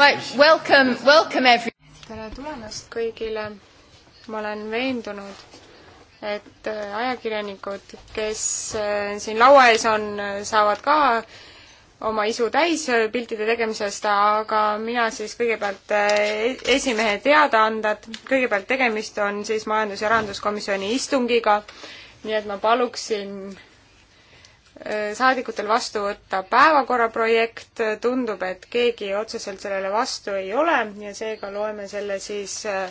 Right, welcome, welcome every... tere tulemast kõigile. ma olen veendunud, et äh, ajakirjanikud, kes äh, siin laua ees on, äh, saavad ka oma isu täis piltide tegemisest, aga mina siis kõigepealt esimehe teadaanded. kõigepealt tegemist on siis majandus- ja rahanduskomisjoni istungiga, nii et ma paluksin saadikutel vastu võtta päevakorra projekt, tundub, et keegi otseselt sellele vastu ei ole ja seega loeme selle siis äh,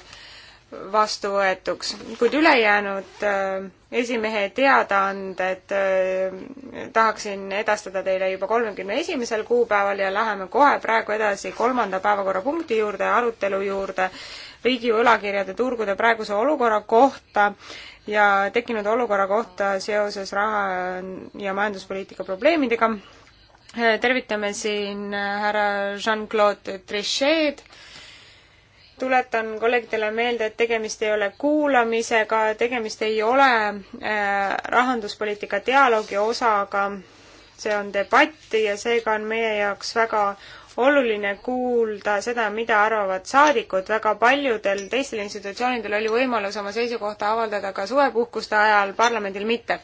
vastu võetuks, kuid ülejäänud äh, esimehe teadaanded äh, tahaksin edastada teile juba kolmekümne esimesel kuupäeval ja läheme kohe praegu edasi kolmanda päevakorrapunkti juurde, arutelu juurde riigi võlakirjade turgude praeguse olukorra kohta ja tekkinud olukorra kohta seoses raha- ja majanduspoliitika probleemidega. tervitame siin härra Jean-Claude Trichet, tuletan kolleegidele meelde, et tegemist ei ole kuulamisega, tegemist ei ole äh, rahanduspoliitika dialoogi osaga, see on debatt ja seega on meie jaoks väga oluline kuulda seda, mida arvavad saadikud, väga paljudel teistel institutsioonidel oli võimalus oma seisukohta avaldada ka suvepuhkuste ajal, parlamendil mitte.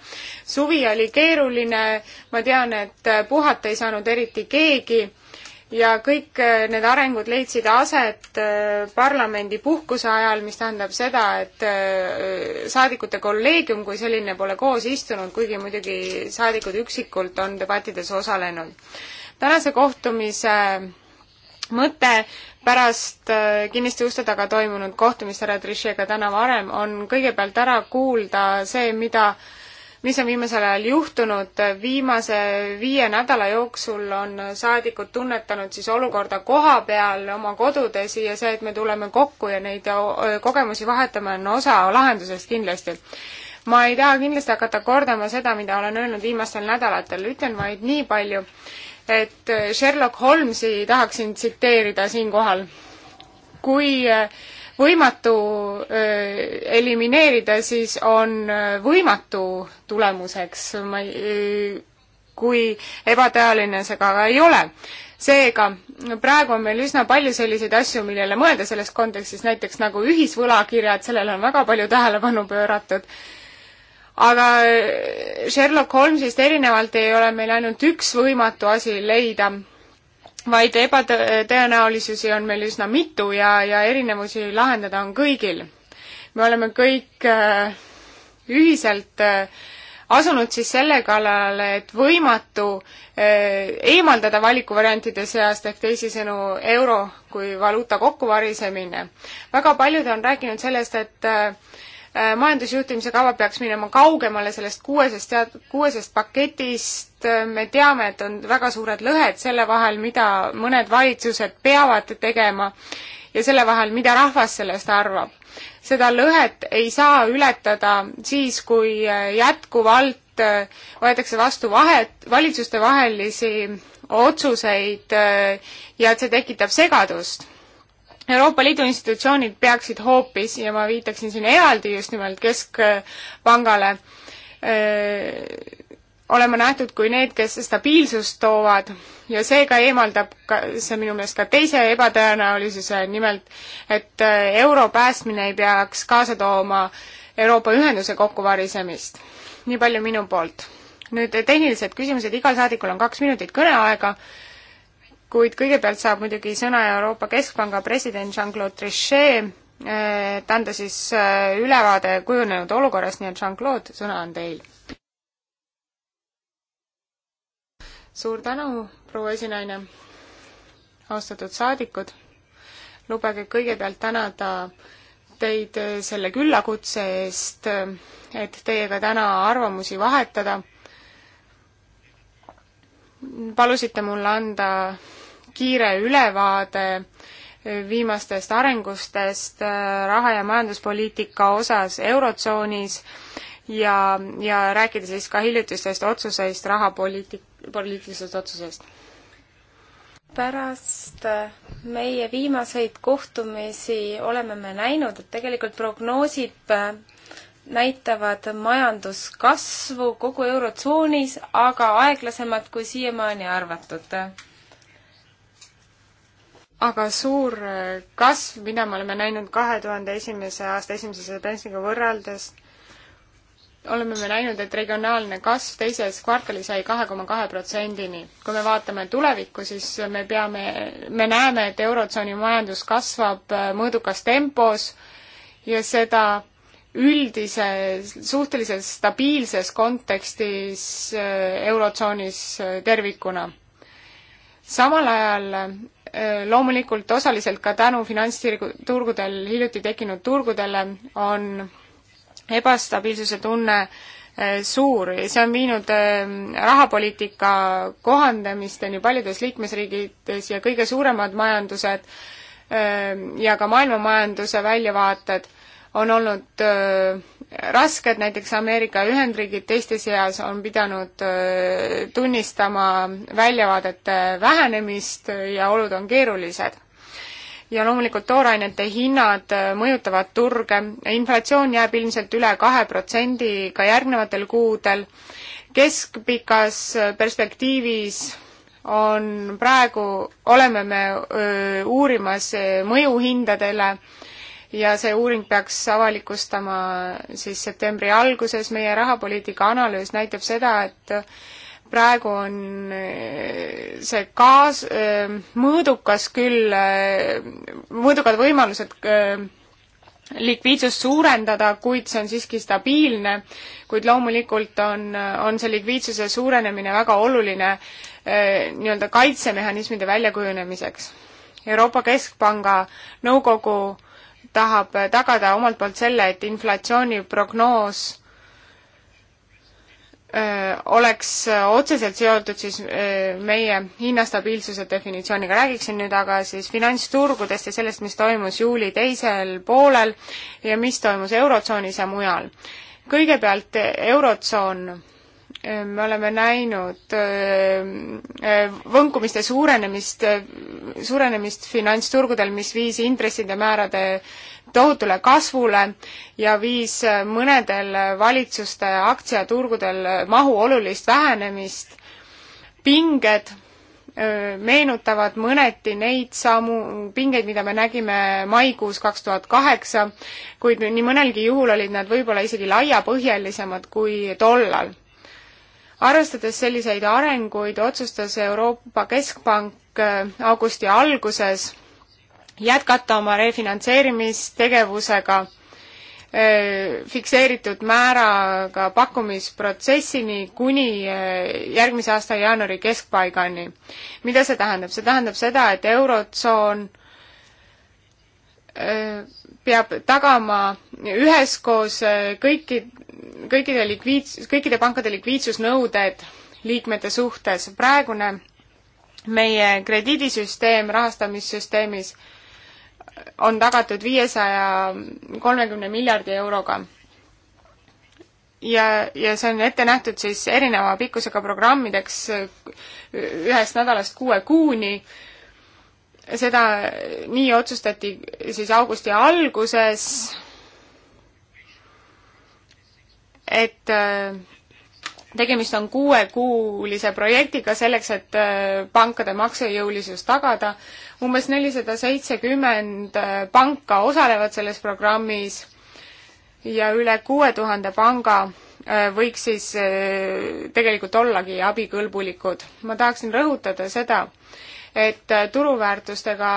suvi oli keeruline, ma tean, et puhata ei saanud eriti keegi ja kõik need arengud leidsid aset äh, parlamendi puhkuse ajal, mis tähendab seda, et äh, saadikute kolleegium kui selline pole koos istunud, kuigi muidugi saadikud üksikult on debattides osalenud tänase kohtumise mõte pärast äh, kinniste uste taga toimunud kohtumist härra Trichet'ga täna varem on kõigepealt ära kuulda see, mida mis on viimasel ajal juhtunud, viimase viie nädala jooksul on saadikud tunnetanud siis olukorda koha peal oma kodudes ja see, et me tuleme kokku ja neid äh, kogemusi vahetame, on osa lahendusest kindlasti. ma ei taha kindlasti hakata kordama seda, mida olen öelnud viimastel nädalatel, ütlen vaid nii palju, et Sherlock Holmesi tahaksin tsiteerida siinkohal. kui äh, võimatu äh, elimineerida, siis on äh, võimatu tulemuseks, ma ei, kui ebatõeline see ka ei ole. seega, praegu on meil üsna palju selliseid asju, millele mõelda selles kontekstis, näiteks nagu ühisvõlakirjad, sellele on väga palju tähelepanu pööratud aga eh, Sherlock Holmesist erinevalt ei ole meil ainult üks võimatu asi leida, vaid ebatõenäolisusi on meil üsna mitu ja, ja erinevusi lahendada on kõigil. me oleme kõik äh, ühiselt äh, asunud siis selle kallale, et võimatu äh, eemaldada valikuvariantide seast ehk teisisõnu euro kui valuuta kokkuvarisemine. väga paljud on rääkinud sellest, et äh, Äh, majandusjuhtimise kava peaks minema kaugemale sellest kuuesest tead-, kuuesest paketist, äh, me teame, et on väga suured lõhed selle vahel, mida mõned valitsused peavad tegema ja selle vahel, mida rahvas sellest arvab. seda lõhet ei saa ületada siis, kui äh, jätkuvalt võetakse vastu vahet, valitsustevahelisi otsuseid ja et see tekitab segadust Euroopa Liidu institutsioonid peaksid hoopis, ja ma viitaksin siin eraldi just nimelt Keskpangale, olema nähtud kui need, kes stabiilsust toovad ja seega eemaldab ka, see minu meelest ka teise ebatõenäolisuse, nimelt et euro päästmine ei peaks kaasa tooma Euroopa ühenduse kokkuvarisemist. nii palju minu poolt. nüüd tehnilised küsimused, igal saadikul on kaks minutit kõneaega kuid kõigepealt saab muidugi sõna Euroopa Keskpanga president Jean-Claude Trichet, et eh, anda siis eh, ülevaade kujunenud olukorrast, nii et Jean-Claude, sõna on teil. suur tänu, proua esinaine, austatud saadikud, lubage kõigepealt tänada teid eh, selle küllakutse eest, et teiega täna arvamusi vahetada. palusite mulle anda kiire ülevaade viimastest arengustest äh, raha- ja majanduspoliitika osas Eurotsoonis ja, ja rääkida siis ka hiljutistest otsuseist, rahapoliitik-, poliitilisest otsusest. pärast äh, meie viimaseid kohtumisi oleme me näinud, et tegelikult prognoosid äh, näitavad majanduskasvu kogu Eurotsoonis, aga aeglasemalt kui siiamaani arvatud aga suur äh, kasv, mida me oleme näinud kahe tuhande esimese aasta esimese septembriga võrreldes, oleme me näinud, et regionaalne kasv teises kvartalis jäi kahe koma kahe protsendini. kui me vaatame tulevikku, siis me peame, me näeme, et Eurotsooni majandus kasvab äh, mõõdukas tempos ja seda üldise, suhteliselt stabiilses kontekstis äh, Eurotsoonis tervikuna samal ajal Äh, loomulikult osaliselt ka tänu finantsturgudel, hiljuti tekkinud turgudele on ebastabiilsuse tunne äh, suur ja see on viinud äh, rahapoliitika kohandamisteni paljudes liikmesriigides ja kõige suuremad majandused ja ka maailmamajanduse väljavaated on olnud rasked, näiteks Ameerika Ühendriigid teiste seas on pidanud tunnistama väljavaadete vähenemist ja olud on keerulised. ja loomulikult toorainete hinnad mõjutavad turge, inflatsioon jääb ilmselt üle kahe protsendi ka järgnevatel kuudel, keskpikas perspektiivis on praegu, oleme me öö, uurimas mõjuhindadele öö, ja see uuring peaks avalikustama siis septembri alguses. meie rahapoliitika analüüs näitab seda, et praegu on eh, see kaas-, eh, mõõdukas küll, eh, mõõdukad võimalused likviidsust suurendada, kuid see on siiski stabiilne, kuid loomulikult on, on see likviidsuse suurenemine väga oluline nii-öelda kaitsemehhanismide väljakujunemiseks. Euroopa Keskpanga nõukogu tahab tagada omalt poolt selle, et inflatsiooniprognoos oleks otseselt seotud siis meie hinnastabiilsuse definitsiooniga. räägiksin nüüd aga siis finantsturgudest ja sellest, mis toimus juuli teisel poolel ja mis toimus Eurotsoonis ja mujal. kõigepealt Eurotsoon me oleme näinud äh, äh, võnkumiste suurenemist, äh, suurenemist finantsturgudel, mis viis intresside määrade tohutule kasvule ja viis mõnedel valitsuste aktsiaturgudel mahu olulist vähenemist. pinged meenutavad mõneti neid samu pingeid, mida me nägime maikuus kaks tuhat kaheksa, kuid nii mõnelgi juhul olid nad võib-olla isegi laiapõhjalisemad kui tollal arvestades selliseid arenguid, otsustas Euroopa Keskpank äh, augusti alguses jätkata oma refinantseerimistegevusega äh, fikseeritud määraga pakkumisprotsessini kuni äh, järgmise aasta jaanuari keskpaigani. mida see tähendab? see tähendab seda, et Eurotsoon peab tagama üheskoos äh, kõiki, kõikide likviids-, kõikide pankade likviidsusnõuded liikmete suhtes. praegune meie krediidisüsteem rahastamissüsteemis on tagatud viiesaja kolmekümne miljardi euroga. ja, ja see on ette nähtud siis erineva pikkusega programmideks ühest nädalast kuue kuuni seda, nii otsustati siis augusti alguses, et äh, tegemist on kuuekuulise projektiga selleks, et äh, pankade maksejõulisus tagada. umbes nelisada seitsekümmend äh, panka osalevad selles programmis ja üle kuue tuhande panga võiks siis tegelikult ollagi abikõlbulikud. ma tahaksin rõhutada seda, et turuväärtustega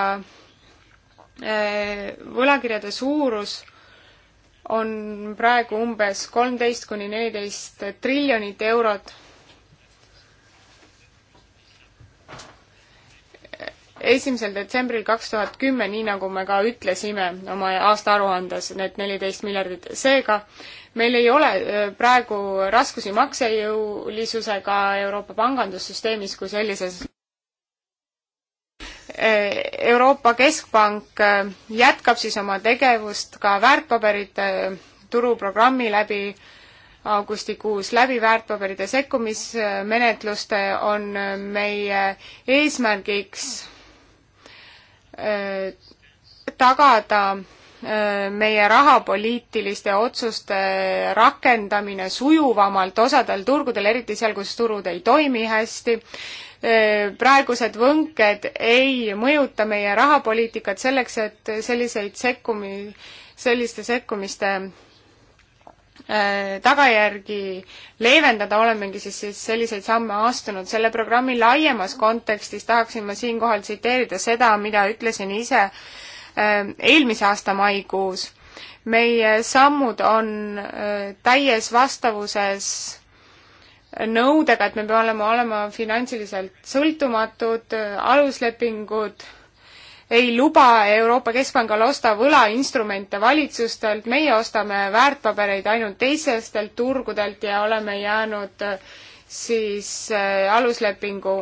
eh, võlakirjade suurus on praegu umbes kolmteist kuni neliteist triljonit eurot. esimesel detsembril kaks tuhat kümme, nii nagu me ka ütlesime oma aastaaruandes, need neliteist miljardit, seega meil ei ole eh, praegu raskusi maksejõulisusega Euroopa pangandussüsteemis kui sellises. Eh, Euroopa Keskpank eh, jätkab siis oma tegevust ka väärtpaberite eh, turuprogrammi läbi augustikuus läbi väärtpaberide sekkumismenetluste on meie eesmärgiks tagada meie rahapoliitiliste otsuste rakendamine sujuvamalt osadel turgudel, eriti seal, kus turud ei toimi hästi. Äh, praegused võnked ei mõjuta meie rahapoliitikat selleks, et selliseid sekkumi, selliste sekkumiste äh, tagajärgi leevendada, olemegi siis, siis selliseid samme astunud. selle programmi laiemas kontekstis tahaksin ma siinkohal tsiteerida seda, mida ütlesin ise äh, eelmise aasta maikuus. meie sammud on täies vastavuses nõudega, et me peame olema, olema finantsiliselt sõltumatud, aluslepingud ei luba Euroopa Keskpangal osta võlainstrumente valitsustelt, meie ostame väärtpabereid ainult teistelt turgudelt ja oleme jäänud äh, siis äh, aluslepingu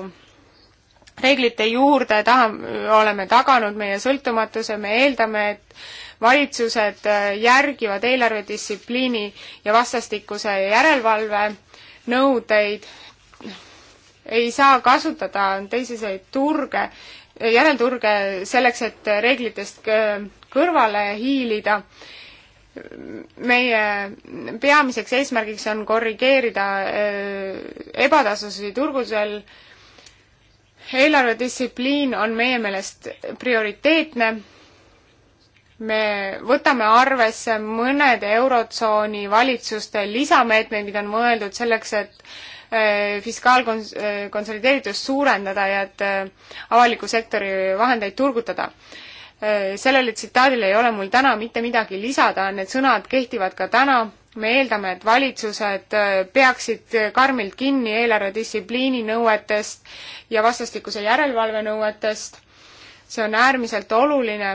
reeglite juurde tahame, oleme taganud meie sõltumatuse, me eeldame, et valitsused äh, järgivad eelarvedistsipliini ja vastastikuse järelevalve nõudeid ei saa kasutada teiseseid turge, järelturge selleks, et reeglitest kõrvale hiilida. meie peamiseks eesmärgiks on korrigeerida äh, ebatasususi turgudel. eelarvedistsipliin on meie meelest prioriteetne me võtame arvesse mõnede Eurotsooni valitsuste lisameetmeid, mida on mõeldud selleks, et eh, fiskaalkonsolideeritust eh, suurendada ja et eh, avaliku sektori vahendeid turgutada. sellele tsitaadile ei ole mul täna mitte midagi lisada, need sõnad kehtivad ka täna, me eeldame, et valitsused peaksid karmilt kinni eelarvedistsipliini nõuetest ja vastastikuse järelevalve nõuetest, see on äärmiselt oluline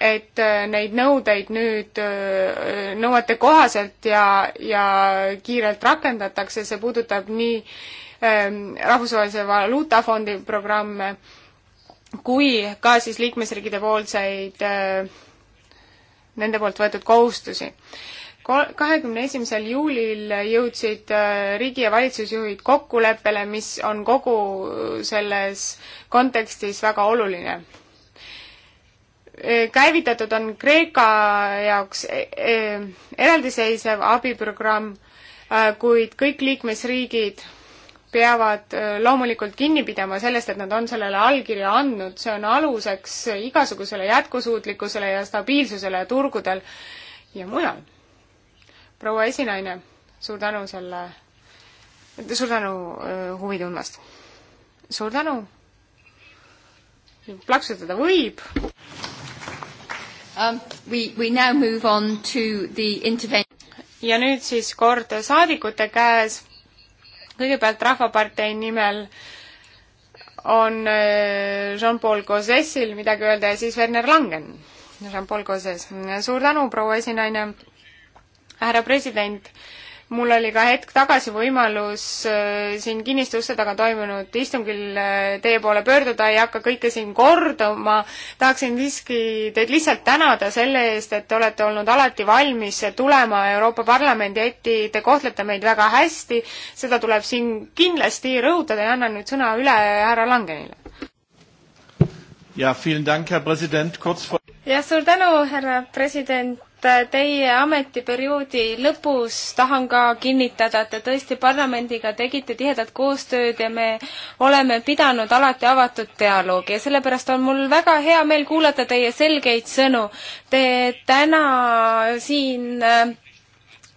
et äh, neid nõudeid nüüd äh, nõuete kohaselt ja, ja kiirelt rakendatakse, see puudutab nii ähm, Rahvusvahelise Valuutafondi programme kui ka siis liikmesriikide poolseid, äh, nende poolt võetud kohustusi. kahekümne esimesel juulil jõudsid riigi- ja valitsusjuhid kokkuleppele, mis on kogu selles kontekstis väga oluline käivitatud on Kreeka jaoks e, e, eraldiseisev abiprogramm, äh, kuid kõik liikmesriigid peavad äh, loomulikult kinni pidama sellest, et nad on sellele allkirja andnud, see on aluseks igasugusele jätkusuutlikkusele ja stabiilsusele turgudel ja mujal. proua esinaine, suur tänu selle, suur tänu äh, huvi tundmast! suur tänu! plaksutada võib. Um, we, we now move on to the intervention. ja nüüd siis kord saadikute käes. kõigepealt Rahvapartei nimel on äh, Jean-Paul Gauzessil midagi öelda ja siis Werner Langen. Jean-Paul Gauzes, suur tänu, proua esinaine, härra president mul oli ka hetk tagasi võimalus äh, siin kinniste uste taga toimunud istungil äh, teie poole pöörduda, ei hakka kõike siin kordama. tahaksin siiski teid lihtsalt tänada selle eest, et te olete olnud alati valmis tulema Euroopa Parlamendi etti, te kohtlete meid väga hästi, seda tuleb siin kindlasti rõhutada ja annan nüüd sõna üle härra Langenile. ja, suur tänu, härra president Äh, teie ametiperioodi lõpus tahan ka kinnitada, et te tõesti parlamendiga tegite tihedat koostööd ja me oleme pidanud alati avatud dialoogi ja sellepärast on mul väga hea meel kuulata teie selgeid sõnu. Te täna siin äh,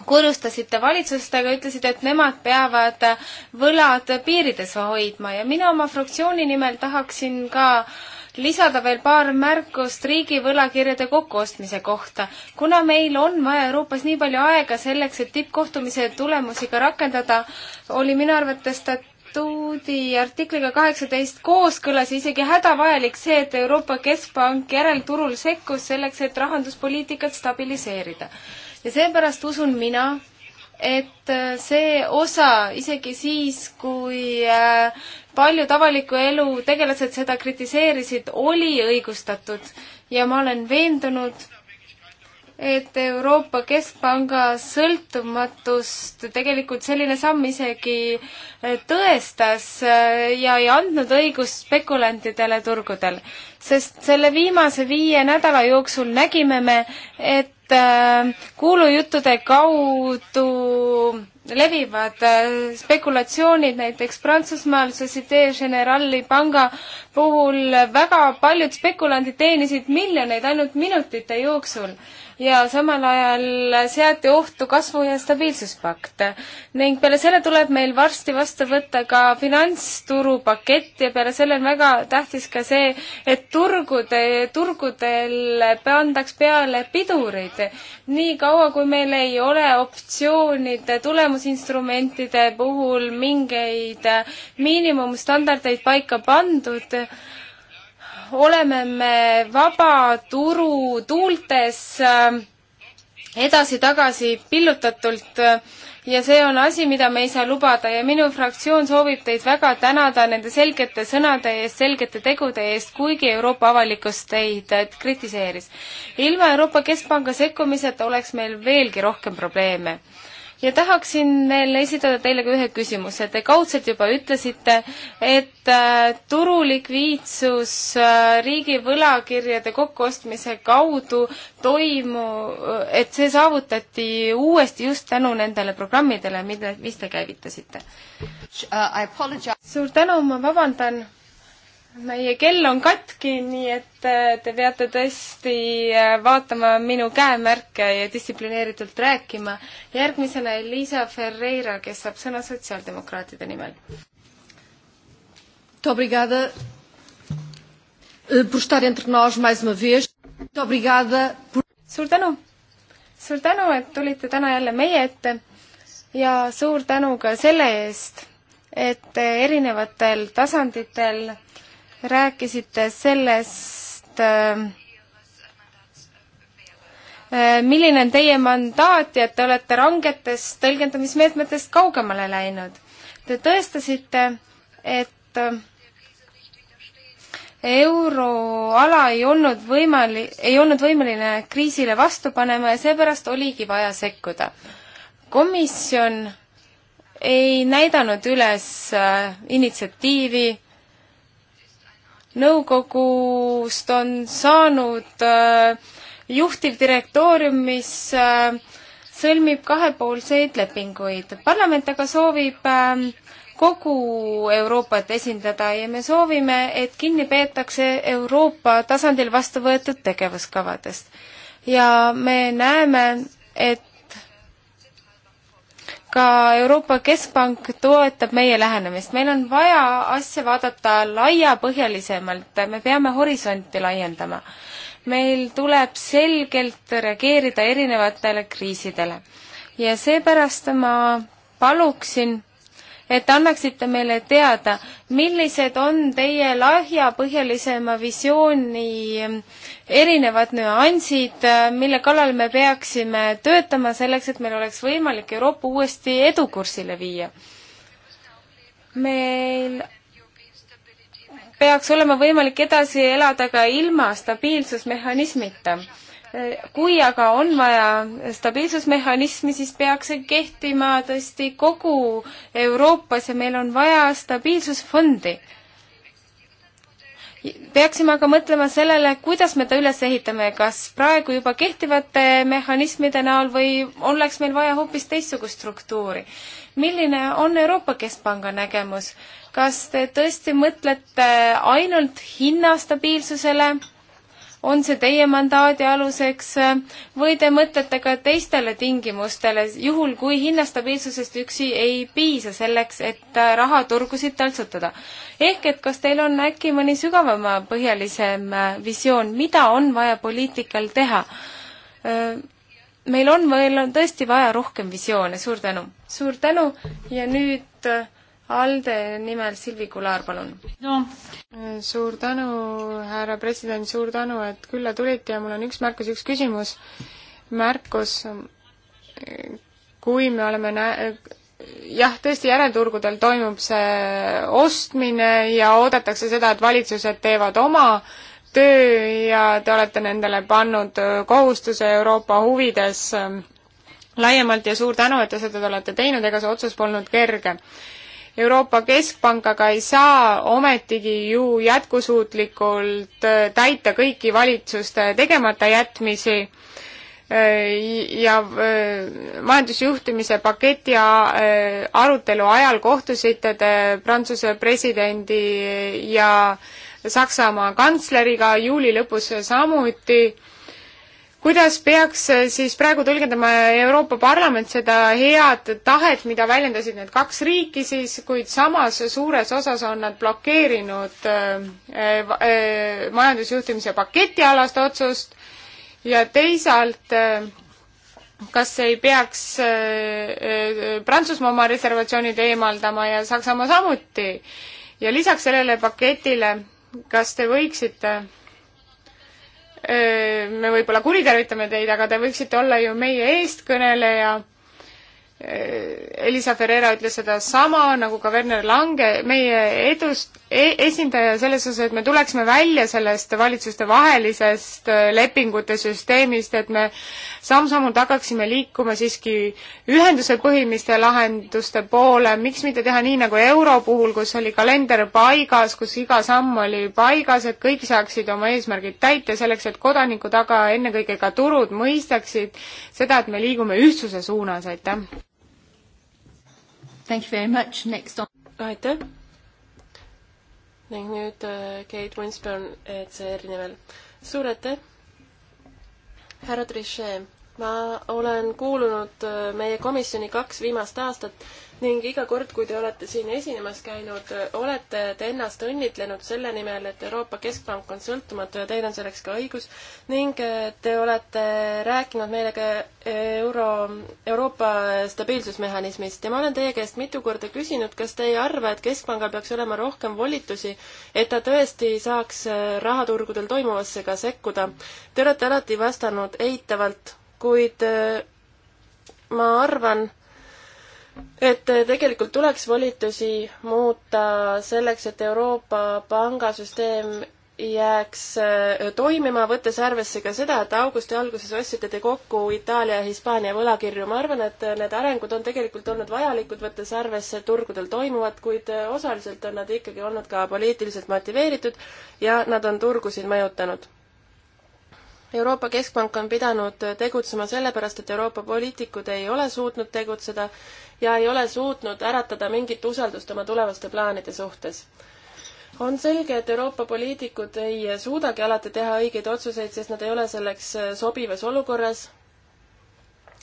kurjustasite valitsustega, ütlesite, et nemad peavad äh, võlad piirides hoidma ja mina oma fraktsiooni nimel tahaksin ka äh, lisada veel paar märkust riigi võlakirjade kokkuostmise kohta. kuna meil on vaja Euroopas nii palju aega selleks, et tippkohtumise tulemusi ka rakendada, oli minu arvates statuudi artikliga kaheksateist kooskõlas isegi hädavajalik see, et Euroopa Keskpank järelturul sekkus selleks, et rahanduspoliitikat stabiliseerida. ja seepärast usun mina, et see osa isegi siis, kui äh, paljud avaliku elu tegelased seda kritiseerisid, oli õigustatud ja ma olen veendunud, et Euroopa Keskpanga sõltumatust tegelikult selline samm isegi eh, tõestas eh, ja ei andnud õigust spekulantidele turgudel. sest selle viimase viie nädala jooksul nägime me, et eh, kuulujuttude kaudu levivad äh, spekulatsioonid näiteks Prantsusmaal Societe Generali panga puhul väga paljud spekulandid teenisid miljoneid ainult minutite jooksul ja samal ajal seati ohtu kasvu- ja stabiilsuspakt. ning peale selle tuleb meil varsti vastu võtta ka finantsturupakett ja peale selle on väga tähtis ka see, et turgude, turgudel pandaks peale pidurid. nii kaua, kui meil ei ole optsioonide tulemusinstrumentide puhul mingeid miinimumstandardeid paika pandud, oleme me vaba turu tuultes äh, edasi-tagasi pillutatult äh, ja see on asi, mida me ei saa lubada ja minu fraktsioon soovib teid väga tänada nende selgete sõnade eest, selgete tegude eest, kuigi Euroopa avalikkus teid äh, kritiseeris. ilma Euroopa Keskpanga sekkumiseta oleks meil veelgi rohkem probleeme ja tahaksin veel esitada teile ka ühe küsimuse. Te kaudselt juba ütlesite, et äh, turu likviidsus äh, riigi võlakirjade kokkuostmise kaudu toimu, et see saavutati uuesti just tänu nendele programmidele, mida, mis te käivitasite. Uh, suur tänu, ma vabandan meie kell on katki, nii et äh, te peate tõesti äh, vaatama minu käemärke ja distsiplineeritult rääkima. järgmisena Elisa Ferreira, kes saab sõna sotsiaaldemokraatide nimel. Eh, suur tänu! suur tänu, et tulite täna jälle meie ette ja suur tänu ka selle eest, et erinevatel tasanditel rääkisite sellest, äh, milline on teie mandaat ja et te olete rangetest tõlgendamismeetmetest kaugemale läinud. Te tõestasite, et euroala ei olnud võimali-, ei olnud võimeline kriisile vastu panema ja seepärast oligi vaja sekkuda. komisjon ei näidanud üles äh, initsiatiivi, nõukogust on saanud äh, juhtivdirektoorium, mis äh, sõlmib kahepoolseid lepinguid. parlament aga soovib ähm, kogu Euroopat esindada ja me soovime, et kinni peetakse Euroopa tasandil vastu võetud tegevuskavadest. ja me näeme, et ka Euroopa Keskpank toetab meie lähenemist. meil on vaja asja vaadata laiapõhjalisemalt, me peame horisonti laiendama. meil tuleb selgelt reageerida erinevatele kriisidele ja seepärast ma paluksin et annaksite meile teada, millised on teie lahjapõhjalisema visiooni erinevad nüansid, mille kallal me peaksime töötama selleks, et meil oleks võimalik Euroopa uuesti edukursile viia. meil peaks olema võimalik edasi elada ka ilma stabiilsusmehhanismita kui aga on vaja stabiilsusmehhanismi, siis peaks see kehtima tõesti kogu Euroopas ja meil on vaja stabiilsusfondi peaksime aga mõtlema sellele, kuidas me ta üles ehitame, kas praegu juba kehtivate mehhanismide näol või oleks meil vaja hoopis teistsugust struktuuri. milline on Euroopa Keskpanga nägemus? kas te tõesti mõtlete ainult hinnastabiilsusele? on see teie mandaadi aluseks äh, või te mõtlete ka teistele tingimustele, juhul kui hinnastabiilsusest üksi ei piisa selleks, et äh, rahaturgusid taltsutada? ehk et kas teil on äkki mõni sügavama põhjalisem äh, visioon, mida on vaja poliitikal teha? meil on, meil on tõesti vaja rohkem visioone, suur tänu! suur tänu ja nüüd ALDE nimel Silvi Kular, palun no.. suur tänu, härra president, suur tänu, et külla tulite ja mul on üks märkus, üks küsimus. märkus, kui me oleme nä-, jah, tõesti järelturgudel toimub see ostmine ja oodatakse seda, et valitsused teevad oma töö ja te olete nendele pannud kohustuse Euroopa huvides laiemalt ja suur tänu, et te seda olete teinud, ega see otsus polnud kerge. Euroopa Keskpangaga ei saa ometigi ju jätkusuutlikult äh, täita kõiki valitsuste tegemata-jätmisi äh, ja äh, majandusjuhtimise paketi arutelu ajal kohtusite te Prantsuse presidendi ja Saksamaa kantsleriga juuli lõpus samuti kuidas peaks eh, siis praegu tõlgendama Euroopa Parlament seda head tahet, mida väljendasid need kaks riiki siis, kuid samas suures osas on nad blokeerinud äh, äh, majandusjuhtimise paketialast otsust ja teisalt äh, kas ei peaks Prantsusmaa oma reservatsioonid eemaldama ja Saksamaa samuti? ja lisaks sellele paketile, kas te võiksite me võib-olla kuritarvitame teid, aga te võiksite olla ju meie eestkõneleja Elisa Ferreira ütles sedasama, nagu ka Werner Lange, meie edust e, esindaja selles osas, et me tuleksime välja sellest valitsustevahelisest äh, lepingute süsteemist, et me samm-sammult hakkaksime liikuma siiski ühenduse põhimiste lahenduste poole, miks mitte teha nii, nagu euro puhul, kus oli kalender paigas, kus iga samm oli paigas, et kõik saaksid oma eesmärgid täita, selleks et kodanikud, aga ennekõike ka turud mõistaksid seda, et me liigume ühtsuse suunas, aitäh! Thank you very much, next on. aitäh. ning nüüd äh, Keit Munspõn ECR nimel. suur aitäh. härra Trichet ma olen kuulunud äh, meie komisjoni kaks viimast aastat ning iga kord, kui te olete siin esinemas käinud, äh, olete te ennast õnnitlenud selle nimel, et Euroopa Keskpank on sõltumatu ja teil on selleks ka õigus ning äh, te olete rääkinud meile ka euro, Euroopa stabiilsusmehhanismist ja ma olen teie käest mitu korda küsinud, kas te ei arva, et Keskpangal peaks olema rohkem volitusi, et ta tõesti saaks rahaturgudel toimuvasse ka sekkuda. Te olete alati vastanud eitavalt kuid äh, ma arvan, et äh, tegelikult tuleks volitusi muuta selleks, et Euroopa pangasüsteem jääks äh, toimima, võttes arvesse ka seda, et augusti alguses ostsite te kokku Itaalia ja Hispaania võlakirju. ma arvan, et need arengud on tegelikult olnud vajalikud, võttes arvesse turgudel toimuvat, kuid osaliselt on nad ikkagi olnud ka poliitiliselt motiveeritud ja nad on turgusid mõjutanud Euroopa Keskpank on pidanud tegutsema sellepärast, et Euroopa poliitikud ei ole suutnud tegutseda ja ei ole suutnud äratada mingit usaldust oma tulevaste plaanide suhtes. on selge, et Euroopa poliitikud ei suudagi alati teha õigeid otsuseid, sest nad ei ole selleks sobivas olukorras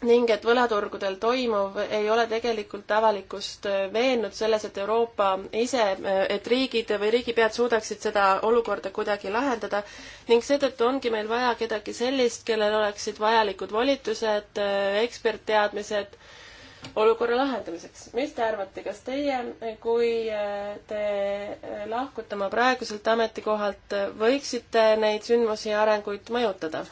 ning et võlaturgudel toimuv ei ole tegelikult avalikkust äh, veennud selles, et Euroopa ise, äh, et riigid või riigipead suudaksid seda olukorda kuidagi lahendada ning seetõttu ongi meil vaja kedagi sellist, kellel oleksid vajalikud volitused, äh, ekspertteadmised olukorra lahendamiseks. mis te arvate, kas teie, kui te lahkute oma praeguselt ametikohalt, võiksite neid sündmusi ja arenguid mõjutada?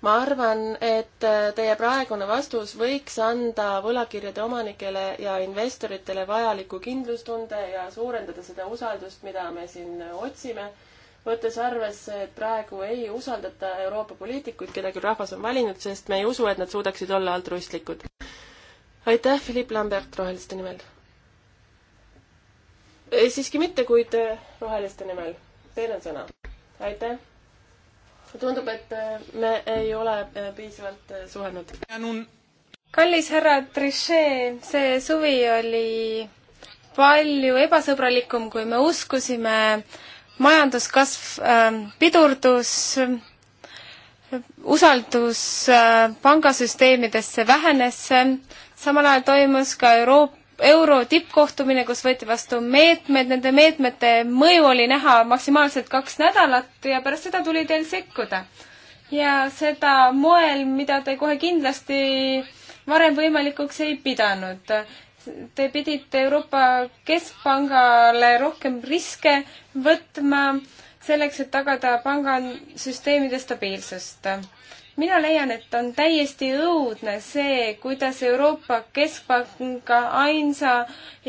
ma arvan, et äh, teie praegune vastus võiks anda võlakirjade omanikele ja investoritele vajaliku kindlustunde ja suurendada seda usaldust, mida me siin otsime, võttes arvesse, et praegu ei usaldata Euroopa poliitikuid, keda küll rahvas on valinud, sest me ei usu, et nad suudaksid olla altruistlikud. aitäh, Philipp Lambert Roheliste nimel! siiski mitte, kuid äh, Roheliste nimel. Teil on sõna. aitäh! tundub, et äh, me ei ole äh, piisavalt äh, suhelnud. kallis härra Trichet, see suvi oli palju ebasõbralikum, kui me uskusime. majanduskasv äh, pidurdus usaldus pangasüsteemidesse vähenes, samal ajal toimus ka Euroopa euro tippkohtumine, kus võeti vastu meetmed, nende meetmete mõju oli näha maksimaalselt kaks nädalat ja pärast seda tuli teil sekkuda. ja seda moel, mida te kohe kindlasti varem võimalikuks ei pidanud. Te pidite Euroopa Keskpangale rohkem riske võtma selleks, et tagada pangasüsteemide stabiilsust mina leian, et on täiesti õudne see, kuidas Euroopa Keskpanka ainsa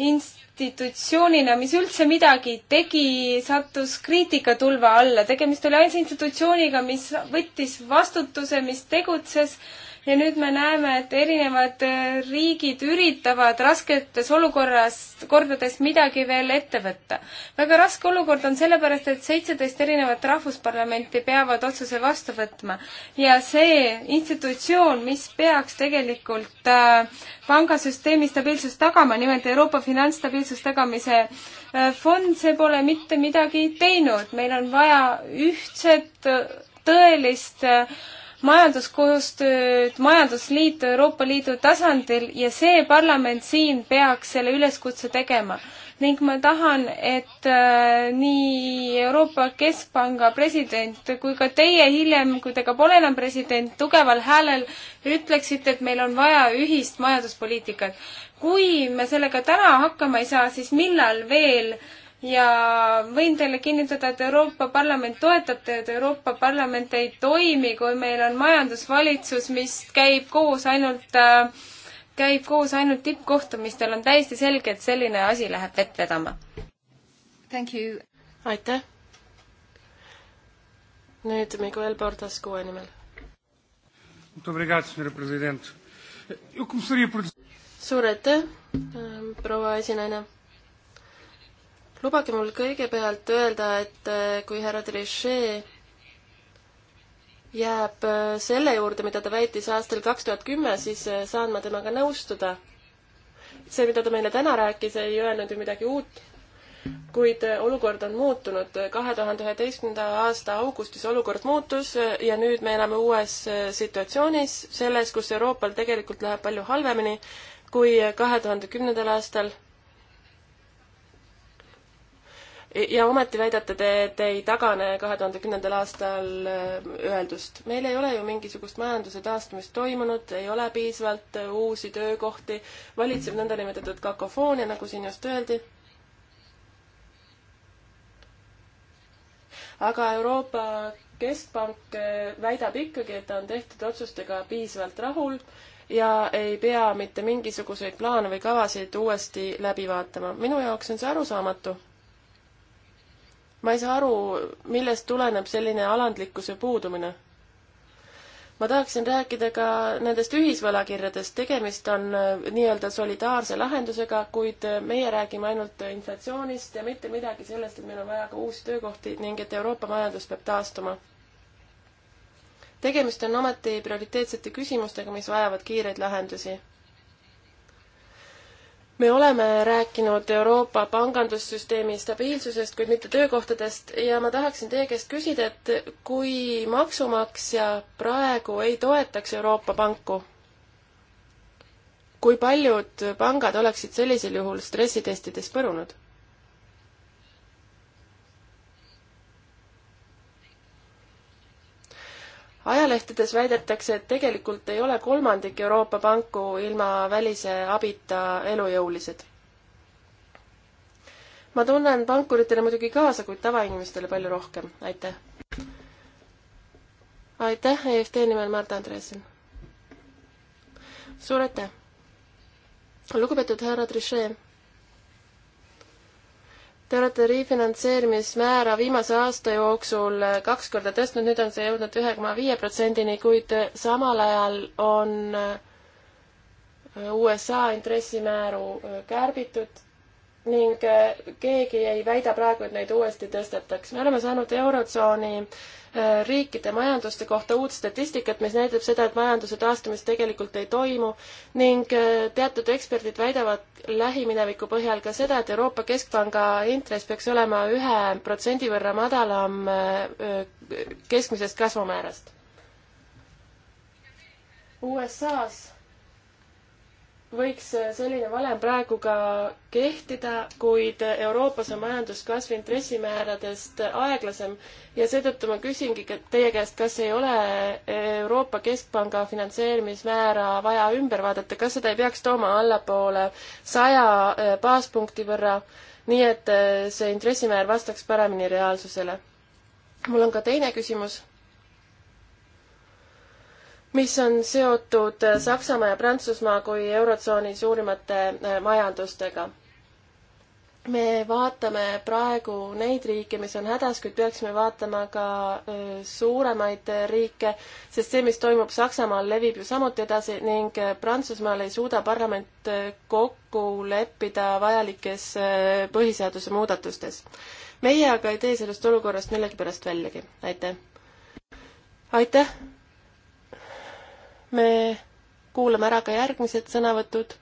institutsioonina, mis üldse midagi tegi, sattus kriitikatulva alla. tegemist oli ainsa institutsiooniga, mis võttis vastutuse, mis tegutses äh, ja nüüd me näeme, et erinevad äh, riigid üritavad rasketes olukorras, kordades midagi veel ette võtta. väga raske olukord on sellepärast, et seitseteist erinevat rahvusparlamenti peavad otsuse vastu võtma ja see institutsioon, mis peaks tegelikult äh, pangasüsteemi stabiilsust tagama, nimelt Euroopa finantsstabiilsust tagamise äh, fond, see pole mitte midagi teinud, meil on vaja ühtset tõelist äh, majanduskoostööd, majandusliitu Euroopa Liidu tasandil ja see parlament siin peaks selle üleskutse tegema. ning ma tahan, et äh, nii Euroopa Keskpanga president kui ka teie hiljem, kui te ka pole enam president, tugeval häälel ütleksite, et meil on vaja ühist majanduspoliitikat. kui me sellega täna hakkama ei saa, siis millal veel äh, ja võin teile kinnitada, et Euroopa Parlament toetab teid, Euroopa Parlament ei toimi, kui meil on majandusvalitsus, mis käib koos ainult äh, käib koos ainult tippkohtumistel, on täiesti selge, et selline asi läheb vett vedama. aitäh! nüüd Miguel Portas kuue nimel. suur aitäh, proua esinaine lubage mul kõigepealt öelda, et äh, kui härra Trichet jääb äh, selle juurde, mida ta väitis aastal kaks tuhat kümme, siis äh, saan ma temaga nõustuda. see, mida ta meile täna rääkis, ei öelnud ju midagi uut, kuid olukord on muutunud. kahe tuhande üheteistkümnenda aasta augustis olukord muutus ja nüüd me elame uues situatsioonis, selles, kus Euroopal tegelikult läheb palju halvemini kui kahe tuhande kümnendal aastal ja ometi väidate te, et ei tagane kahe tuhande kümnendal aastal äh, öeldust. meil ei ole ju mingisugust majanduse taastumist toimunud, ei ole piisavalt äh, uusi töökohti, valitseb nõndanimetatud kakofoonia, nagu siin just öeldi. aga Euroopa Keskpank äh, väidab ikkagi, et ta on tehtud otsustega piisavalt rahul ja ei pea mitte mingisuguseid plaane või kavasid uuesti läbi vaatama. minu jaoks on see arusaamatu ma ei saa aru, millest tuleneb selline alandlikkuse puudumine. ma tahaksin rääkida ka nendest ühisvõlakirjadest, tegemist on äh, nii-öelda solidaarse lahendusega, kuid äh, meie räägime ainult inflatsioonist ja mitte midagi sellest, et meil on vaja ka uusi töökohti ning et Euroopa majandus peab taastuma. tegemist on ometi prioriteetsete küsimustega, mis vajavad kiireid lahendusi me oleme rääkinud Euroopa pangandussüsteemi stabiilsusest, kuid mitte töökohtadest ja ma tahaksin teie käest küsida, et kui maksumaksja praegu ei toetaks Euroopa panku, kui paljud pangad oleksid sellisel juhul stressitestides põrunud? ajalehtedes väidetakse, et tegelikult ei ole kolmandik Euroopa panku ilma välise abita elujõulised. ma tunnen pankuritele muidugi kaasa, kuid tavainimestele palju rohkem, aitäh. aitäh, EFT nimel Marta Andreasen. suur aitäh. lugupeetud härra Trichet Te olete refinantseerimismäära viimase aasta jooksul kaks korda tõstnud, nüüd on see jõudnud ühe koma viie protsendini, kuid samal ajal on USA intressimääru kärbitud ning äh, keegi ei väida praegu, et neid uuesti tõstetaks. me oleme saanud Eurotsooni äh, riikide majanduste kohta uut statistikat, mis näitab seda, et majanduse taastumist tegelikult ei toimu ning äh, teatud eksperdid väidavad lähimineviku põhjal ka seda, et Euroopa Keskpanga intress peaks olema ühe protsendi võrra madalam keskmisest kasvumäärast. USA-s võiks selline valem praegu ka kehtida, kuid Euroopas on majanduskasv intressimääradest aeglasem ja seetõttu ma küsingi teie käest, kas ei ole Euroopa Keskpanga finantseerimismäära vaja ümber vaadata, kas seda ei peaks tooma allapoole saja eh, baaspunkti võrra, nii et eh, see intressimäär vastaks paremini reaalsusele? mul on ka teine küsimus mis on seotud Saksamaa ja Prantsusmaa kui Eurotsooni suurimate eh, majandustega. me vaatame praegu neid riike, mis on hädas, kuid peaksime vaatama ka eh, suuremaid riike, sest see, mis toimub Saksamaal, levib ju samuti edasi ning Prantsusmaal ei suuda parlament eh, kokku leppida vajalikes põhiseaduse muudatustes. meie aga ei tee sellest olukorrast millegipärast väljagi. aitäh! aitäh! me kuulame ära ka järgmised sõnavõtud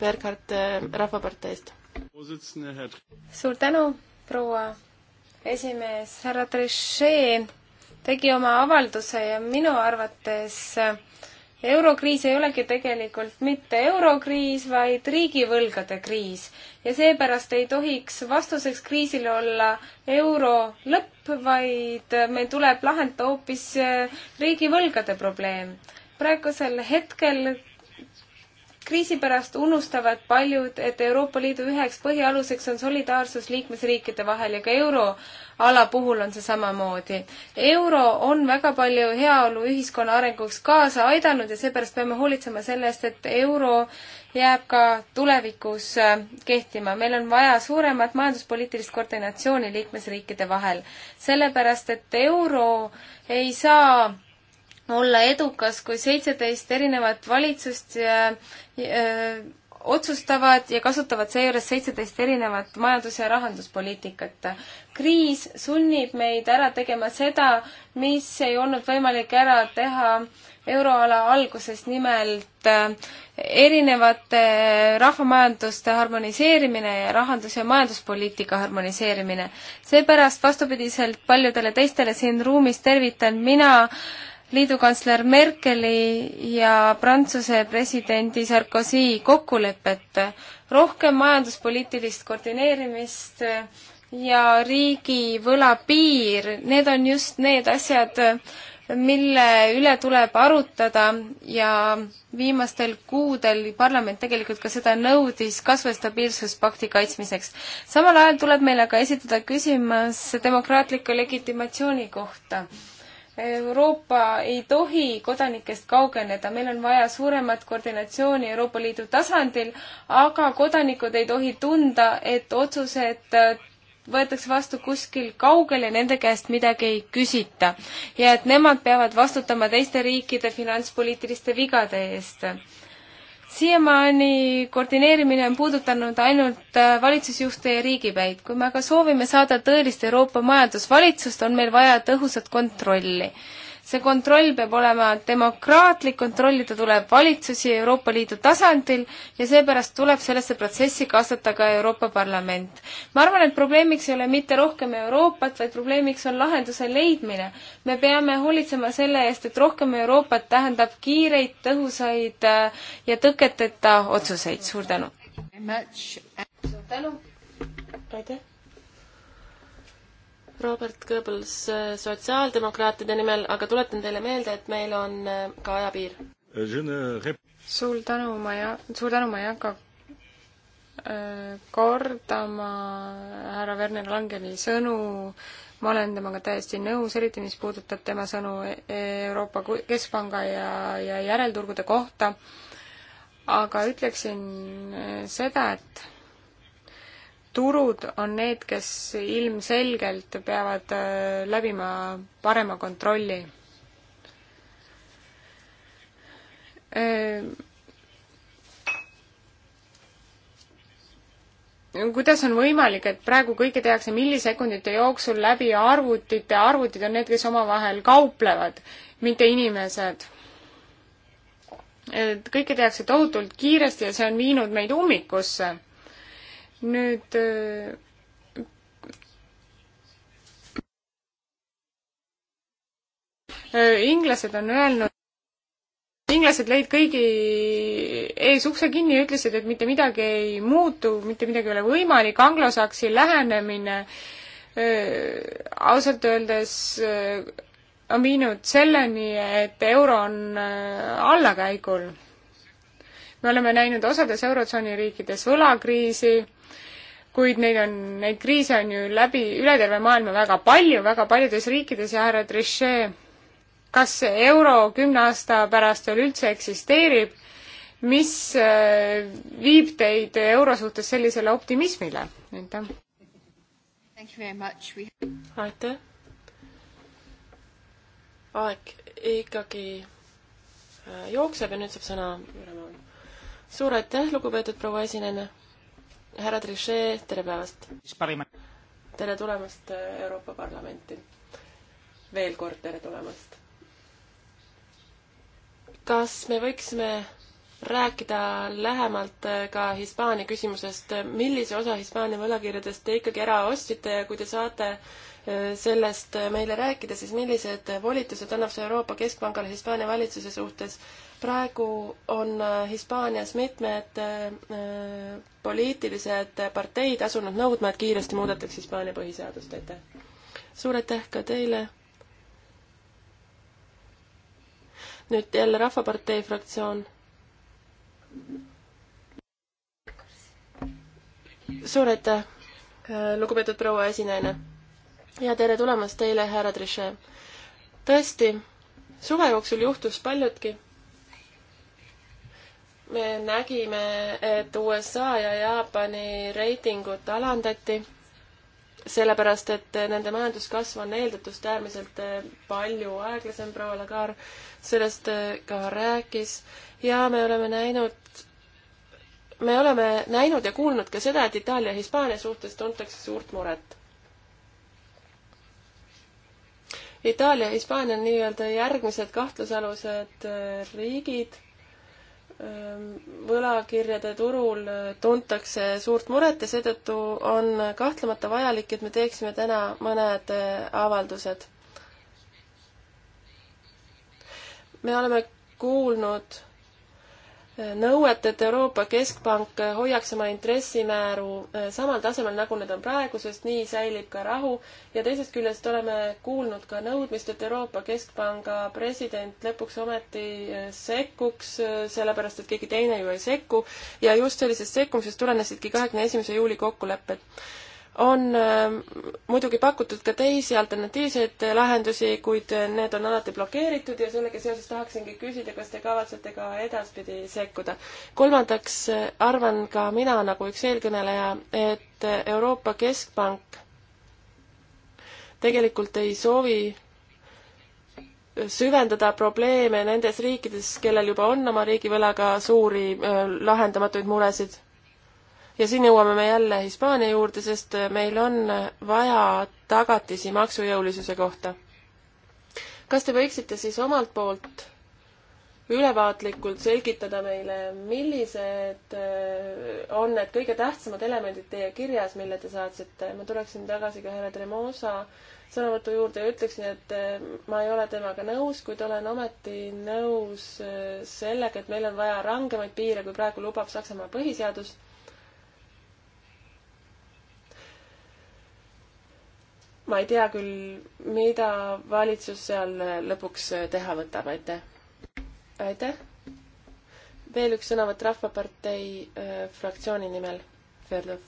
Berghardt äh, Rahvaparteist. suur tänu, proua esimees, härra Trichet tegi oma avalduse ja minu arvates äh, eurokriis ei olegi tegelikult mitte eurokriis, vaid riigivõlgade kriis. ja seepärast ei tohiks vastuseks kriisile olla euro lõpp, vaid meil tuleb lahendada hoopis äh, riigivõlgade probleem. praegusel hetkel kriisi pärast unustavad paljud, et Euroopa Liidu üheks põhialuseks on solidaarsus liikmesriikide vahel ja ka euroala puhul on see samamoodi. euro on väga palju heaolu ühiskonna arenguks kaasa aidanud ja seepärast peame hoolitsema selle eest, et euro jääb ka tulevikus äh, kehtima. meil on vaja suuremat majanduspoliitilist koordinatsiooni liikmesriikide vahel, sellepärast et euro ei saa olla edukas, kui seitseteist erinevat valitsust ja, ja, äh, otsustavad ja kasutavad seejuures seitseteist erinevat majandus- ja rahanduspoliitikat. kriis sunnib meid ära tegema seda, mis ei olnud võimalik ära teha euroala alguses, nimelt äh, erinevate rahvamajanduste harmoniseerimine ja rahandus- ja majanduspoliitika harmoniseerimine. seepärast vastupidiselt paljudele teistele siin ruumis tervitan mina äh, liidukantsler Merkeli ja Prantsuse presidendi Sarkozy kokkulepet, rohkem majanduspoliitilist koordineerimist ja riigivõla piir, need on just need asjad, mille üle tuleb arutada ja viimastel kuudel parlament tegelikult ka seda nõudis kasvu- ja stabiilsuspakti kaitsmiseks. samal ajal tuleb meile ka esitada küsimus demokraatliku legitimatsiooni kohta Euroopa ei tohi kodanikest kaugeneda, meil on vaja suuremat koordinatsiooni Euroopa Liidu tasandil, aga kodanikud ei tohi tunda, et otsused äh, võetakse vastu kuskil kaugel ja nende käest midagi ei küsita. ja et nemad peavad vastutama teiste riikide finantspoliitiliste vigade eest siiamaani koordineerimine on puudutanud ainult äh, valitsusjuhte ja riigipäid. kui me aga soovime saada tõelist Euroopa majandusvalitsust, on meil vaja tõhusat kontrolli see kontroll peab olema demokraatlik, kontrollida tuleb valitsusi Euroopa Liidu tasandil ja seepärast tuleb sellesse protsessi kaasata ka Euroopa Parlament. ma arvan, et probleemiks ei ole mitte rohkem Euroopat, vaid probleemiks on lahenduse leidmine. me peame hoolitsema selle eest, et rohkem Euroopat tähendab kiireid, tõhusaid äh, ja tõketeta otsuseid. suur tänu! suur tänu! aitäh! Robert Goebbels eh, sotsiaaldemokraatide nimel, aga tuletan teile meelde, et meil on eh, ka ajapiir. Eh, suur tänu, ma ei, suur tänu, ma ei hakka kordama härra Werner Langeni sõnu, ma olen temaga täiesti nõus, eriti mis puudutab tema sõnu e-, Euroopa Keskpanga ja, ja järelturgude kohta, aga ütleksin seda, et turud on need, kes ilmselgelt peavad äh, läbima parema kontrolli. Äh, kuidas on võimalik, et praegu kõike tehakse millisekundite jooksul läbi arvutite, arvutid on need, kes omavahel kauplevad, mitte inimesed et kõike tehakse tohutult kiiresti ja see on viinud meid ummikusse nüüd äh, äh, inglased on öelnud, inglased lõid kõigi ees ukse kinni ja ütlesid, et mitte midagi ei muutu, mitte midagi ei ole võimalik, anglosaksi lähenemine öö, äh, ausalt öeldes öö, on viinud selleni, et euro on öö, allakäigul. me oleme näinud osades Eurotsooni riikides võlakriisi kuid neid on, neid kriise on ju läbi, üle terve maailma väga palju, väga paljudes riikides ja härra Trichet, kas euro kümne aasta pärast veel üldse eksisteerib, mis äh, viib teid euro suhtes sellisele optimismile? aitäh! aitäh! aeg ikkagi äh, jookseb ja nüüd saab sõna Ülemaailm. suur aitäh, lugupeetud proua esinejana! härra Trichet, tere päevast! tere tulemast äh, Euroopa Parlamenti! veel kord tere tulemast! kas me võiksime rääkida lähemalt äh, ka Hispaania küsimusest, millise osa Hispaania võlakirjadest te ikkagi ära ostsite ja kui te saate äh, sellest meile rääkida, siis millised volitused annab see Euroopa Keskpangale Hispaania valitsuse suhtes? praegu on Hispaanias mitmed äh, poliitilised parteid asunud nõudma, et kiiresti muudetakse Hispaania põhiseadust, aitäh! suur aitäh ka teile! nüüd jälle Rahvapartei fraktsioon. suur aitäh, lugupeetud proua esinaine! ja tere tulemast teile, härra Trichet. tõesti, suve jooksul juhtus paljutki. me nägime, et USA ja Jaapani reitingut alandati sellepärast, et nende majanduskasv on eeldatust äärmiselt palju aeglasem, proua Lagar sellest ka rääkis ja me oleme näinud, me oleme näinud ja kuulnud ka seda, et Itaalia ja Hispaania suhtes tuntakse suurt muret. Itaalia ja Hispaania on nii-öelda järgmised kahtlusalused äh, riigid. Ähm, võlakirjade turul äh, tuntakse suurt muret ja seetõttu on kahtlemata vajalik, et me teeksime täna mõned äh, avaldused. me oleme kuulnud nõuet, et Euroopa Keskpank hoiaks oma intressimääru äh, samal tasemel, nagu need on praegu, sest nii säilib ka rahu ja teisest küljest oleme kuulnud ka nõudmist, et Euroopa Keskpanga president lõpuks ometi äh, sekkuks, äh, sellepärast et keegi teine ju ei sekku ja just sellisest sekkumisest tulenesidki kahekümne esimese juuli kokkulepped on ähm, muidugi pakutud ka teisi alternatiivseid lahendusi, kuid need on alati blokeeritud ja sellega seoses tahaksingi küsida, kas te kavatsete ka edaspidi sekkuda. kolmandaks äh, arvan ka mina, nagu üks eelkõneleja, et Euroopa Keskpank tegelikult ei soovi süvendada probleeme nendes riikides, kellel juba on oma riigivõlaga suuri äh, lahendamatuid muresid ja siin jõuame me jälle Hispaania juurde, sest meil on vaja tagatisi maksujõulisuse kohta. kas te võiksite siis omalt poolt ülevaatlikult selgitada meile, millised äh, on need kõige tähtsamad elemendid teie kirjas, mille te saatsite? ma tuleksin tagasi ka härra Tremosa sõnavõtu juurde ja ütleksin, et äh, ma ei ole temaga nõus, kuid olen ometi nõus äh, sellega, et meil on vaja rangemaid piire, kui praegu lubab Saksamaa põhiseadus ma ei tea küll, mida valitsus seal lõpuks teha võtab, aitäh. aitäh. veel üks sõnavõtt Rahvapartei äh, fraktsiooni nimel, Ferdov.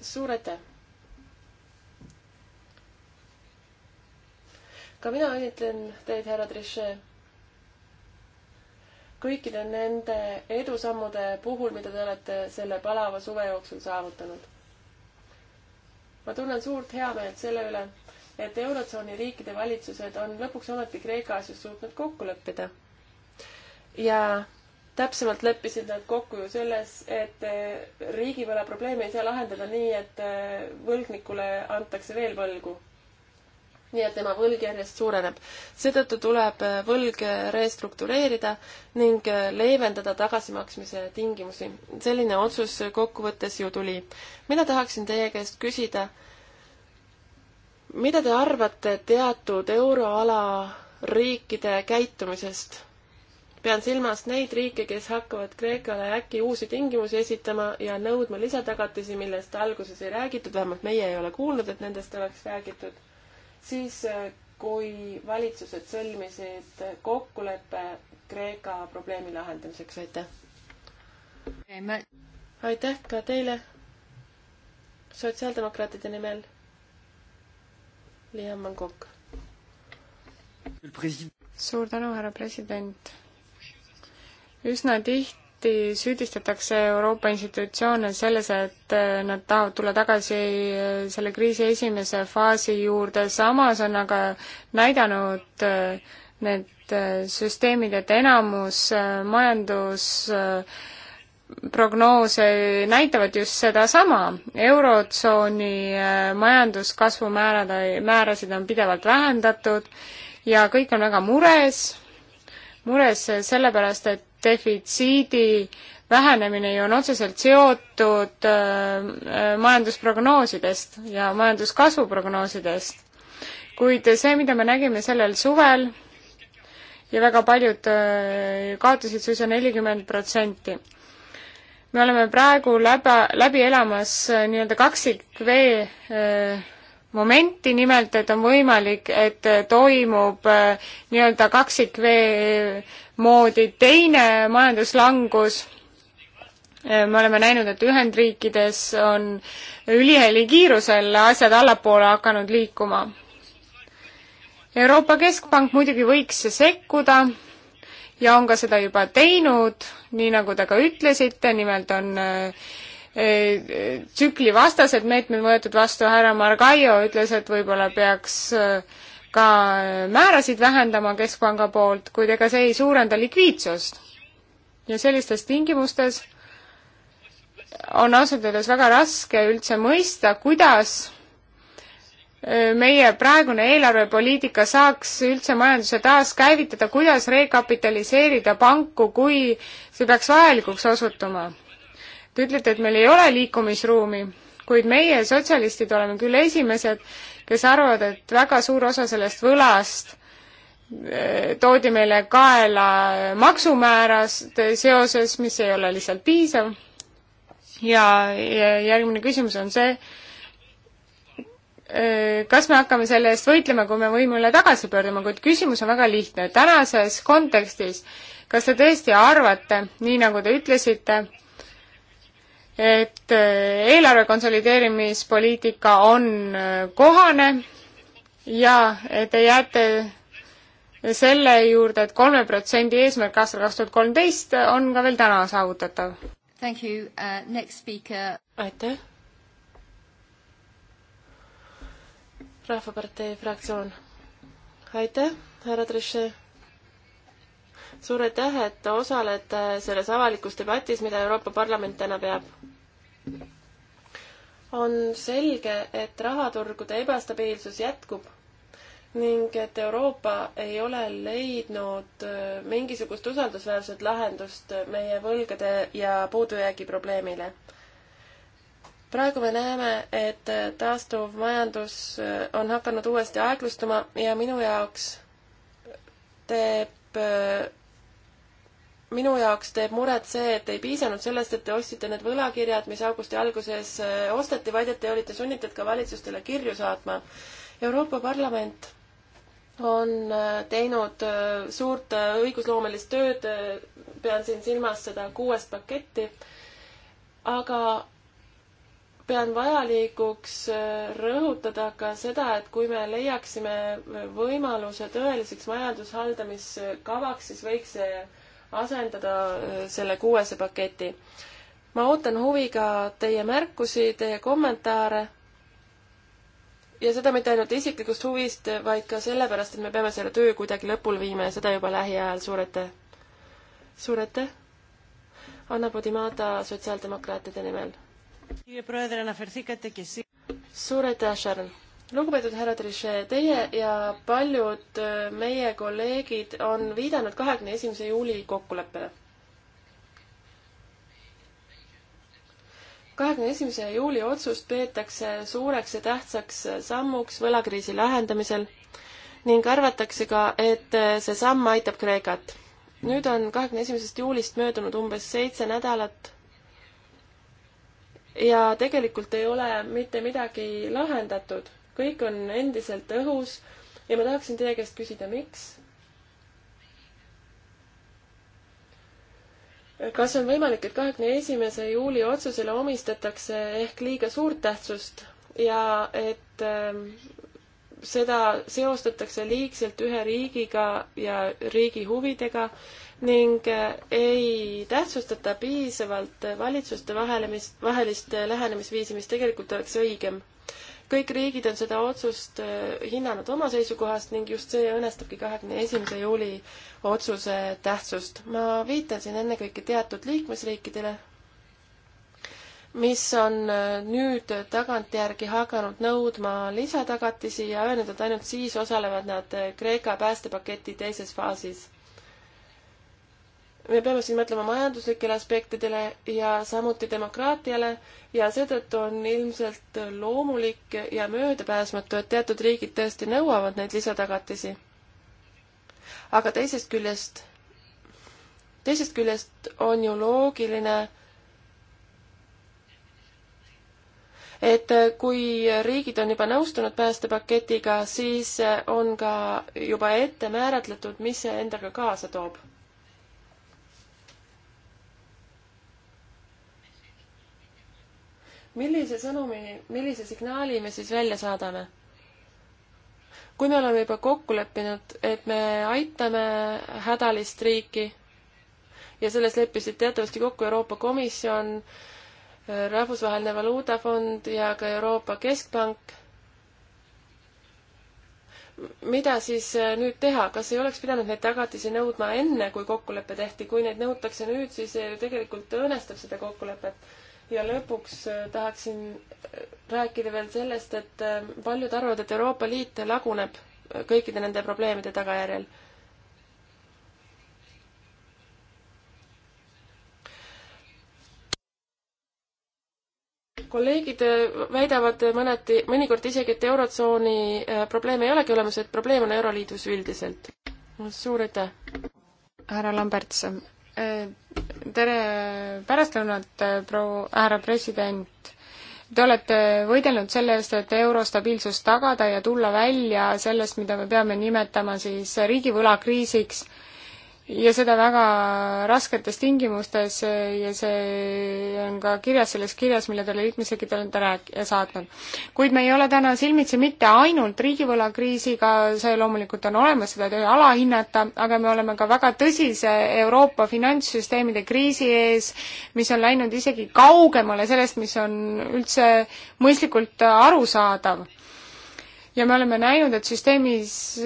suur aitäh. ka mina õnnitlen teid, härra Trichet kõikide nende edusammude puhul, mida te olete selle palava suve jooksul saavutanud. ma tunnen suurt heameelt selle üle, et Eurotsooni riikide valitsused on lõpuks ometi Kreeka asjus suutnud kokku leppida. ja täpsemalt leppisid nad kokku ju selles, et eh, riigivõla probleemi ei saa lahendada nii, et eh, võlgnikule antakse veel võlgu nii et tema võlg järjest suureneb. seetõttu tuleb äh, võlg restruktureerida ning äh, leevendada tagasimaksmise tingimusi. selline otsus kokkuvõttes ju tuli. mina tahaksin teie käest küsida, mida te arvate teatud euroala riikide käitumisest? pean silmas neid riike, kes hakkavad Kreekale äkki uusi tingimusi esitama ja nõudma lisatagatisi, millest alguses ei räägitud, vähemalt meie ei ole kuulnud, et nendest oleks räägitud siis, äh, kui valitsused sõlmisid kokkuleppe Kreeka probleemi lahendamiseks, aitäh! aitäh ka teile sotsiaaldemokraatide nimel, Liam Van Gogh. suur tänu, härra president! üsna tihti tihti süüdistatakse Euroopa institutsioone selles, et äh, nad tahavad tulla tagasi äh, selle kriisi esimese faasi juurde, samas on aga näidanud äh, need süsteemid, et enamus majandus prognoose näitavad just sedasama. Eurotsooni majanduskasvu määrad, määrasid on pidevalt vähendatud ja kõik on väga mures, mures sellepärast, et defitsiidi vähenemine ju on otseselt seotud äh, äh, majandusprognoosidest ja majanduskasvu prognoosidest. kuid see, mida me nägime sellel suvel ja väga paljud äh, kaotasid suisa nelikümmend protsenti. me oleme praegu läbi, läbi elamas nii-öelda kaksikvee momenti, nimelt et on võimalik, et toimub nii-öelda kaksikvee moodi teine majanduslangus, eh, me oleme näinud, et Ühendriikides on üliheli kiirusel asjad allapoole hakanud liikuma. Euroopa Keskpank muidugi võiks sekkuda ja on ka seda juba teinud, nii nagu te ka ütlesite, nimelt on eh, eh, tsüklivastased meetmed võetud vastu, härra Margaio ütles, et võib-olla peaks äh, ka määrasid vähendama Keskpanga poolt, kuid ega see ei suurenda likviidsust. ja sellistes tingimustes on ausalt öeldes väga raske üldse mõista, kuidas äh, meie praegune eelarvepoliitika saaks üldse majanduse taaskäivitada, kuidas rekapitaliseerida panku, kui see peaks vajalikuks osutuma? Te ütlete, et meil ei ole liikumisruumi, kuid meie, sotsialistid, oleme küll esimesed, kes arvavad, et väga suur osa sellest võlast eh, toodi meile kaela maksumäärast seoses, mis ei ole lihtsalt piisav. ja, ja järgmine küsimus on see, eh, kas me hakkame selle eest võitlema, kui me võimule tagasi pöördume, kuid küsimus on väga lihtne. tänases kontekstis, kas te tõesti arvate, nii nagu te ütlesite, et äh, eelarve konsolideerimispoliitika on äh, kohane ja äh, te jääte selle juurde et, et kolme protsendi eesmärk aastal kaks tuhat kolmteist on ka veel täna saavutatav. Uh, aitäh. rahvapartei fraktsioon. aitäh, härra Trichet suur aitäh, et osalete selles avalikus debatis, mida Euroopa Parlament täna peab. on selge, et rahaturgude ebastabiilsus jätkub ning et Euroopa ei ole leidnud mingisugust usaldusväärset lahendust meie võlgade ja puudujäägi probleemile. praegu me näeme, et taastuv majandus on hakanud uuesti aeglustuma ja minu jaoks teeb minu jaoks teeb muret see, et ei piisanud sellest, et te ostsite need võlakirjad, mis augusti alguses eh, osteti, vaid et te olite sunnitud ka valitsustele kirju saatma. Euroopa Parlament on eh, teinud eh, suurt õigusloomelist tööd, pean siin silmas seda kuuest paketti, aga pean vajalikuks rõhutada ka seda, et kui me leiaksime võimaluse tõeliseks majandushaldamiskavaks, siis võiks see asendada äh, selle kuuese paketi. ma ootan huviga teie märkusi, teie kommentaare ja seda mitte ainult isiklikust huvist, vaid ka sellepärast, et me peame selle töö kuidagi lõpule viima ja seda juba lähiajal. suur aitäh! suur aitäh! Anna Podimata sotsiaaldemokraatide nimel. suur aitäh, Sharon! lugupeetud härra Trichet, teie ja paljud äh, meie kolleegid on viidanud kahekümne esimese juuli kokkuleppele. kahekümne esimese juuli otsust peetakse suureks ja tähtsaks sammuks võlakriisi lahendamisel ning arvatakse ka, et äh, see samm aitab Kreekat. nüüd on kahekümne esimesest juulist möödunud umbes seitse nädalat ja tegelikult ei ole mitte midagi lahendatud kõik on endiselt õhus ja ma tahaksin teie käest küsida, miks? kas on võimalik, et kahekümne esimese juuli otsusele omistatakse ehk liiga suurt tähtsust ja et ähm, seda seostatakse liigselt ühe riigiga ja riigi huvidega ning äh, ei tähtsustata piisavalt valitsuste vahelemist, vahelist äh, lähenemisviisi, mis tegelikult oleks õigem kõik riigid on seda otsust äh, hinnanud oma seisukohast ning just see õõnestabki kahekümne esimese juuli otsuse tähtsust. ma viitan siin ennekõike teatud liikmesriikidele, mis on äh, nüüd tagantjärgi hakanud nõudma lisatagatisi ja öelnud, et ainult siis osalevad nad äh, Kreeka päästepaketi teises faasis me peame siin mõtlema majanduslikele aspektidele ja samuti demokraatiale ja seetõttu on ilmselt loomulik ja möödapääsmatu, et teatud riigid tõesti nõuavad neid lisatagatisi. aga teisest küljest, teisest küljest on ju loogiline, et kui riigid on juba nõustunud päästepaketiga, siis on ka juba ette määratletud, mis see endaga kaasa toob millise sõnumi, millise signaali me siis välja saadame? kui me oleme juba kokku leppinud, et me aitame hädalist riiki ja selles leppisid teatavasti kokku Euroopa Komisjon, Rahvusvaheline Valuutafond ja ka Euroopa Keskpank, mida siis äh, nüüd teha, kas ei oleks pidanud neid tagatisi nõudma enne, kui kokkulepe tehti, kui neid nõutakse nüüd, siis äh, tegelikult õõnestab seda kokkulepet ja lõpuks äh, tahaksin äh, rääkida veel sellest, et äh, paljud arvavad, et Euroopa Liit laguneb kõikide nende probleemide tagajärjel kolleegid väidavad mõneti, mõnikord isegi, et Eurotsooni probleem ei olegi olemas, et probleem on Euroliidus üldiselt. suur aitäh! härra Lamberts, Äh, tere pärastlõunat, äh, proua, härra president. Te olete võidelnud selle eest, et euro stabiilsust tagada ja tulla välja sellest, mida me peame nimetama siis riigivõlakriisiks ja seda väga rasketes tingimustes ja see on ka kirjas selles kirjas, mille te liikmesriigid olete rääk-, saatnud. kuid me ei ole täna silmitsi mitte ainult riigivõlakriisiga, see loomulikult on olemas, seda ei tohi alahinnata, aga me oleme ka väga tõsise Euroopa finantssüsteemide kriisi ees, mis on läinud isegi kaugemale sellest, mis on üldse mõistlikult arusaadav. ja me oleme näinud, et süsteemis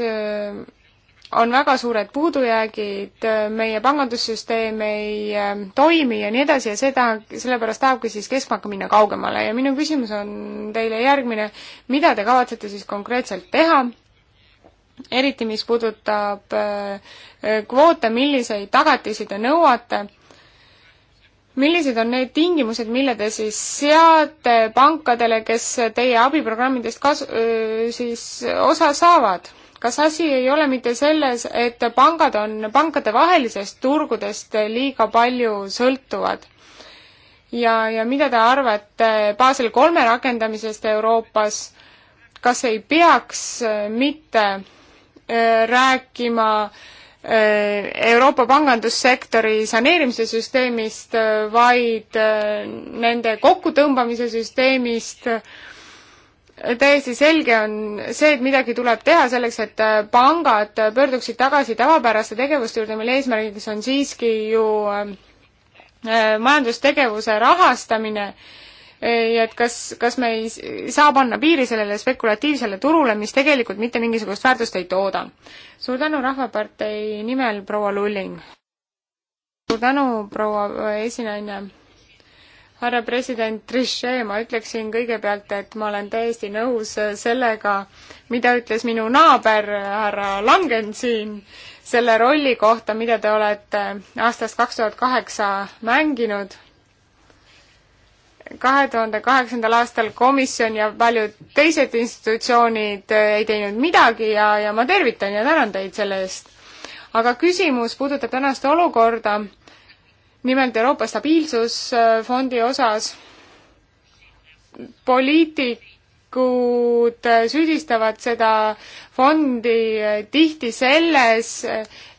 on väga suured puudujäägid, meie pangandussüsteem ei ähm, toimi ja nii edasi ja seda, sellepärast tahabki siis Keskpank minna kaugemale ja minu küsimus on teile järgmine, mida te kavatsete siis konkreetselt teha, eriti mis puudutab äh, äh, kvoote, milliseid tagatisi te nõuate, millised on need tingimused, mille te siis seate pankadele, kes teie abiprogrammidest kasu, äh, siis osa saavad? kas asi ei ole mitte selles, et pangad on pankadevahelisest turgudest liiga palju sõltuvad? ja, ja mida te arvate Basel kolme rakendamisest Euroopas, kas ei peaks äh, mitte äh, rääkima äh, Euroopa pangandussektori saneerimise süsteemist, vaid nende kokkutõmbamise süsteemist, täiesti selge on see, et midagi tuleb teha selleks, et äh, pangad pöörduksid tagasi tavapäraste tegevuste juurde, mille eesmärgiks on siiski ju ähm, äh, majandustegevuse rahastamine äh, ja et kas, kas me ei saa panna piiri sellele spekulatiivsele turule, mis tegelikult mitte mingisugust väärtust ei tooda. suur tänu Rahvapartei nimel, proua Lulling! suur tänu, proua esinaine! härra president Trichet, ma ütleksin kõigepealt, et ma olen täiesti nõus sellega, mida ütles minu naaber härra Langen siin selle rolli kohta, mida te olete aastast kaks tuhat kaheksa mänginud. kahe tuhande kaheksandal aastal komisjon ja paljud teised institutsioonid ei teinud midagi ja, ja ma tervitan ja tänan teid selle eest. aga küsimus puudutab tänast olukorda nimelt Euroopa Stabiilsusfondi osas. poliitikud süüdistavad seda fondi tihti selles,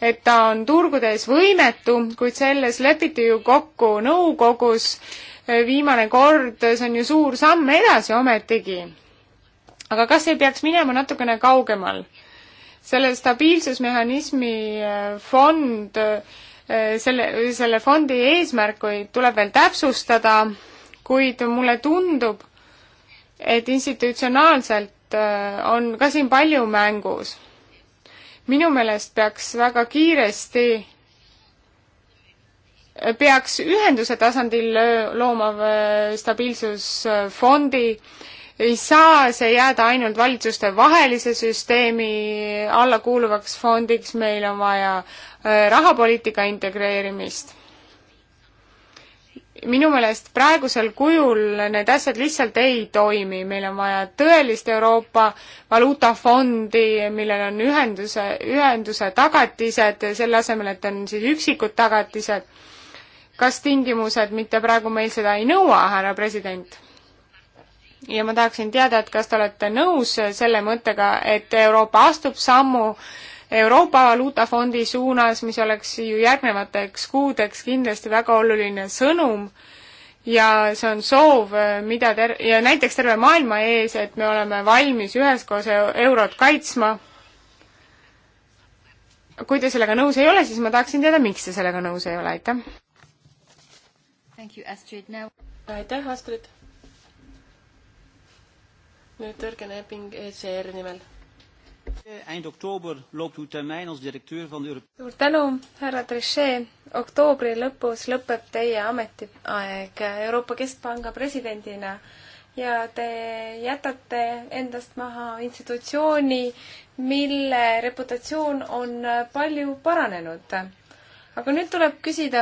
et ta on turgudes võimetu, kuid selles lepiti ju kokku nõukogus viimane kord, see on ju suur samm edasi ometigi. aga kas ei peaks minema natukene kaugemal? selle stabiilsusmehhanismi fond äh, Äh, selle, selle fondi eesmärkuid tuleb veel täpsustada, kuid mulle tundub, et institutsionaalselt äh, on ka siin palju mängus. minu meelest peaks väga kiiresti, äh, peaks ühenduse tasandil looma stabiilsusfondi, ei saa see jääda ainult valitsuste vahelise süsteemi alla kuuluvaks fondiks, meil on vaja Äh, rahapoliitika integreerimist. minu meelest praegusel kujul need asjad lihtsalt ei toimi, meil on vaja tõelist Euroopa valuutafondi, millel on ühenduse, ühenduse tagatised, selle asemel, et on siis üksikud tagatised. kas tingimused mitte praegu meil seda ei nõua, härra president? ja ma tahaksin teada, et kas te olete nõus selle mõttega, et Euroopa astub sammu Euroopa Valuutafondi suunas, mis oleks ju järgnevateks kuudeks kindlasti väga oluline sõnum ja see on soov, eh, mida ter-, ja näiteks terve maailma ees, et me oleme valmis üheskoos eurot kaitsma. kui te sellega nõus ei ole, siis ma tahaksin teada, miks te sellega nõus ei ole, aitäh! aitäh, Astrid! nüüd Jürgen Epping ECR-i nimel suur tänu, härra Trichet. oktoobri lõpus lõpeb teie ametiaeg Euroopa Keskpanga presidendina ja te jätate endast maha institutsiooni, mille reputatsioon on palju paranenud. aga nüüd tuleb küsida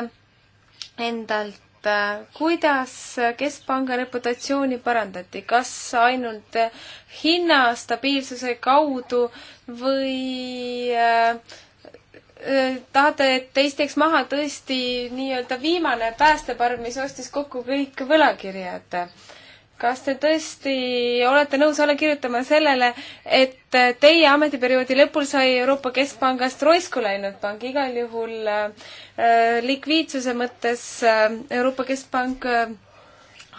endalt, et äh, kuidas keskpanga reputatsiooni parandati, kas ainult hinnastabiilsuse kaudu või äh, äh, tahate, et teist jääks maha tõesti nii-öelda viimane päästeparm, mis ostis kokku kõik võlakirjad? kas te tõesti olete nõus alla kirjutama sellele, et teie ametiperioodi lõpul sai Euroopa Keskpangast roisku läinud pank, igal juhul äh, likviidsuse mõttes äh, Euroopa Keskpank äh,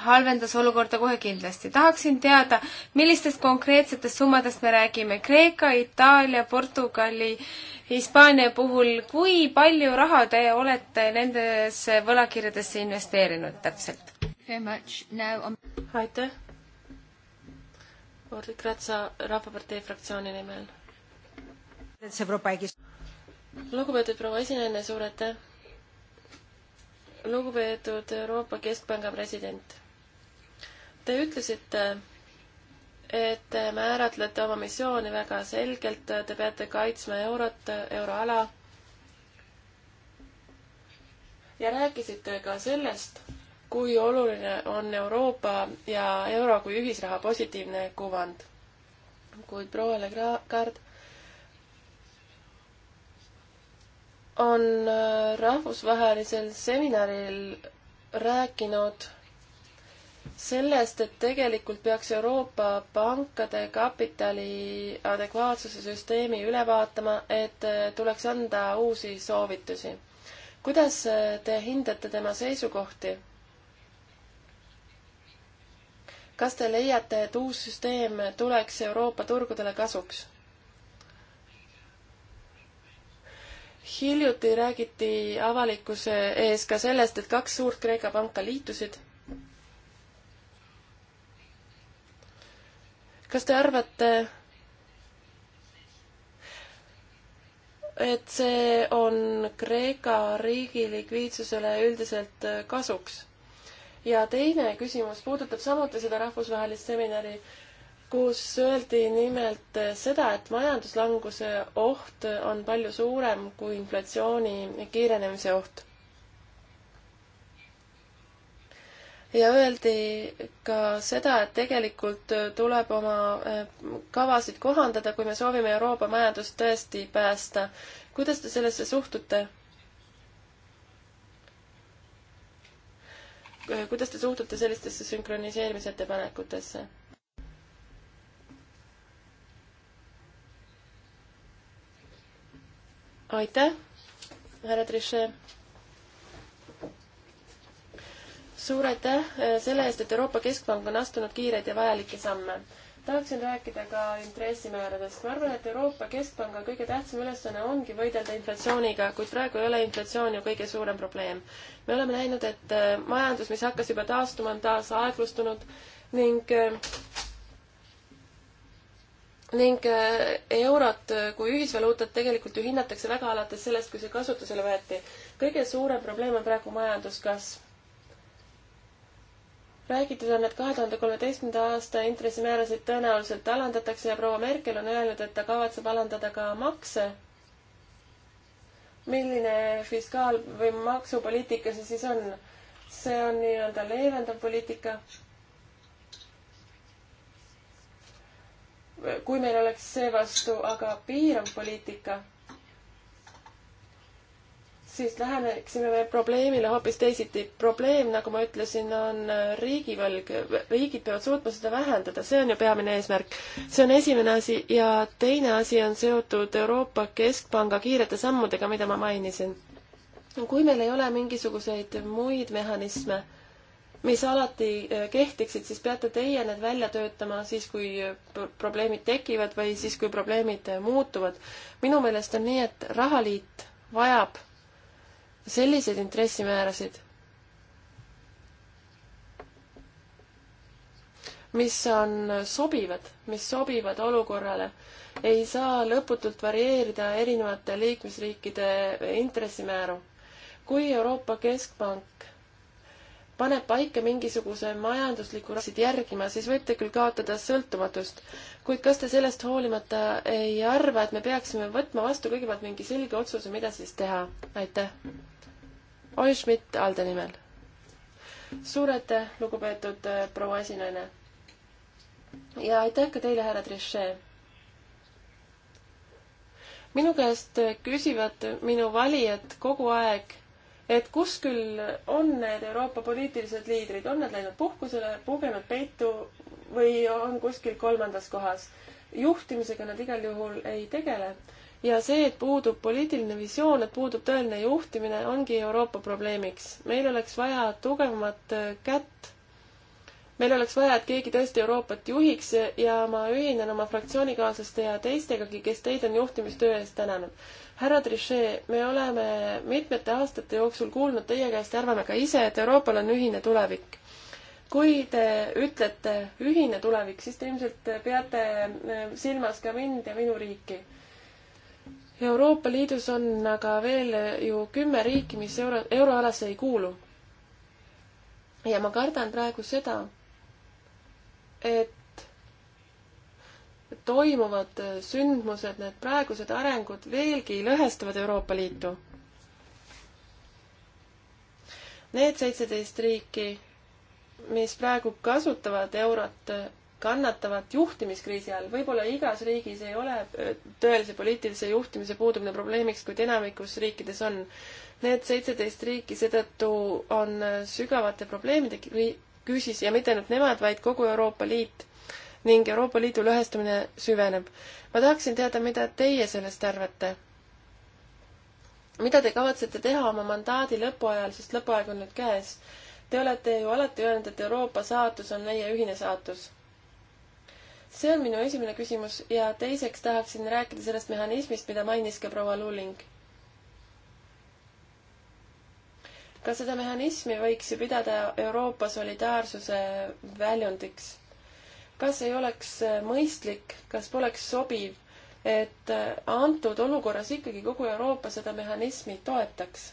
halvendas olukorda kohe kindlasti. tahaksin teada, millistest konkreetsetest summadest me räägime Kreeka, Itaalia, Portugali, Hispaania puhul, kui palju raha te olete nendesse võlakirjadesse investeerinud täpselt? On... aitäh. Orlik Ratsa Rahvapartei fraktsiooni nimel. lugupeetud proua esineja, suur aitäh. lugupeetud Euroopa Keskpanga president. Te ütlesite, et te määratlete oma missiooni väga selgelt, te peate kaitsma eurot, euroala. ja rääkisite ka sellest kui oluline on Euroopa ja euro kui ühisraha positiivne kuvand. kuid proua Legrand on äh, rahvusvahelisel seminaril rääkinud sellest, et tegelikult peaks Euroopa pankade kapitali adekvaatsuse süsteemi üle vaatama, et äh, tuleks anda uusi soovitusi. kuidas äh, te hindate tema seisukohti? kas te leiate, et uus süsteem tuleks Euroopa turgudele kasuks? hiljuti räägiti avalikkuse ees ka sellest, et kaks suurt Kreeka panka liitusid. kas te arvate, et see on Kreeka riigi likviidsusele üldiselt kasuks? ja teine küsimus puudutab samuti seda rahvusvahelist seminari, kus öeldi nimelt seda, et majanduslanguse oht on palju suurem kui inflatsiooni kiirenemise oht. ja öeldi ka seda, et tegelikult tuleb oma äh, kavasid kohandada, kui me soovime Euroopa majandust tõesti päästa. kuidas te sellesse suhtute? kuidas te suhtute sellistesse sünkroniseerimisettepanekutesse? aitäh, härra Trichet. suur aitäh eh, selle eest, et Euroopa Keskpank on astunud kiireid ja vajalikke samme tahaksin rääkida ka intressimääradest. ma arvan, et Euroopa Keskpanga kõige tähtsam ülesanne ongi võidelda inflatsiooniga, kuid praegu ei ole inflatsioon ju kõige suurem probleem. me oleme näinud, et äh, majandus, mis hakkas juba taastuma, on taas aeglustunud ning äh, ning äh, eurot kui ühisvaluutat tegelikult ju hinnatakse väga alates sellest, kui see kasutusele võeti. kõige suurem probleem on praegu majanduskasv räägitud on, et kahe tuhande kolmeteistkümnenda aasta intressimäärasid tõenäoliselt alandatakse ja proua Merkel on öelnud, et ta kavatseb alandada ka makse. milline fiskaal- või maksupoliitika see siis on? see on nii-öelda leevendav poliitika kui meil oleks seevastu aga piirav poliitika, siis läheneksime me probleemile hoopis teisiti. probleem, nagu ma ütlesin, on riigivõlg. riigid peavad suutma seda vähendada, see on ju peamine eesmärk. see on esimene asi ja teine asi on seotud Euroopa Keskpanga kiirete sammudega, mida ma mainisin. kui meil ei ole mingisuguseid muid mehhanisme, mis alati eh, kehtiksid, siis peate teie need välja töötama siis, kui probleemid tekivad või siis, kui probleemid eh, muutuvad. minu meelest on nii, et rahaliit vajab selliseid intressimäärasid, mis on sobivad, mis sobivad olukorrale, ei saa lõputult varieerida erinevate liikmesriikide intressimääru. kui Euroopa Keskpank paneb paika mingisuguse majandusliku rassid järgima, siis võite küll kaotada sõltumatust. kuid kas te sellest hoolimata ei arva, et me peaksime võtma vastu kõigepealt mingi selge otsuse, mida siis teha? aitäh! Oi Schmidt Alde nimel. suur aitäh, lugupeetud äh, proua esinaine. ja aitäh ka teile, härra Trichet minu käest äh, küsivad minu valijad kogu aeg, et kus küll on need Euroopa poliitilised liidrid, on nad läinud puhkusele, pugenud peitu või on kuskil kolmandas kohas. juhtimisega nad igal juhul ei tegele ja see, et puudub poliitiline visioon, et puudub tõeline juhtimine, ongi Euroopa probleemiks. meil oleks vaja tugevamat äh, kätt, meil oleks vaja, et keegi tõesti Euroopat juhiks ja ma ühinen oma fraktsioonikaaslaste ja teistegagi, kes teid on juhtimistöö eest tänanud. härra Trichet, me oleme mitmete aastate jooksul kuulnud teie käest ja arvame ka ise, et Euroopal on ühine tulevik kui te ütlete ühine tulevik, siis te ilmselt peate äh, silmas ka mind ja minu riiki Euroopa Liidus on aga veel ju kümme riiki, mis euro, euroalasse ei kuulu. ja ma kardan praegu seda, et toimuvad sündmused, need praegused arengud veelgi lõhestavad Euroopa Liitu. Need seitseteist riiki, mis praegu kasutavad eurot, kannatavad juhtimiskriisi all. võib-olla igas riigis ei ole äh, tõelise poliitilise juhtimise puudumine probleemiks, kuid enamikus riikides on. Need seitseteist riiki seetõttu on äh, sügavate probleemide küsis ja mitte ainult nemad, vaid kogu Euroopa Liit ning Euroopa Liidu lõhestumine süveneb. ma tahaksin teada, mida teie sellest arvate? mida te kavatsete teha oma mandaadi lõpu ajal, sest lõpuaeg on nüüd käes? Te olete ju alati öelnud, et Euroopa saatus on meie ühine saatus see on minu esimene küsimus ja teiseks tahaksin rääkida sellest mehhanismist, mida mainis ka proua Luuling. kas seda mehhanismi võiks ju pidada Euroopa solidaarsuse väljundiks? kas ei oleks mõistlik, kas poleks sobiv, et antud olukorras ikkagi kogu Euroopa seda mehhanismi toetaks?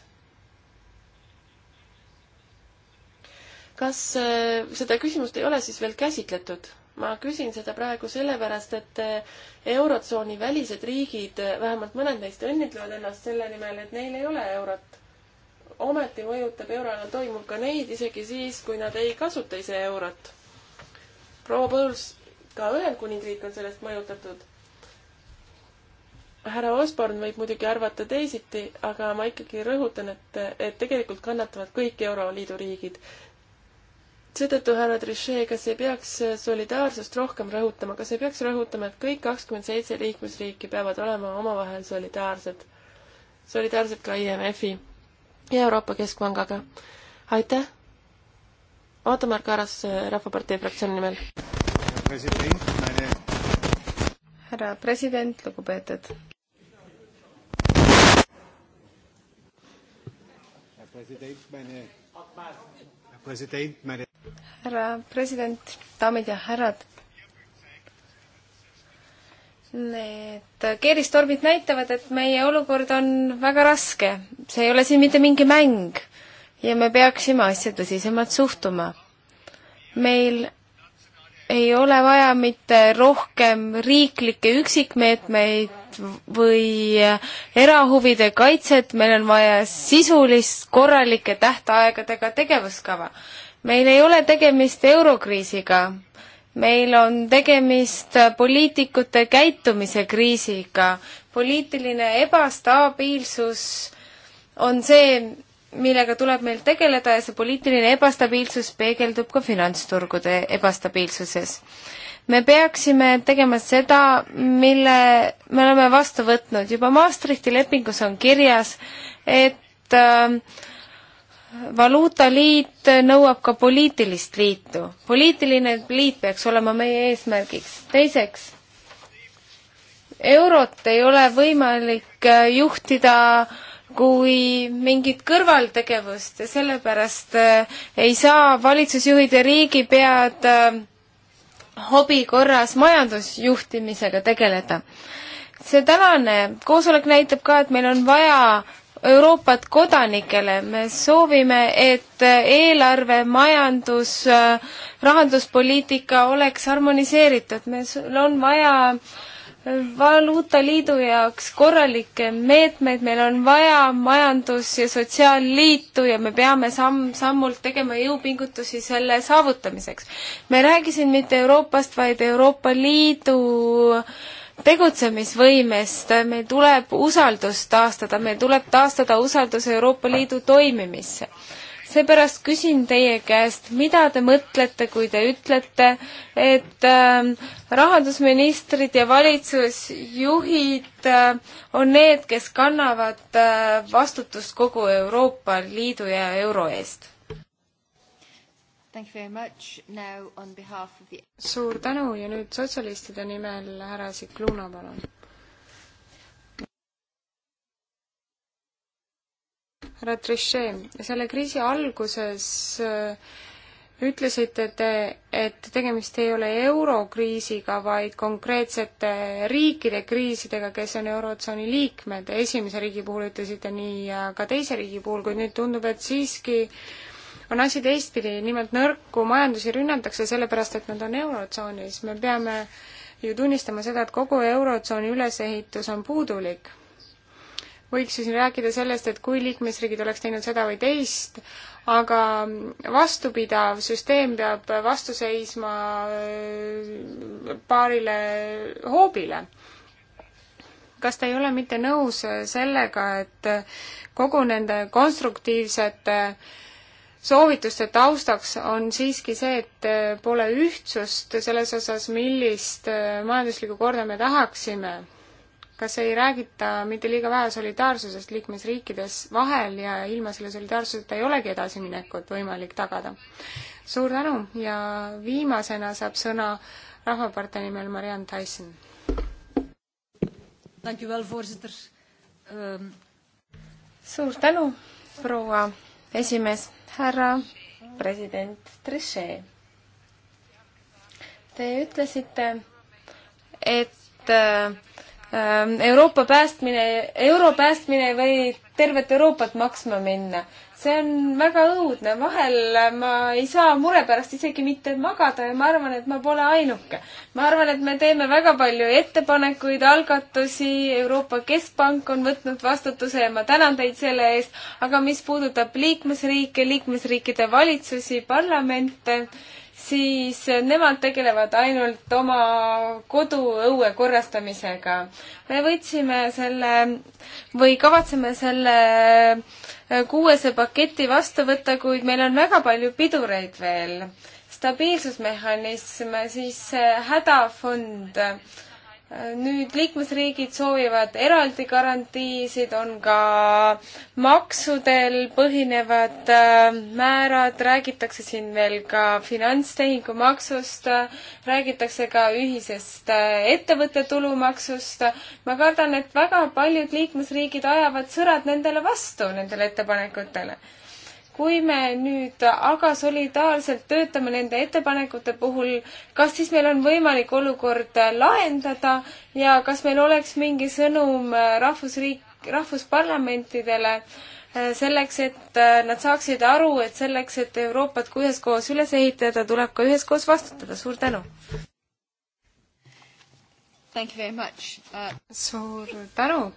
kas äh, seda küsimust ei ole siis veel käsitletud? ma küsin seda praegu sellepärast, et eh, Eurotsooni välised riigid, eh, vähemalt mõned neist õnnitlevad ennast selle nimel, et neil ei ole eurot. ometi mõjutab euroalal toimuv ka neid isegi siis, kui nad ei kasuta ise eurot. proua Põls, ka Ühendkuningriik on sellest mõjutatud. härra Osborne võib muidugi arvata teisiti, aga ma ikkagi rõhutan, et, et tegelikult kannatavad kõik Euroliidu riigid seetõttu härra Trichet, kas ei peaks solidaarsust rohkem rõhutama, kas ei peaks rõhutama, et kõik kakskümmend seitse liikmesriiki peavad olema omavahel solidaarsed, solidaarsed ka IMF-i ja Euroopa Keskpangaga? aitäh! Ootamar Karas Rahvapartei fraktsiooni nimel. härra president, lugupeetud. Herr Präsident, meine härra president, daamid ja härrad. Need keeristormid näitavad, et meie olukord on väga raske. see ei ole siin mitte mingi mäng ja me peaksime asja tõsisemalt suhtuma. meil ei ole vaja mitte rohkem riiklikke üksikmeetmeid, kaitset või erahuvide kaitset, meil on vaja sisulist, korralike tähtaegadega tegevuskava. meil ei ole tegemist eurokriisiga, meil on tegemist poliitikute käitumise kriisiga. poliitiline ebastabiilsus on see, millega tuleb meil tegeleda ja see poliitiline ebastabiilsus peegeldub ka finantsturgude ebastabiilsuses me peaksime tegema seda, mille me oleme vastu võtnud, juba Maastrichti lepingus on kirjas, et äh, valuutaliit nõuab ka poliitilist liitu. poliitiline liit peaks olema meie eesmärgiks. teiseks, eurot ei ole võimalik äh, juhtida kui mingit kõrvaltegevust ja sellepärast äh, ei saa valitsusjuhid ja riigipead äh, hobi korras majandusjuhtimisega tegeleda. see tänane koosolek näitab ka, et meil on vaja Euroopat kodanikele, me soovime, et eelarve, majandus, rahanduspoliitika oleks harmoniseeritud, meil on vaja äh, valuutaliidu jaoks korralikke meetmeid, meil on vaja majandus- ja sotsiaalliitu ja me peame samm-sammult tegema jõupingutusi selle saavutamiseks. me ei räägi siin mitte Euroopast, vaid Euroopa Liidu tegutsemisvõimest, meil tuleb usaldust taastada, meil tuleb taastada usaldus Euroopa Liidu toimimisse seepärast küsin teie käest, mida te mõtlete, kui te ütlete, et äh, rahandusministrid ja valitsusjuhid äh, on need, kes kannavad äh, vastutust kogu Euroopa Liidu ja euro eest? The... suur tänu ja nüüd sotsialistide nimel härra Sikluna, palun härra Trichet, selle kriisi alguses äh, ütlesite te, et tegemist ei ole eurokriisiga, vaid konkreetsete riikide kriisidega, kes on Eurotsooni liikmed. esimese riigi puhul ütlesite nii ja ka teise riigi puhul, kuid nüüd tundub, et siiski on asi teistpidi, nimelt nõrku majandusi rünnatakse sellepärast, et nad on Eurotsoonis. me peame ju tunnistama seda, et kogu Eurotsooni ülesehitus on puudulik võiks ju siin rääkida sellest, et kui liikmesriigid oleks teinud seda või teist, aga vastupidav süsteem peab vastu seisma äh, paarile hoobile. kas te ei ole mitte nõus äh, sellega, et äh, kogu nende konstruktiivsete soovituste taustaks on siiski see, et pole ühtsust selles osas, millist majanduslikku korda me tahaksime kas ei räägita mitte liiga vähe solidaarsusest liikmesriikides vahel ja ilma selle solidaarsuseta ei olegi edasiminekut võimalik tagada? suur tänu ja viimasena saab sõna Rahvapartei nimel Mariann Tyson. Ehm, suur tänu, proua esimees, härra president Trichet. Te ütlesite, et äh, Ehm, Euroopa päästmine, euro päästmine või tervet Euroopat maksma minna. see on väga õudne, vahel ma ei saa mure pärast isegi mitte magada ja ma arvan, et ma pole ainuke. ma arvan, et me teeme väga palju ettepanekuid, algatusi, Euroopa Keskpank on võtnud vastutuse ja ma tänan teid selle eest, aga mis puudutab liikmesriike, liikmesriikide valitsusi, parlamente, siis nemad tegelevad ainult oma koduõue korrastamisega. me võtsime selle või kavatseme selle kuuese paketi vastu võtta, kuid meil on väga palju pidureid veel. stabiilsusmehhanism, siis hädafond äh, nüüd liikmesriigid soovivad eraldi garantiisid, on ka maksudel põhinevad äh, määrad, räägitakse siin veel ka finantstehingu maksust, räägitakse ka ühisest äh, ettevõtte tulumaksust. ma kardan, et väga paljud liikmesriigid ajavad sõrad nendele vastu, nendele ettepanekutele kui me nüüd aga solidaarselt töötame nende ettepanekute puhul, kas siis meil on võimalik olukord lahendada ja kas meil oleks mingi sõnum rahvusriik, rahvusparlamentidele äh, selleks, et äh, nad saaksid aru, et selleks, et Euroopat ka üheskoos üles ehitada, tuleb ka üheskoos vastutada. suur tänu! Thank you very much uh.... suur tänu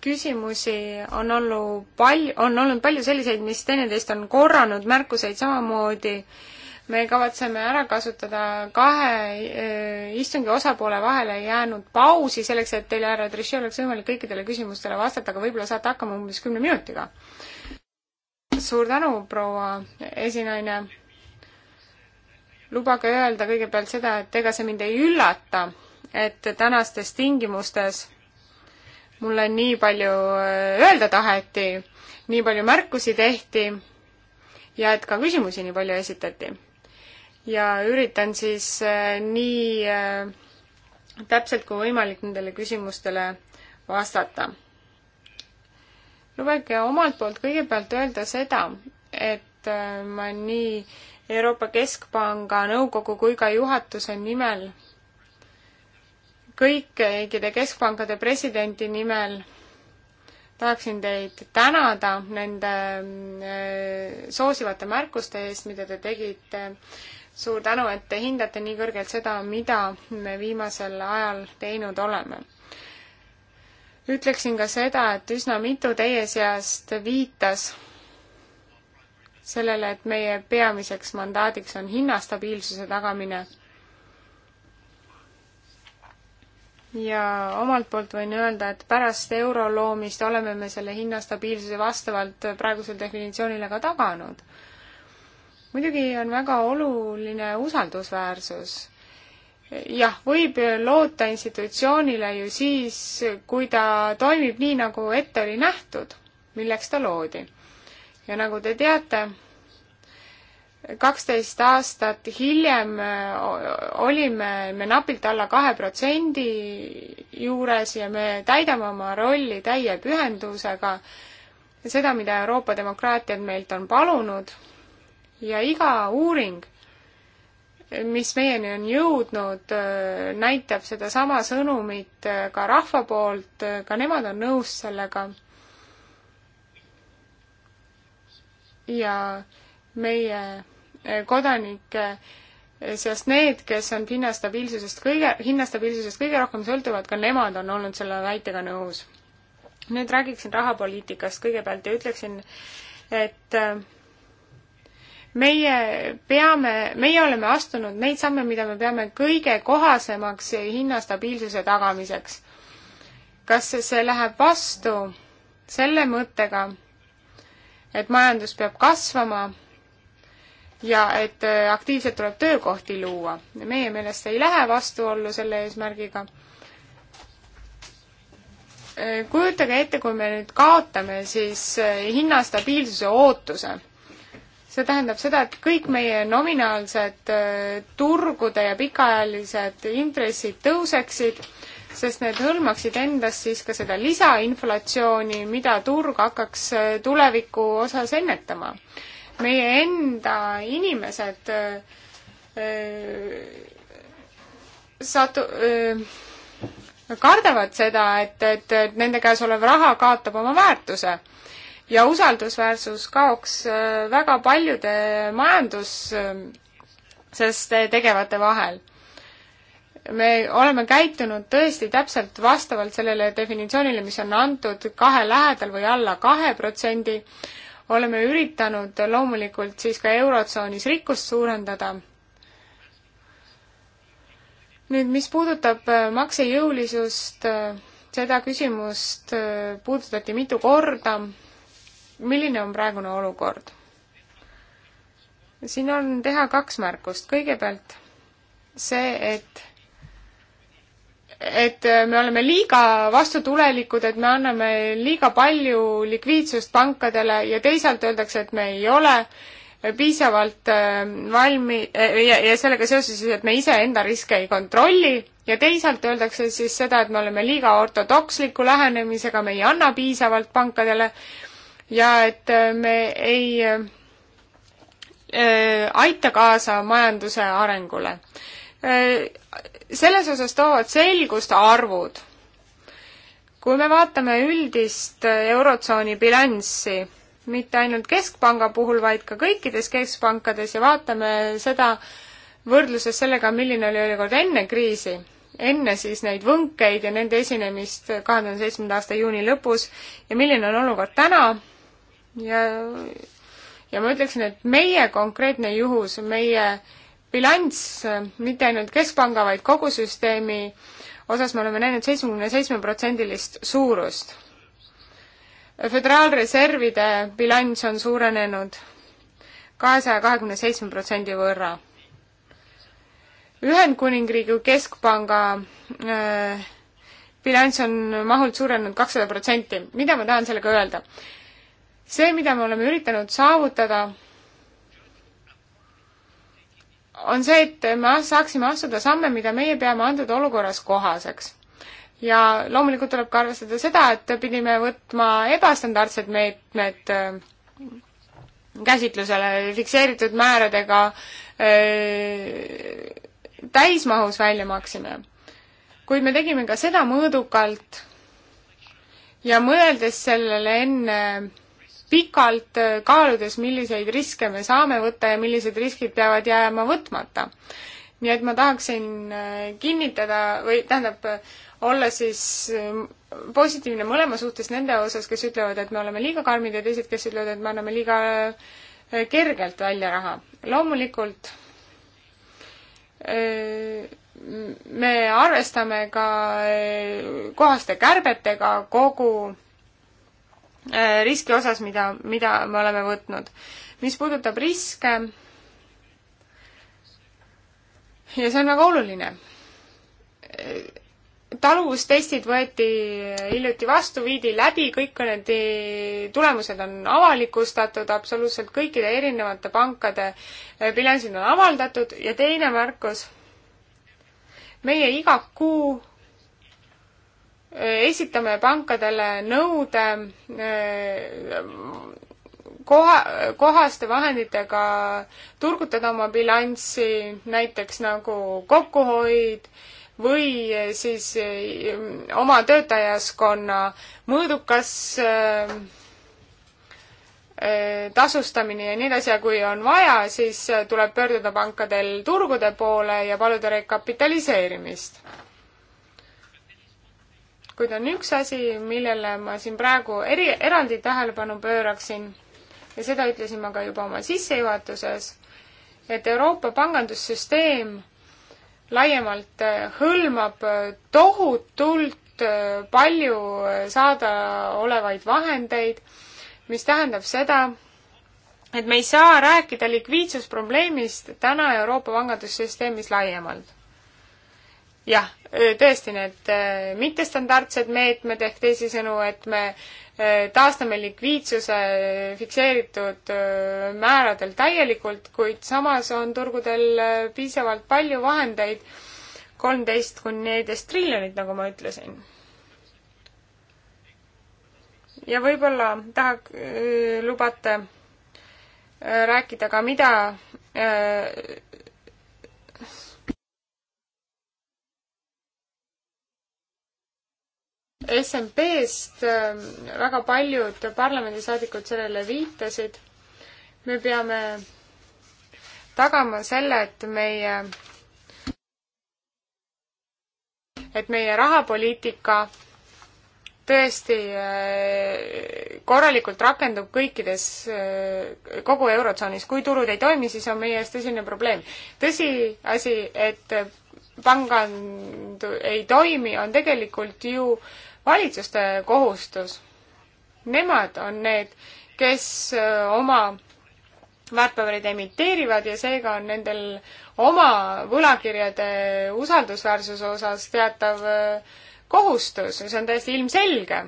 küsimusi on olnud palju, on olnud palju selliseid, mis teineteist on korranud, märkuseid samamoodi. me kavatseme ära kasutada kahe äh, istungi osapoole vahele jäänud pausi selleks, et teil, härra Trichet, oleks võimalik kõikidele küsimustele vastata, aga võib-olla saate hakkama umbes kümne minutiga. suur tänu, proua esinaine. lubage öelda kõigepealt seda, et ega see mind ei üllata, et tänastes tingimustes mulle nii palju äh, öelda taheti, nii palju märkusi tehti ja et ka küsimusi nii palju esitati. ja üritan siis äh, nii äh, täpselt kui võimalik nendele küsimustele vastata. lubage omalt poolt kõigepealt öelda seda, et ma nii Euroopa Keskpanga nõukogu kui ka juhatuse nimel kõikide keskpankade presidendi nimel tahaksin teid tänada nende äh, soosivate märkuste eest, mida te tegite. suur tänu, et te hindate nii kõrgelt seda, mida me viimasel ajal teinud oleme. ütleksin ka seda, et üsna mitu teie seast viitas sellele, et meie peamiseks mandaadiks on hinnastabiilsuse tagamine ja omalt poolt võin öelda, et pärast euro loomist oleme me selle hinnastabiilsuse vastavalt praegusele definitsioonile ka taganud. muidugi on väga oluline usaldusväärsus. jah, võib loota institutsioonile ju siis, kui ta toimib nii, nagu ette oli nähtud, milleks ta loodi. ja nagu te teate, kaksteist aastat hiljem äh, olime me napilt alla kahe protsendi juures ja me täidame oma rolli täie pühendusega, seda, mida Euroopa demokraatiad meilt on palunud ja iga uuring, mis meieni on jõudnud, äh, näitab sedasama sõnumit äh, ka rahva poolt, ka nemad on nõus sellega. ja meie kodanike sest need, kes on hinnastabiilsusest kõige, hinnastabiilsusest kõige rohkem sõltuvad, ka nemad on olnud selle väitega nõus. nüüd räägiksin rahapoliitikast kõigepealt ja ütleksin, et äh, meie peame, meie oleme astunud neid samme, mida me peame kõige kohasemaks hinnastabiilsuse tagamiseks. kas see läheb vastu selle mõttega, et majandus peab kasvama ja et äh, aktiivselt tuleb töökohti luua. meie meelest ei lähe vastuollu selle eesmärgiga. Äh, kujutage ette, kui me nüüd kaotame siis äh, hinnastabiilsuse ootuse. see tähendab seda, et kõik meie nominaalsed turgude ja pikaajalised intressid tõuseksid, sest need hõlmaksid endas siis ka seda lisainflatsiooni, mida turg hakkaks tuleviku osas ennetama meie enda inimesed äh, äh, satu-, äh, kardavad seda, et, et, et nende käes olev raha kaotab oma väärtuse. ja usaldusväärsus kaoks väga paljude majanduses tegevate vahel me oleme käitunud tõesti täpselt vastavalt sellele definitsioonile, mis on antud kahe lähedal või alla kahe protsendi oleme üritanud loomulikult siis ka Eurotsoonis rikkust suurendada. nüüd, mis puudutab äh, maksejõulisust, äh, seda küsimust äh, puudutati mitu korda. milline on praegune olukord? siin on teha kaks märkust. kõigepealt see, et et me oleme liiga vastutulelikud, et me anname liiga palju likviidsust pankadele ja teisalt öeldakse, et me ei ole piisavalt äh, valmi- äh, ja, ja sellega seoses siis, et me iseenda riske ei kontrolli ja teisalt öeldakse siis seda, et me oleme liiga ortodoksliku lähenemisega, me ei anna piisavalt pankadele ja et äh, me ei aita kaasa majanduse arengule Äh, selles osas toovad selgust arvud. kui me vaatame üldist äh, Eurotsooni bilanssi, mitte ainult Keskpanga puhul, vaid ka kõikides keskpankades ja vaatame seda võrdluses sellega, milline oli olukord enne kriisi, enne siis neid võnkeid ja nende esinemist kahe tuhande seitsmenda aasta juuni lõpus ja milline on olukord täna ja ja ma ütleksin, et meie konkreetne juhus, meie äh, bilanss mitte ainult keskpanga, vaid kogu süsteemi osas me oleme näinud seitsmekümne seitsme protsendilist suurust. föderaalreservide bilanss on suurenenud kahesaja kahekümne seitsme protsendi võrra. Ühendkuningriigi keskpanga äh, bilanss on mahult suurenenud kakssada protsenti. mida ma tahan sellega öelda? see, mida me oleme üritanud saavutada, on see, et me saaksime astuda samme, mida meie peame antud olukorras kohaseks. ja loomulikult tuleb ka arvestada seda, et pidime võtma ebastandardsed meetmed äh, käsitlusele fikseeritud määradega äh, täismahus välja maksime. kuid me tegime ka seda mõõdukalt ja mõeldes sellele enne pikalt, äh, kaaludes, milliseid riske me saame võtta ja millised riskid peavad jääma võtmata. nii et ma tahaksin äh, kinnitada või tähendab, äh, olla siis positiivne mõlema suhtes nende osas, kes ütlevad, et me oleme liiga karmid ja teised, kes ütlevad, et me anname liiga kergelt välja raha. loomulikult me arvestame ka kohaste kärbetega kogu Äh, riski osas, mida, mida me oleme võtnud. mis puudutab riske, ja see on väga oluline, äh, taluvustestid võeti hiljuti vastu, viidi läbi, kõik need äh, tulemused on avalikustatud, absoluutselt kõikide erinevate pankade bilansid on avaldatud ja teine märkus, meie iga kuu esitame pankadele nõude eh, koha, kohaste vahenditega turgutada oma bilanssi, näiteks nagu kokkuhoid või siis eh, oma töötajaskonna mõõdukas eh, tasustamine ja nii edasi ja kui on vaja, siis tuleb pöörduda pankadel turgude poole ja paluda rekapitaliseerimist kuid on üks asi, millele ma siin praegu eri, eraldi tähelepanu pööraksin ja seda ütlesin ma ka juba oma sissejuhatuses, et Euroopa pangandussüsteem laiemalt äh, hõlmab äh, tohutult äh, palju saadaolevaid vahendeid, mis tähendab seda, et me ei saa rääkida likviidsusprobleemist täna Euroopa pangandussüsteemis laiemalt jah, tõesti need mittestandardsed meetmed ehk teisisõnu, et me taastame likviidsuse fikseeritud määradel täielikult, kuid samas on turgudel piisavalt palju vahendeid, kolmteist kuni neliteist triljonit, nagu ma ütlesin. ja võib-olla tahak-, lubate rääkida ka, mida SMP-st ähm, väga paljud parlamendisaadikud sellele viitasid. me peame tagama selle, et meie, et meie rahapoliitika tõesti äh, korralikult rakendub kõikides, äh, kogu Eurotsoonis. kui turud ei toimi, siis on meie ees tõsine probleem. tõsiasi, et pangand ei toimi, on tegelikult ju äh, valitsuste kohustus. Nemad on need, kes oma väärtpabereid emiteerivad ja seega on nendel oma võlakirjade usaldusväärsuse osas teatav kohustus ja see on täiesti ilmselge.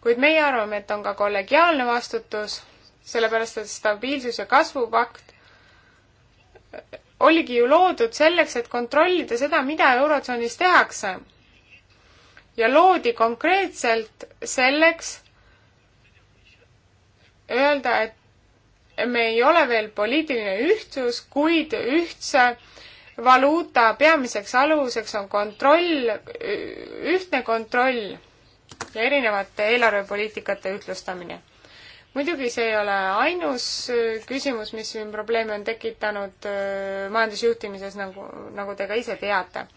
kuid meie arvame, et on ka kollegiaalne vastutus, sellepärast et stabiilsus- ja kasvupakt oligi ju loodud selleks, et kontrollida seda, mida Eurotsoonis tehakse ja loodi konkreetselt selleks öelda, et me ei ole veel poliitiline ühtsus, kuid ühtse valuuta peamiseks aluseks on kontroll, ühtne kontroll ja erinevate eelarvepoliitikate ühtlustamine. muidugi see ei ole ainus äh, küsimus, mis siin probleeme on tekitanud äh, majandusjuhtimises, nagu, nagu te ka ise teate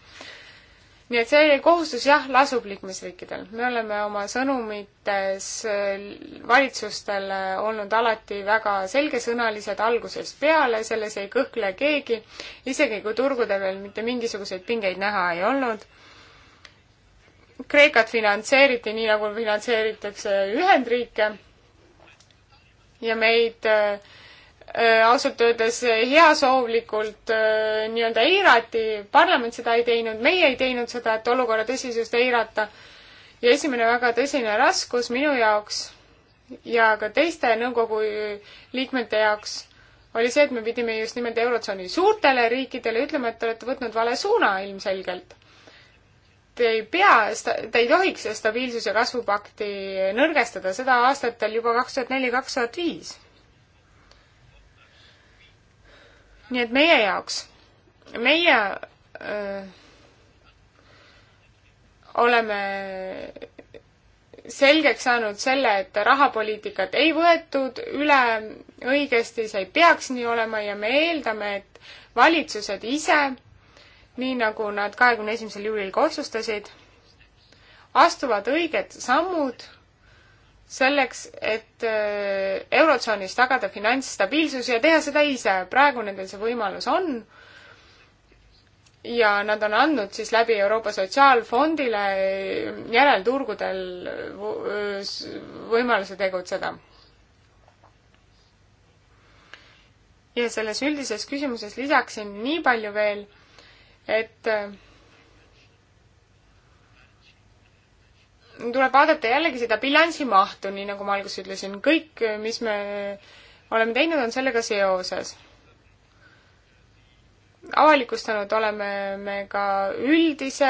nii et see kohustus jah, lasub liikmesriikidel. me oleme oma sõnumites äh, valitsustele olnud alati väga selgesõnalised algusest peale, selles ei kõhkle keegi, isegi kui turgudel veel mitte mingisuguseid pingeid näha ei olnud. Kreekat finantseeriti nii, nagu finantseeritakse Ühendriike ja meid äh, Äh, ausalt öeldes heasoovlikult äh, nii-öelda eirati, parlament seda ei teinud, meie ei teinud seda, et olukorra tõsisust eirata. ja esimene väga tõsine raskus minu jaoks ja ka teiste nõukogu liikmete jaoks oli see, et me pidime just nimelt Eurotsooni suurtele riikidele ütlema, et te olete võtnud vale suuna ilmselgelt. Te ei pea, te ei tohiks stabiilsus- ja kasvupakti nõrgestada, seda aastatel juba kaks tuhat neli, kaks tuhat viis nii et meie jaoks, meie öö, oleme selgeks saanud selle, et rahapoliitikat ei võetud üle õigesti, see ei peaks nii olema ja me eeldame, et valitsused ise, nii nagu nad kahekümne esimesel juulil ka otsustasid, astuvad õiged sammud selleks, et äh, Eurotsoonis tagada finantsstabiilsus ja teha seda ise. praegu nendel see võimalus on ja nad on andnud siis läbi Euroopa Sotsiaalfondile järelturgudel võimaluse tegutseda. ja selles üldises küsimuses lisaksin nii palju veel, et äh, tuleb vaadata jällegi seda bilansimahtu, nii nagu ma alguses ütlesin, kõik, mis me oleme teinud, on sellega seoses. avalikustanud oleme me ka üldise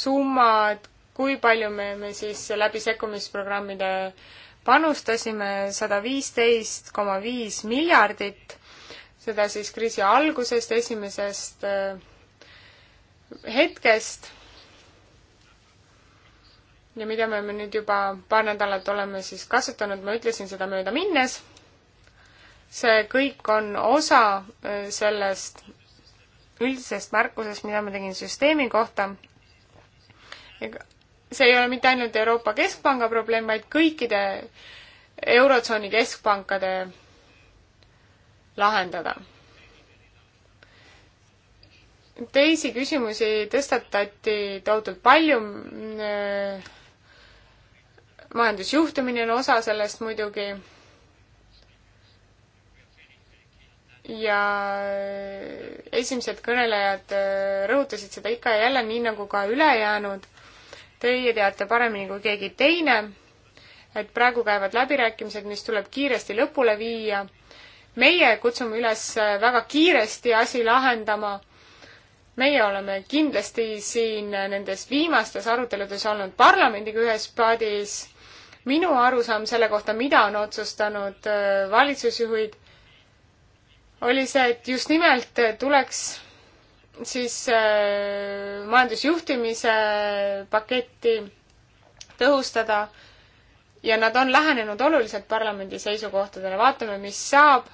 summa, et kui palju me, me siis läbi sekkumisprogrammide panustasime, sada viisteist koma viis miljardit, seda siis kriisi algusest, esimesest äh, hetkest ja mida me nüüd juba paar nädalat oleme siis kasutanud, ma ütlesin seda mööda minnes. see kõik on osa äh, sellest üldisest märkusest, mida ma tegin süsteemi kohta. see ei ole mitte ainult Euroopa Keskpanga probleem, vaid kõikide Eurotsooni keskpankade lahendada. teisi küsimusi tõstatati tohutult palju äh, majandusjuhtimine on osa sellest muidugi. ja esimesed kõnelejad äh, rõhutasid seda ikka ja jälle, nii nagu ka ülejäänud. Teie teate paremini kui keegi teine, et praegu käivad läbirääkimised, mis tuleb kiiresti lõpule viia. meie kutsume üles äh, väga kiiresti asi lahendama meie oleme kindlasti siin äh, nendes viimastes aruteludes olnud parlamendiga ühes paadis minu arusaam selle kohta, mida on otsustanud äh, valitsusjuhid, oli see, et just nimelt äh, tuleks siis äh, majandusjuhtimise paketti tõhustada ja nad on lähenenud oluliselt parlamendi seisukohtadele, vaatame, mis saab.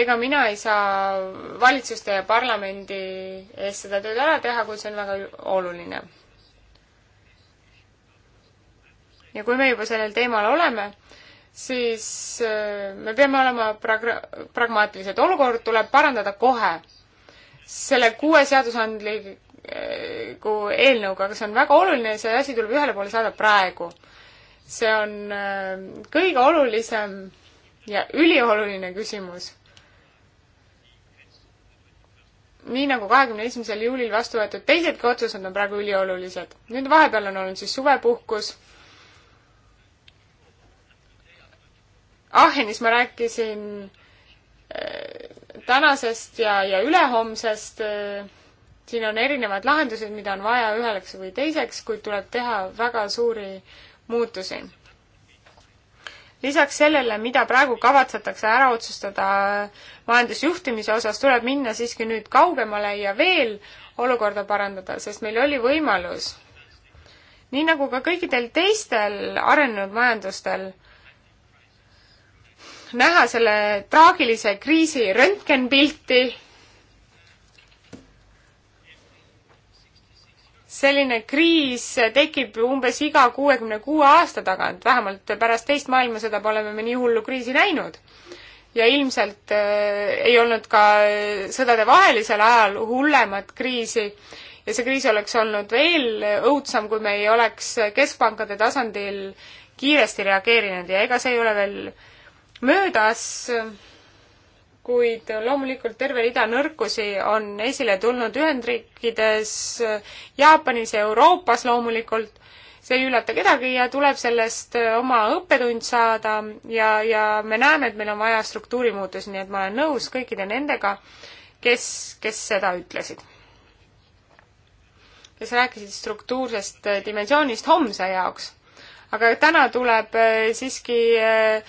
ega mina ei saa valitsuste ja parlamendi eest seda tööd ära teha, kuid see on väga oluline ja kui me juba sellel teemal oleme, siis äh, me peame olema pragra-, pragmaatilised, olukord tuleb parandada kohe. selle kuue seadusandliku äh, eelnõuga, aga see on väga oluline ja see asi tuleb ühele poole saada praegu. see on äh, kõige olulisem ja ülioluline küsimus nii nagu kahekümne esimesel juulil vastu võetud teisedki otsused on praegu üliolulised. nüüd vahepeal on olnud siis suvepuhkus Aachenis ma rääkisin äh, tänasest ja, ja ülehomsest. Äh, siin on erinevad lahendused, mida on vaja üheks või teiseks, kuid tuleb teha väga suuri muutusi. lisaks sellele, mida praegu kavatsetakse ära otsustada majandusjuhtimise osas, tuleb minna siiski nüüd kaugemale ja veel olukorda parandada, sest meil oli võimalus, nii nagu ka kõikidel teistel arenenud majandustel, näha selle traagilise kriisi röntgenpilti. selline kriis tekib umbes iga kuuekümne kuue aasta tagant, vähemalt pärast teist maailmasõda pole me nii hullu kriisi näinud. ja ilmselt äh, ei olnud ka äh, sõdadevahelisel ajal hullemat kriisi ja see kriis oleks olnud veel õudsam, kui me ei oleks keskpankade tasandil kiiresti reageerinud ja ega see ei ole veel äh, möödas, kuid loomulikult terve rida nõrkusi on esile tulnud Ühendriikides, Jaapanis ja Euroopas loomulikult. see ei üllata kedagi ja tuleb sellest oma õppetund saada ja, ja me näeme, et meil on vaja struktuurimuutusi, nii et ma olen nõus kõikide nendega, kes, kes seda ütlesid kes rääkisid struktuursest dimensioonist homse jaoks. aga täna tuleb äh, siiski äh,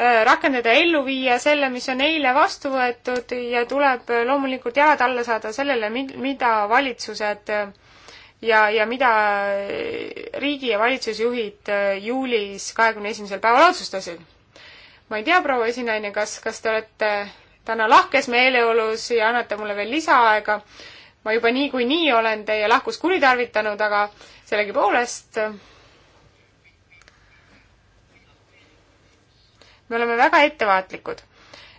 Äh, rakendada ja ellu viia selle, mis on eile vastu võetud ja tuleb äh, loomulikult jalad alla saada sellele, mida valitsused äh, ja, ja mida riigi ja valitsusjuhid juulis kahekümne esimesel päeval otsustasid. ma ei tea, proua esinaine, kas, kas te olete täna lahkes meeleolus ja annate mulle veel lisaaega. ma juba niikuinii nii olen teie lahkus kuritarvitanud, aga sellegipoolest me oleme väga ettevaatlikud.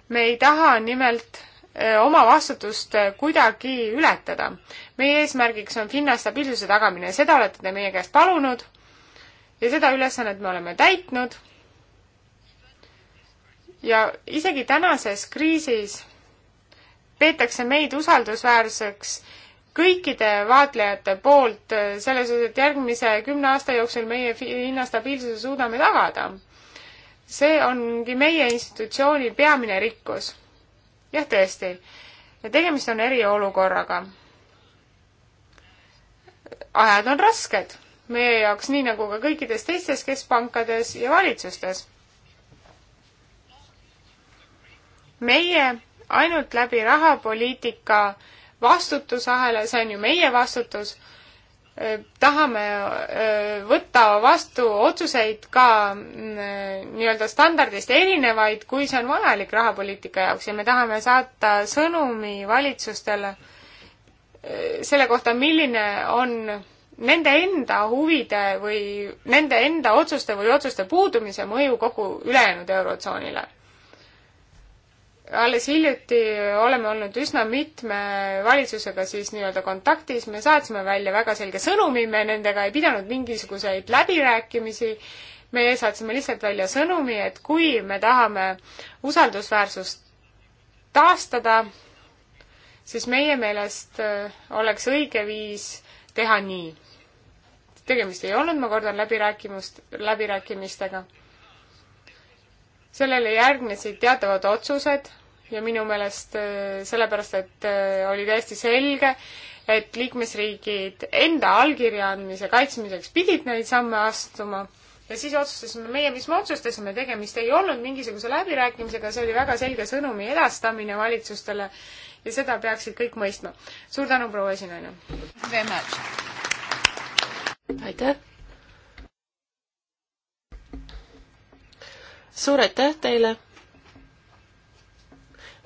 me ei taha nimelt eh, oma vastutust eh, kuidagi ületada. meie eesmärgiks on hinna stabiilsuse tagamine, seda olete te meie käest palunud ja seda ülesannet me oleme täitnud. ja isegi tänases kriisis peetakse meid usaldusväärseks kõikide vaatlejate poolt eh, selles osas, et järgmise kümne aasta jooksul meie hinnastabiilsuse suudame tagada see ongi meie institutsiooni peamine rikkus. jah, tõesti. tegemist on eriolukorraga. ajad on rasked meie jaoks, nii nagu ka kõikides teistes keskpankades ja valitsustes. meie ainult läbi rahapoliitika vastutusahela, see on ju meie vastutus tahame äh, võtta vastu otsuseid ka mm, äh, nii-öelda standardist erinevaid, kui see on vajalik rahapoliitika jaoks ja me tahame saata sõnumi valitsustele äh, selle kohta, milline on nende enda huvide või nende enda otsuste või otsuste puudumise mõju kogu ülejäänud Eurotsoonile alles hiljuti oleme olnud üsna mitme valitsusega siis nii-öelda kontaktis, me saatsime välja väga selge sõnumi, me nendega ei pidanud mingisuguseid läbirääkimisi, meie saatsime lihtsalt välja sõnumi, et kui me tahame usaldusväärsust taastada, siis meie meelest äh, oleks õige viis teha nii. tegemist ei olnud, ma kordan, läbirääkimust, läbirääkimistega sellele järgnesid teatavad otsused, ja minu meelest äh, sellepärast, et äh, oli täiesti selge, et liikmesriigid enda allkirja andmise kaitsmiseks pidid neid samme astuma ja siis otsustasime meie, mis me otsustasime, tegemist ei olnud mingisuguse läbirääkimisega, see oli väga selge sõnumi edastamine valitsustele ja seda peaksid kõik mõistma. suur tänu, proua esinaine! aitäh! suur aitäh teile!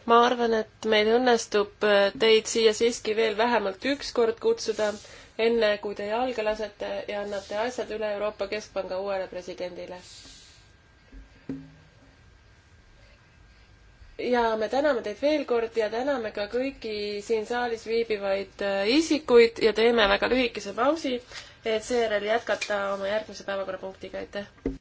ma arvan, et meil õnnestub äh, teid siia siiski veel vähemalt üks kord kutsuda, enne kui te jalga lasete ja annate asjad üle Euroopa Keskpanga uuele presidendile. ja me täname teid veel kord ja täname ka kõiki siin saalis viibivaid äh, isikuid ja teeme väga lühikese pausi, et seejärel jätkata oma järgmise päevakorrapunktiga, aitäh!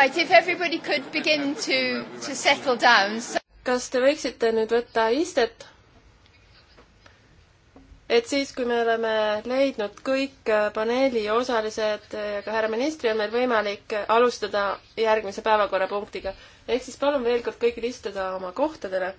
Right, if everybody could begin to, to settle down. kas te võiksite nüüd võtta istet? et siis, kui me oleme leidnud kõik äh, paneeli osalised ja ka härra ministri, on meil võimalik alustada järgmise päevakorrapunktiga. ehk siis palun veel kord kõigil istuda oma kohtadele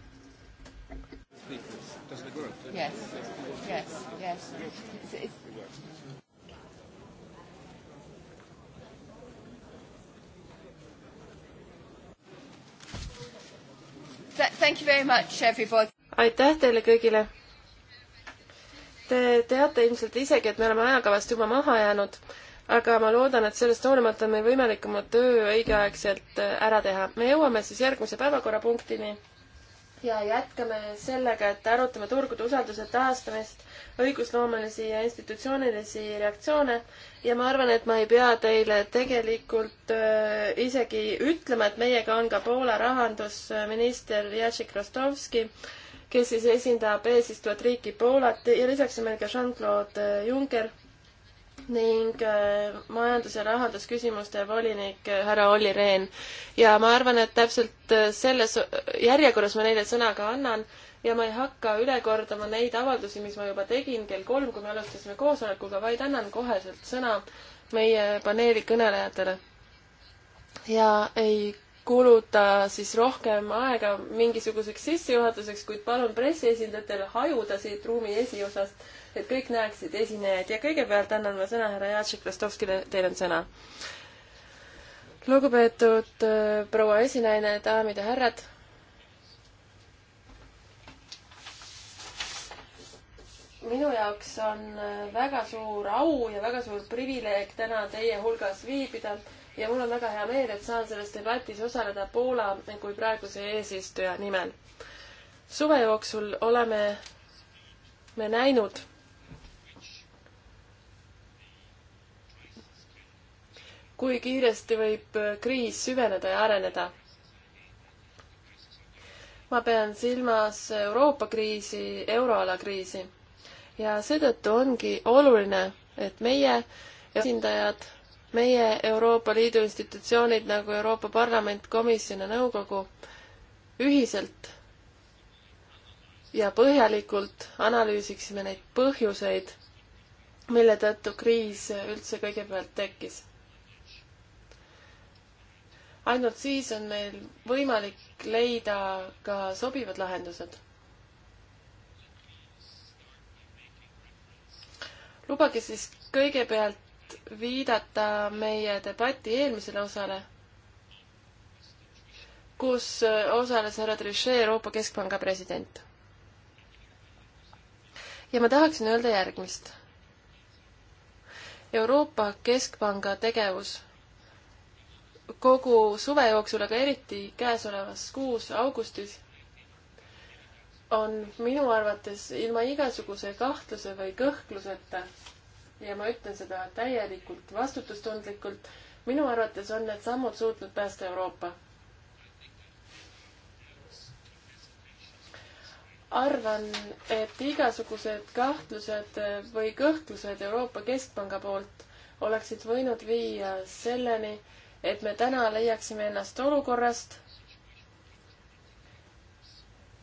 aitäh teile kõigile! Te teate ilmselt isegi, et me oleme ajakavast juba maha jäänud, aga ma loodan, et sellest hoolimata on meil võimalik oma töö õigeaegselt ära teha. me jõuame siis järgmise päevakorrapunktini ja jätkame sellega, et arutame turgude usalduse taastamist, õigusloomelisi ja institutsioonilisi reaktsioone ja ma arvan, et ma ei pea teile tegelikult äh, isegi ütlema, et meiega on ka Poola rahandusminister Jacek Rostovski, kes siis esindab eesistuvat riiki Poolat ja lisaks on meil ka Jean-Claude äh, Juncker ning äh, majandus- ja rahandusküsimuste volinik äh, härra Olli Rehn. ja ma arvan, et täpselt äh, selles järjekorras ma neile sõna ka annan ja ma ei hakka üle kordama neid avaldusi, mis ma juba tegin kell kolm, kui me alustasime koosolekuga, vaid annan koheselt sõna meie paneeli kõnelejatele. ja ei kuluta siis rohkem aega mingisuguseks sissejuhatuseks, kuid palun pressiesindajatel hajuda siit ruumi esiosast et kõik näeksid esinejaid ja kõigepealt annan ma sõna härra Jacek Rostovskile, teil on sõna. lugupeetud äh, proua esinaine, daamid ja härrad. minu jaoks on äh, väga suur au ja väga suur privileeg täna teie hulgas viibida ja mul on väga hea meel, et saan selles debatis osaleda Poola kui praeguse eesistuja nimel. suve jooksul oleme me näinud, kui kiiresti võib äh, kriis süveneda ja areneda. ma pean silmas Euroopa kriisi, euroala kriisi ja seetõttu ongi oluline, et meie esindajad, meie Euroopa Liidu institutsioonid nagu Euroopa Parlament, Komisjon ja Nõukogu ühiselt ja põhjalikult analüüsiksime neid põhjuseid, mille tõttu kriis üldse kõigepealt tekkis ainult siis on meil võimalik leida ka sobivad lahendused. lubage siis kõigepealt viidata meie debati eelmisele osale, kus osales härra Trichet, Euroopa Keskpanga president. ja ma tahaksin öelda järgmist. Euroopa Keskpanga tegevus kogu suve jooksul, aga eriti käesolevas kuus augustis, on minu arvates ilma igasuguse kahtluse või kõhkluseta ja ma ütlen seda täielikult vastutustundlikult, minu arvates on need sammud suutnud päästa Euroopa. arvan, et igasugused kahtlused või kõhklused Euroopa Keskpanga poolt oleksid võinud viia selleni, et me täna leiaksime ennast olukorrast,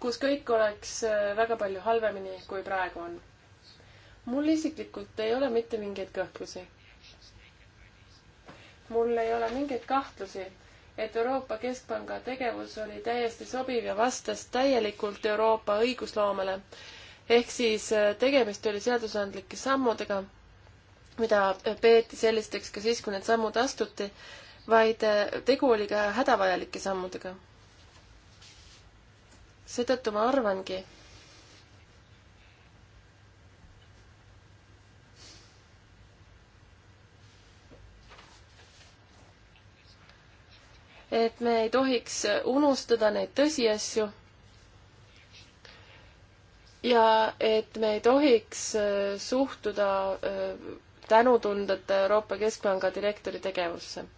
kus kõik oleks äh, väga palju halvemini, kui praegu on. mul isiklikult ei ole mitte mingeid kõhklusi. mul ei ole mingeid kahtlusi, et Euroopa Keskpanga tegevus oli täiesti sobiv ja vastas täielikult Euroopa õigusloomele. ehk siis äh, tegemist oli seadusandlike sammudega, mida peeti sellisteks ka siis, kui need sammud astuti vaid eh, tegu oli ka hädavajalike sammudega. seetõttu ma arvangi, et me ei tohiks unustada neid tõsiasju ja et me ei tohiks eh, suhtuda eh, tänutundeta Euroopa Keskpanga direktori tegevusse.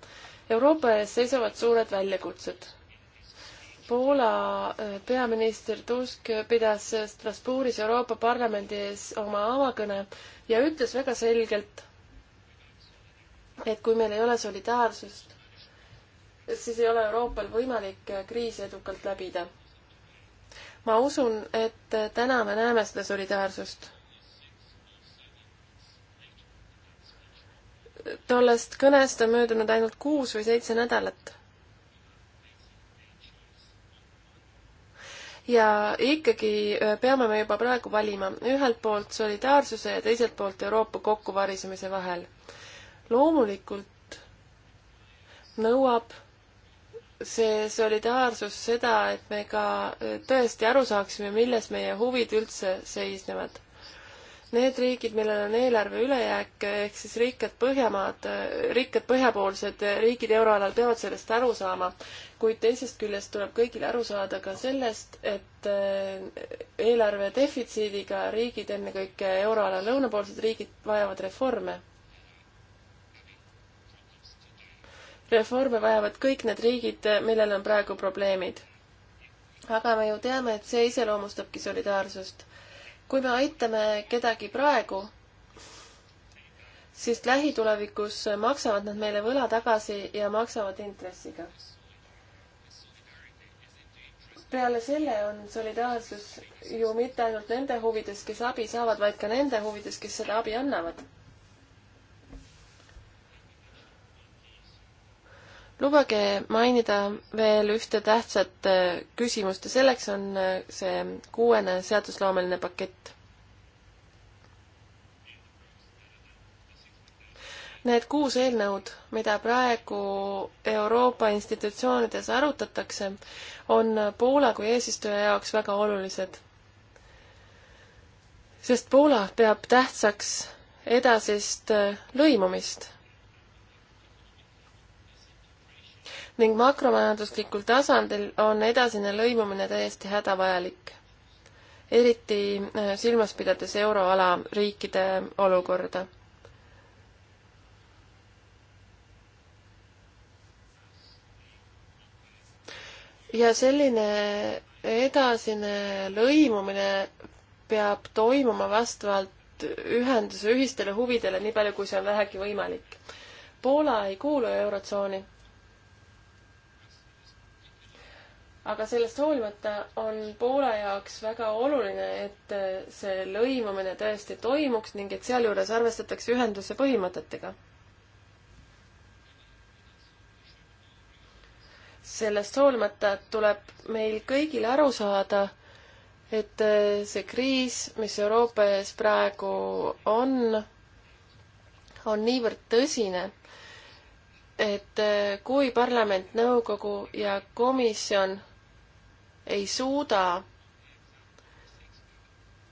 Euroopa ees seisavad suured väljakutsed. Poola äh, peaminister Tusk pidas Strasbourgis Euroopa Parlamendi ees oma avakõne ja ütles väga selgelt, et kui meil ei ole solidaarsust, siis ei ole Euroopal võimalik äh, kriisi edukalt läbida. ma usun, et äh, täna me näeme seda solidaarsust tollest kõnest on möödunud ainult kuus või seitse nädalat. ja ikkagi äh, peame me juba praegu valima ühelt poolt solidaarsuse ja teiselt poolt Euroopa kokkuvarisemise vahel. loomulikult nõuab see solidaarsus seda, et me ka äh, tõesti aru saaksime, milles meie huvid üldse seisnevad Need riigid, millel on eelarve ülejääk, ehk siis rikkad Põhjamaad, rikkad põhjapoolsed riigid euroalal peavad sellest aru saama, kuid teisest küljest tuleb kõigil aru saada ka sellest, et äh, eelarve defitsiidiga riigid, ennekõike euroala lõunapoolsed riigid, vajavad reforme reforme vajavad kõik need riigid, millel on praegu probleemid. aga me ju teame, et see iseloomustabki solidaarsust kui me aitame kedagi praegu, siis lähitulevikus maksavad nad meile võla tagasi ja maksavad intressiga. peale selle on solidaarsus ju mitte ainult nende huvides, kes abi saavad, vaid ka nende huvides, kes seda abi annavad lubage mainida veel ühte tähtsat äh, küsimust ja selleks on äh, see kuuene seadusloomeline pakett. Need kuus eelnõud, mida praegu Euroopa institutsioonides arutatakse, on Poola kui eesistuja jaoks väga olulised. sest Poola peab tähtsaks edasist äh, lõimumist ning makromajanduslikul tasandil on edasine lõimumine täiesti hädavajalik. eriti äh, silmas pidades euroala riikide olukorda. ja selline edasine lõimumine peab toimuma vastavalt ühenduse ühistele huvidele, nii palju kui see on vähegi võimalik. Poola ei kuulu Eurotsooni aga sellest hoolimata on Poola jaoks väga oluline, et eh, see lõimumine tõesti toimuks ning et sealjuures arvestatakse ühenduse põhimõtetega. sellest hoolimata tuleb meil kõigil aru saada, et eh, see kriis, mis Euroopa ees praegu on, on niivõrd tõsine et eh, kui parlament, nõukogu ja komisjon ei suuda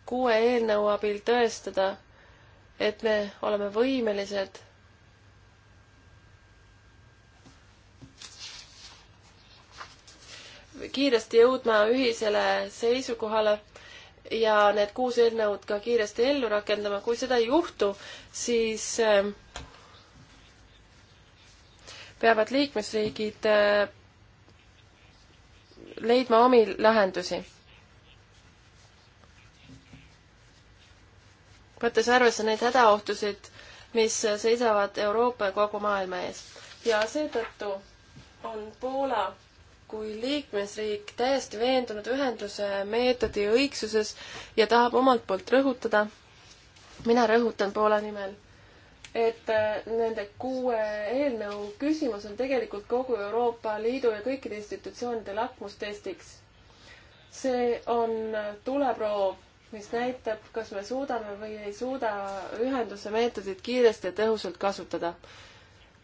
kuue eelnõu abil tõestada, et me oleme võimelised kiiresti jõudma ühisele seisukohale ja need kuus eelnõud ka kiiresti ellu rakendama. kui seda ei juhtu, siis äh, peavad liikmesriigid äh, leidma omi lahendusi. võttes arvesse neid hädaohtusid, mis seisavad Euroopa ja kogu maailma ees. ja seetõttu on Poola kui liikmesriik täiesti veendunud ühenduse meetodi õigsuses ja tahab omalt poolt rõhutada, mina rõhutan Poola nimel et äh, nende kuue eelnõu küsimus on tegelikult kogu Euroopa Liidu ja kõikide institutsioonide lakmustestiks. see on tuleproov, mis näitab, kas me suudame või ei suuda ühenduse meetodit kiiresti ja tõhusalt kasutada.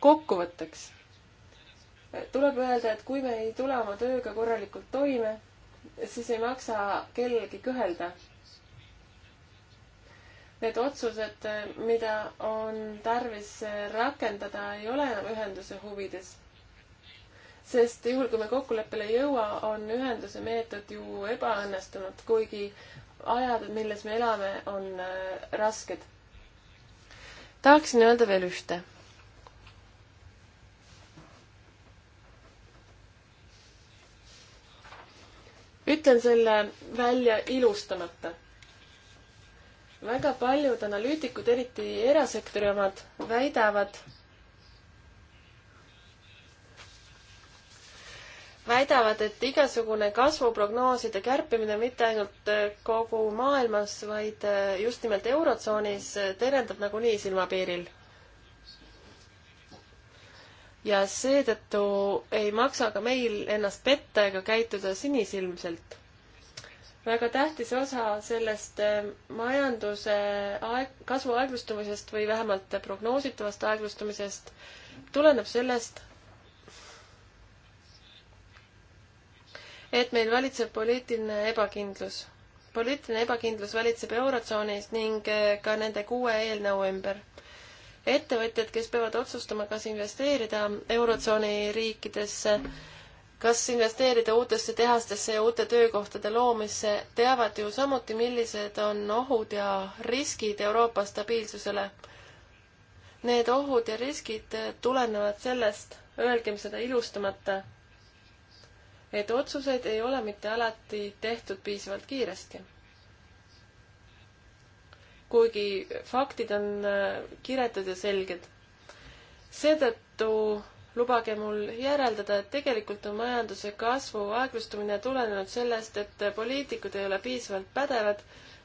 kokkuvõtteks tuleb öelda, et kui me ei tule oma tööga korralikult toime, siis ei maksa kellelgi kõhelda Need otsused, mida on tarvis rakendada, ei ole enam ühenduse huvides sest juhul, kui me kokkuleppele ei jõua, on ühenduse meetod ju ebaõnnestunud, kuigi ajad, milles me elame, on äh, rasked. tahaksin öelda veel ühte. ütlen selle välja ilustamata väga paljud analüütikud, eriti erasektori omad, väidavad, väidavad, et igasugune kasvuprognooside kärpimine mitte ainult äh, kogu maailmas, vaid äh, just nimelt Eurotsoonis äh, terendab nagunii silmapiiril. ja seetõttu ei maksa ka meil ennast petta ega käituda sinisilmselt väga tähtis osa sellest äh, majanduse aeg, kasvu aeglustumisest või vähemalt prognoositavast aeglustumisest tuleneb sellest, et meil valitseb poliitiline ebakindlus. poliitiline ebakindlus valitseb Eurotsoonis ning äh, ka nende kuue eelnõu ümber. ettevõtjad, kes peavad otsustama, kas investeerida Eurotsooni riikidesse, kas investeerida uutesse tehastesse ja uute töökohtade loomisse, teavad ju samuti, millised on ohud ja riskid Euroopa stabiilsusele. Need ohud ja riskid tulenevad sellest, öelgem seda ilustamata, et otsuseid ei ole mitte alati tehtud piisavalt kiiresti. kuigi faktid on äh, kiretud ja selged. seetõttu lubage mul järeldada, et tegelikult on majanduse kasvu aeglustumine tulenenud sellest, et poliitikud ei ole piisavalt pädevad,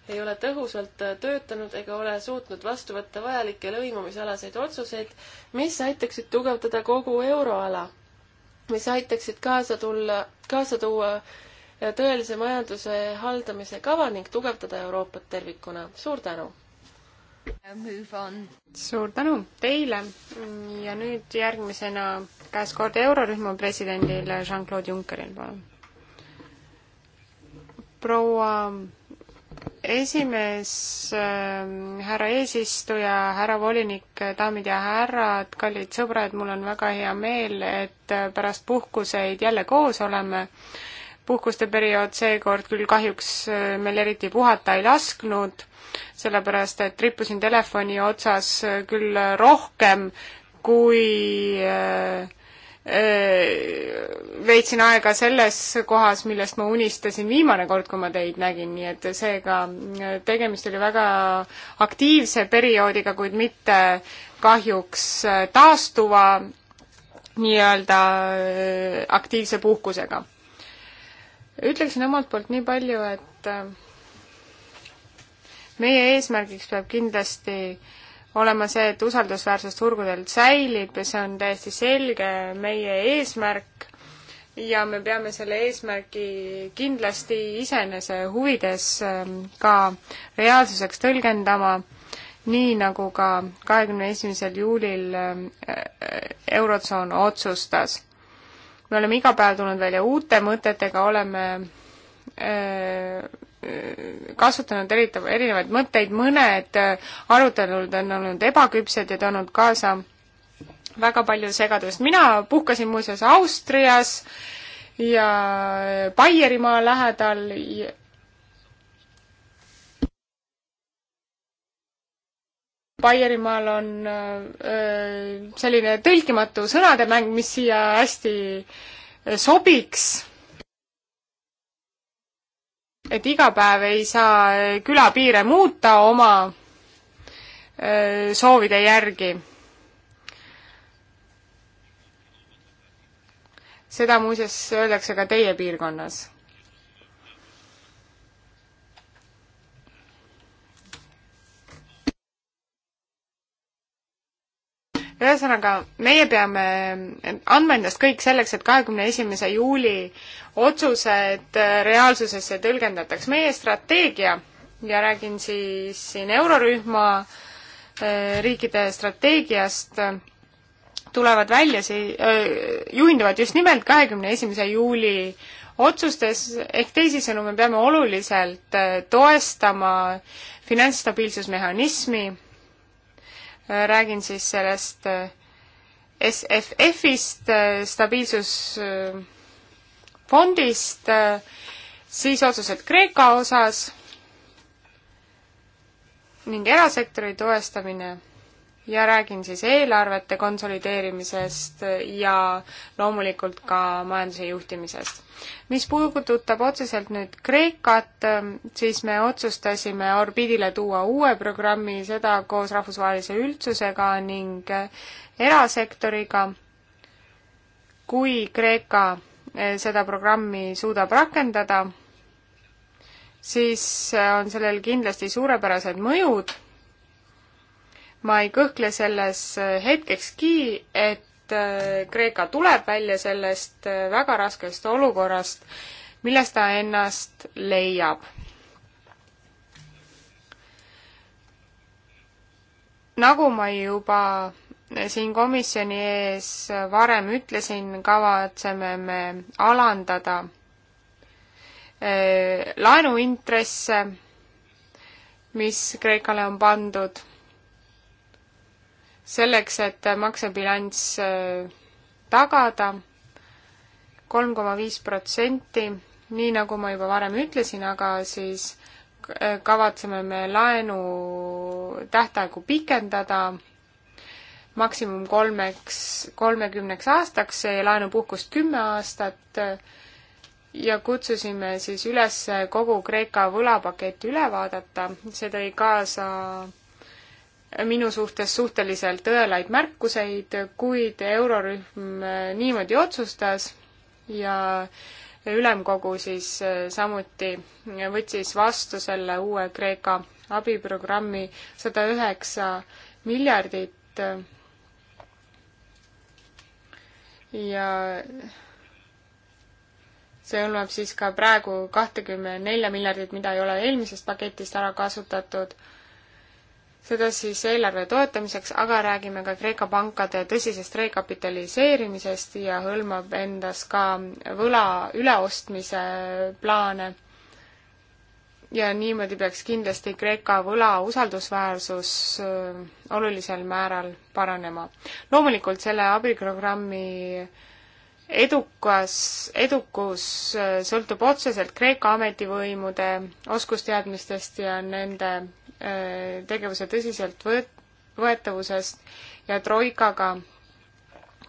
ei ole tõhusalt töötanud ega ole suutnud vastu võtta vajalikke lõimumisalaseid otsuseid, mis aitaksid tugevdada kogu euroala, mis aitaksid kaasa tulla, kaasa tuua tõelise majanduse haldamise kava ning tugevdada Euroopat tervikuna. suur tänu! suur tänu teile ja nüüd järgmisena käes kord eurorühma presidendile Jean-Claude Junckeril, palun. proua esimees äh,, härra eesistuja, härra volinik, daamid ja härrad, kallid sõbrad, mul on väga hea meel, et pärast puhkuseid jälle koos oleme. puhkuste periood seekord küll kahjuks äh, meil eriti puhata ei lasknud sellepärast et rippusin telefoni otsas küll rohkem kui äh, äh, veetsin aega selles kohas, millest ma unistasin viimane kord, kui ma teid nägin, nii et seega äh, tegemist oli väga aktiivse perioodiga, kuid mitte kahjuks taastuva nii-öelda aktiivse puhkusega. ütleksin omalt poolt nii palju, et meie eesmärgiks peab kindlasti olema see, et usaldusväärsus turgudel säilib ja see on täiesti selge meie eesmärk ja me peame selle eesmärgi kindlasti iseenese huvides ähm, ka reaalsuseks tõlgendama, nii nagu ka kahekümne esimesel juulil ähm, äh, Eurotsoon otsustas. me oleme iga päev tulnud välja uute mõtetega, oleme öö, äh, kasutanud eritav, erinevaid mõtteid, mõned äh, arutelud on olnud ebaküpsed ja toonud kaasa väga palju segadust. mina puhkasin muuseas Austrias ja Baierimaa lähedal ja Baierimaal on öö, äh, selline tõlkimatu sõnademäng, mis siia hästi äh, sobiks et iga päev ei saa eh, külapiire muuta oma eh, soovide järgi. seda muuseas öeldakse ka teie piirkonnas ühesõnaga, meie peame andma endast kõik selleks, et kahekümne esimese juuli otsused reaalsusesse tõlgendataks. meie strateegia, ja räägin siis siin eurorühma äh, riikide strateegiast, tulevad välja sii-, äh, juhinduvad just nimelt kahekümne esimese juuli otsustes, ehk teisisõnu, me peame oluliselt äh, toestama finantsstabiilsusmehhanismi räägin siis sellest eh, SFF-ist, eh, stabiilsusfondist, eh, siis otsused Kreeka osas ning erasektori toestamine ja räägin siis eelarvete konsolideerimisest ja loomulikult ka majanduse juhtimisest. mis puudutab otseselt nüüd Kreekat, siis me otsustasime orbiidile tuua uue programmi, seda koos rahvusvahelise üldsusega ning erasektoriga. kui Kreeka eh, seda programmi suudab rakendada, siis eh, on sellel kindlasti suurepärased mõjud ma ei kõhkle selles äh, hetkekski, et äh, Kreeka tuleb välja sellest äh, väga raskest olukorrast, milles ta ennast leiab. nagu ma juba siin komisjoni ees varem ütlesin, kavatseme me alandada laenuintresse, mis Kreekale on pandud selleks, et maksebilanss äh, tagada kolm koma viis protsenti, nii nagu ma juba varem ütlesin, aga siis äh, kavatseme me laenu tähtaegu pikendada maksimum kolmeks, kolmekümneks aastaks, laenupuhkust kümme aastat äh, ja kutsusime siis üles kogu Kreeka võlapakett üle vaadata, see tõi kaasa minu suhtes suhteliselt õelaid märkuseid, kuid eurorühm äh, niimoodi otsustas ja ülemkogu siis äh, samuti võttis vastu selle uue Kreeka abiprogrammi sada üheksa miljardit äh, ja see hõlmab siis ka praegu kahtekümne nelja miljardit, mida ei ole eelmisest paketist ära kasutatud seda siis eelarve toetamiseks, aga räägime ka Kreeka pankade tõsisest rekapitaliseerimisest ja hõlmab endas ka võla üleostmise plaane. ja niimoodi peaks kindlasti Kreeka võla usaldusväärsus äh, olulisel määral paranema. loomulikult selle abiprogrammi edukas, edukus äh, sõltub otseselt Kreeka ametivõimude oskusteadmistest ja nende äh, tegevuse tõsiselt võet-, võetavusest ja Troikaga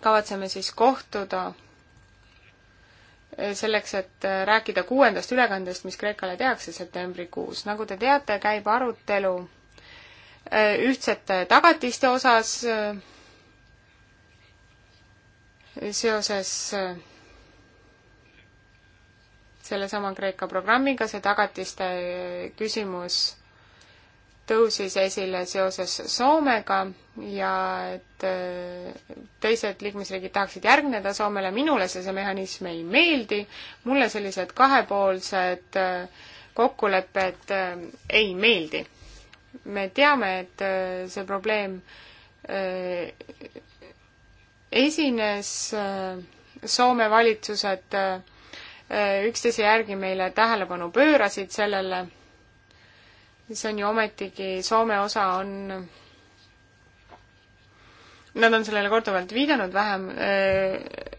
kavatseme siis kohtuda äh, selleks, et rääkida kuuendast ülekandest, mis Kreekale tehakse septembrikuus. nagu te teate, käib arutelu ühtsete tagatiste osas, seoses äh, sellesama Kreeka programmiga, see tagatiste äh, küsimus tõusis esile seoses Soomega ja et äh, teised liikmesriigid tahaksid järgneda Soomele, minule see, see mehhanism ei meeldi, mulle sellised kahepoolsed kokkulepped ei meeldi. me teame, et see probleem esines äh, Soome valitsused äh, üksteise järgi meile tähelepanu pöörasid sellele, see on ju ometigi, Soome osa on, nad on sellele korduvalt viidanud, vähem äh,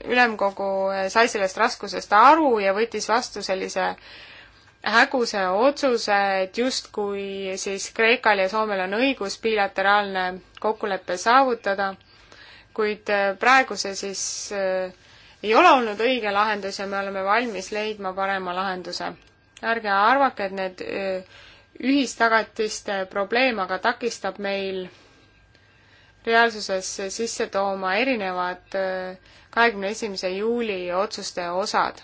ülemkogu sai sellest raskusest aru ja võttis vastu sellise häguse otsuse, et justkui siis Kreekal ja Soomel on õigus bilateraalne kokkulepe saavutada kuid äh, praegu see siis äh, ei ole olnud õige lahendus ja me oleme valmis leidma parema lahenduse. ärge arvake, et need äh, ühistagatiste probleem aga takistab meil reaalsuses sisse tooma erinevad kahekümne esimese juuli otsuste osad.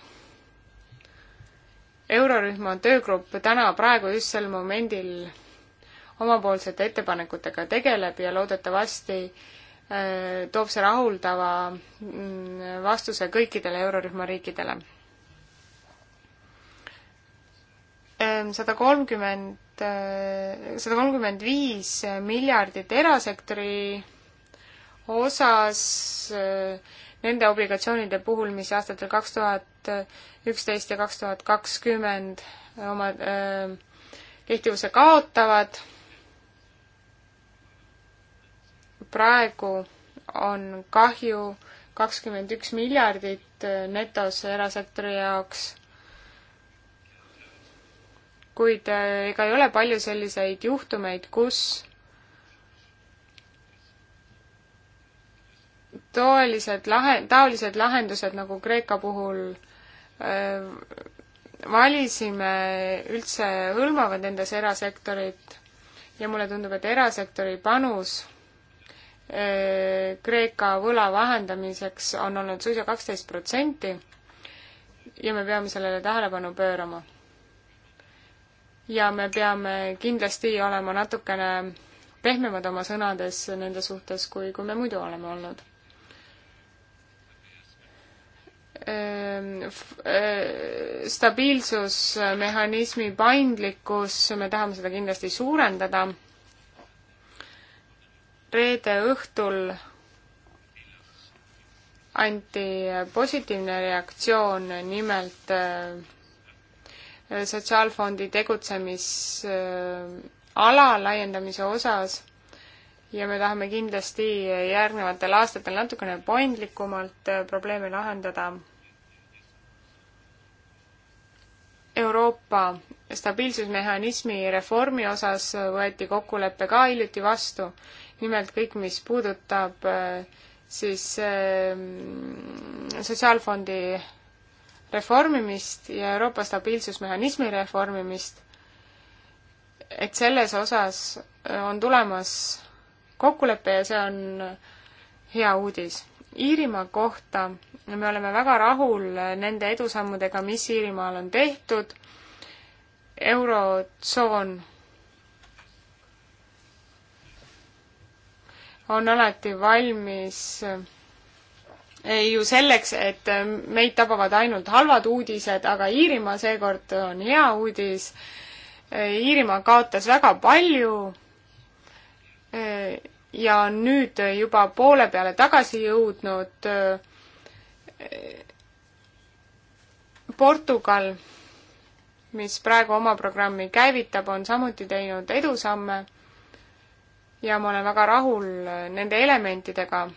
eurorühm on töögrupp täna praegu just sel momendil omapoolsete ettepanekutega tegeleb ja loodetavasti äh, Äh, toob see rahuldava mm, vastuse kõikidele eurorühma riikidele. Ähm, sada kolmkümmend, äh, sada kolmkümmend viis miljardit erasektori osas äh, nende obligatsioonide puhul, mis aastatel kaks tuhat üksteist ja kaks tuhat kakskümmend oma kehtivuse kaotavad praegu on kahju kakskümmend üks miljardit äh, netos erasektori jaoks, kuid äh, ega ei ole palju selliseid juhtumeid, kus toolised lahe, taolised lahendused nagu Kreeka puhul öö, äh, valisime üldse hõlmavad endas erasektorit ja mulle tundub, et erasektori panus Kreeka võla vähendamiseks on olnud suisa kaksteist protsenti ja me peame sellele tähelepanu pöörama. ja me peame kindlasti olema natukene pehmemad oma sõnades nende suhtes, kui, kui me muidu oleme olnud ehm, ehm, stabiilsusmehhanismi paindlikkus, me tahame seda kindlasti suurendada reede õhtul anti positiivne reaktsioon, nimelt äh, sotsiaalfondi tegutsemisala laiendamise osas ja me tahame kindlasti järgnevatel aastatel natukene paindlikumalt äh, probleeme lahendada. Euroopa stabiilsusmehhanismi reformi osas võeti kokkulepe ka hiljuti vastu nimelt kõik, mis puudutab äh, siis ähm, sotsiaalfondi reformimist ja Euroopa stabiilsusmehhanismi reformimist, et selles osas äh, on tulemas kokkulepe ja see on hea uudis. Iirimaa kohta me oleme väga rahul nende edusammudega, mis Iirimaal on tehtud, eurotsoon on alati valmis eh, ju selleks, et eh, meid tabavad ainult halvad uudised, aga Iirimaa seekord on hea uudis. Eh, Iirimaa kaotas väga palju ja on nüüd juba poole peale tagasi jõudnud Portugal, mis praegu oma programmi käivitab, on samuti teinud edusamme ja ma olen väga rahul nende elementidega,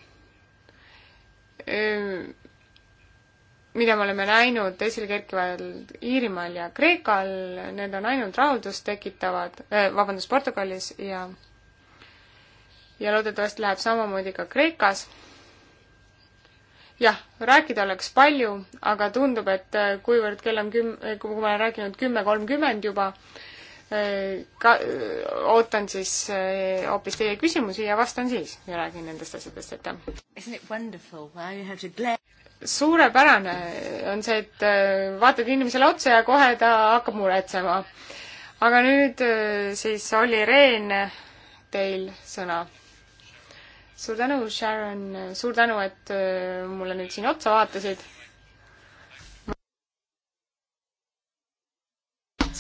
mida me oleme näinud esilekerkival Iirimaal ja Kreekal, need on ainult rahuldust tekitavad äh,, vabandust, Portugalis ja ja loodetavasti läheb samamoodi ka Kreekas. jah, rääkida oleks palju, aga tundub, et äh, kuivõrd kell on küm-, kui ma olen rääkinud kümme kolmkümmend juba, ka, ootan siis eh, hoopis teie küsimusi ja vastan siis ja räägin nendest asjadest, aitäh! suurepärane on see, et eh, vaatad inimesele otsa ja kohe ta hakkab muretsema. aga nüüd eh, siis Olli Rehn, teil sõna. suur tänu, Sharon, suur tänu, et mulle nüüd siin otsa vaatasid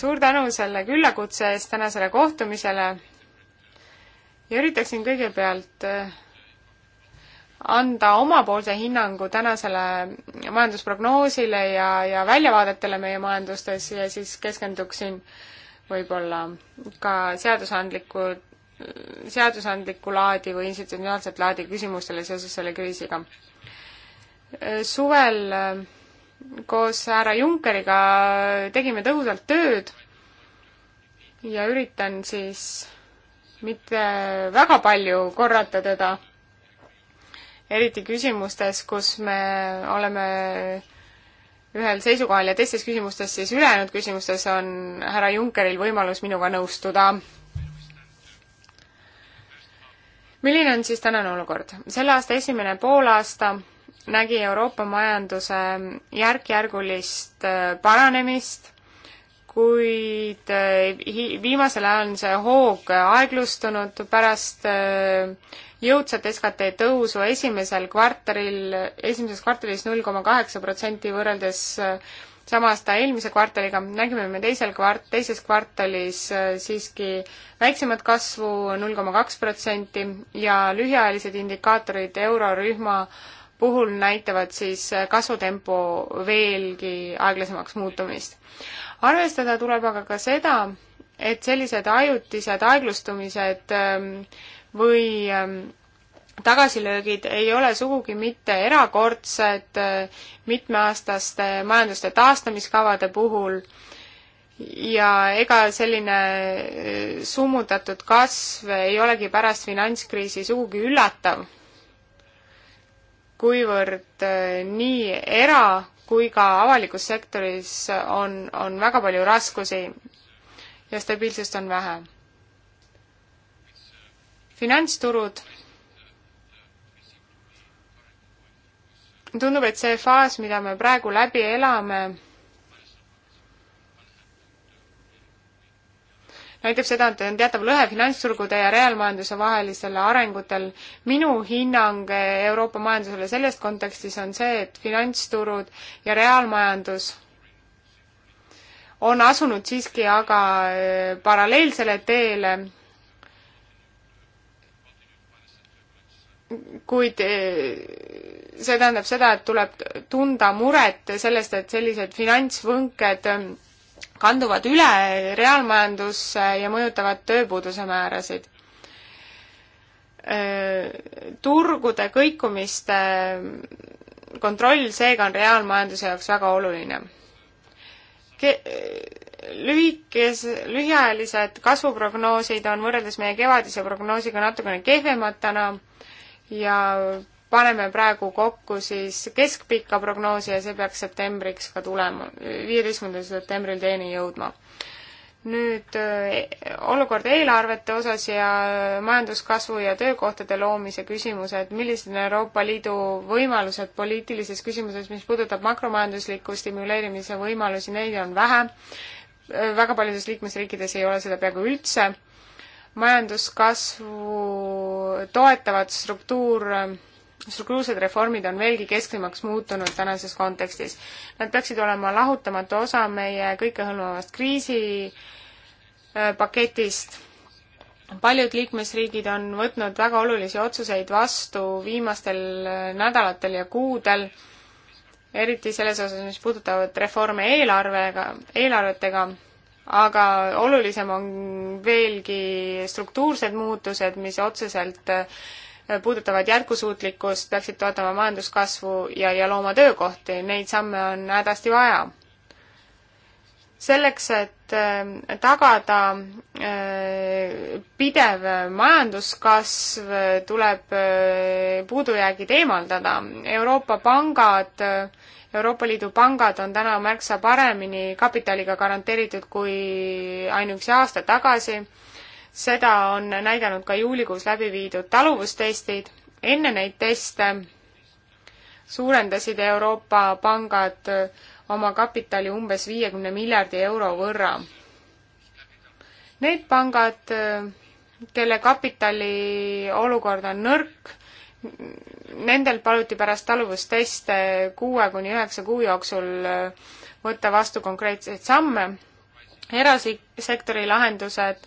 suur tänu selle küllakutse eest tänasele kohtumisele ja üritaksin kõigepealt äh, anda omapoolse hinnangu tänasele majandusprognoosile ja, ja väljavaadetele meie majandustes ja siis keskenduksin võib-olla ka seadusandliku, seadusandlikku laadi või institutsionaalset laadi küsimustele seoses selle kriisiga. Äh, suvel äh, koos härra Junckeriga tegime tõhusalt tööd ja üritan siis mitte väga palju korrata teda, eriti küsimustes, kus me oleme ühel seisukohal ja teistes küsimustes, siis ülejäänud küsimustes on härra Junckeril võimalus minuga nõustuda. milline on siis tänane olukord? selle aasta esimene poolaasta nägi Euroopa majanduse järk-järgulist äh, paranemist, kuid äh, viimasel ajal on see hoog aeglustunud pärast äh, jõudsat SKT tõusu esimesel kvartalil, esimeses kvartalis null koma kaheksa protsenti võrreldes sama aasta eelmise kvartaliga nägime me teisel kvart-, teises kvartalis siiski väiksemat kasvu, null koma kaks protsenti, ja lühiajalised indikaatorid eurorühma äh, puhul näitavad siis kasvutempo veelgi aeglasemaks muutumist. arvestada tuleb aga ka seda, et sellised ajutised aeglustumised ähm, või ähm, tagasilöögid ei ole sugugi mitte erakordsed äh, mitmeaastaste majanduste taastamiskavade puhul ja ega selline äh, summutatud kasv ei olegi pärast finantskriisi sugugi üllatav kuivõrd äh, nii era- kui ka avalikus sektoris on, on väga palju raskusi ja stabiilsust on vähe. finantsturud, tundub, et see faas, mida me praegu läbi elame, näitab seda, et on teatav lõhe finantsturgude ja reaalmajanduse vahelisel arengutel. minu hinnang Euroopa majandusele selles kontekstis on see, et finantsturud ja reaalmajandus on asunud siiski aga eh, paralleelsele teele, kuid eh, see tähendab seda, et tuleb tunda muret sellest, et sellised finantsvõnked kanduvad üle reaalmajandusse ja mõjutavad tööpuuduse määrasid. Turgude kõikumiste kontroll seega on reaalmajanduse jaoks väga oluline Ke lühikes, lühiajalised kasvuprognoosid on võrreldes meie kevadise prognoosiga natukene kehvemad täna ja paneme praegu kokku siis keskpika prognoosi ja see peaks septembriks ka tulema, viieteistkümnendal septembril teieni jõudma. nüüd eh, olukord eelarvete osas ja majanduskasvu ja töökohtade loomise küsimused, millised on Euroopa Liidu võimalused poliitilises küsimuses, mis puudutab makromajandusliku stimuleerimise võimalusi, neid on vähe, eh, väga paljudes liikmesriikides ei ole seda peaaegu üldse, majanduskasvu toetavad struktuur- eh, struktuursed reformid on veelgi kesksemaks muutunud tänases kontekstis. Nad peaksid olema lahutamatu osa meie kõikehõlmavast kriisipaketist. paljud liikmesriigid on võtnud väga olulisi otsuseid vastu viimastel nädalatel ja kuudel, eriti selles osas, mis puudutavad reforme eelarvega, eelarvetega, aga olulisem on veelgi struktuursed muutused, mis otseselt puudutavad jätkusuutlikkust, peaksid toetama majanduskasvu ja, ja looma töökohti, neid samme on hädasti vaja. selleks, et äh, tagada äh, pidev majanduskasv, tuleb äh, puudujäägid eemaldada. Euroopa pangad, Euroopa Liidu pangad on täna märksa paremini kapitaliga garanteeritud kui ainuüksi aasta tagasi seda on näidanud ka juulikuus läbi viidud taluvustestid. enne neid teste suurendasid Euroopa pangad oma kapitali umbes viiekümne miljardi euro võrra. Need pangad, kelle kapitali olukord on nõrk, nendel paluti pärast taluvusteste kuue kuni üheksa kuu jooksul võtta vastu konkreetseid samme. erasektori lahendused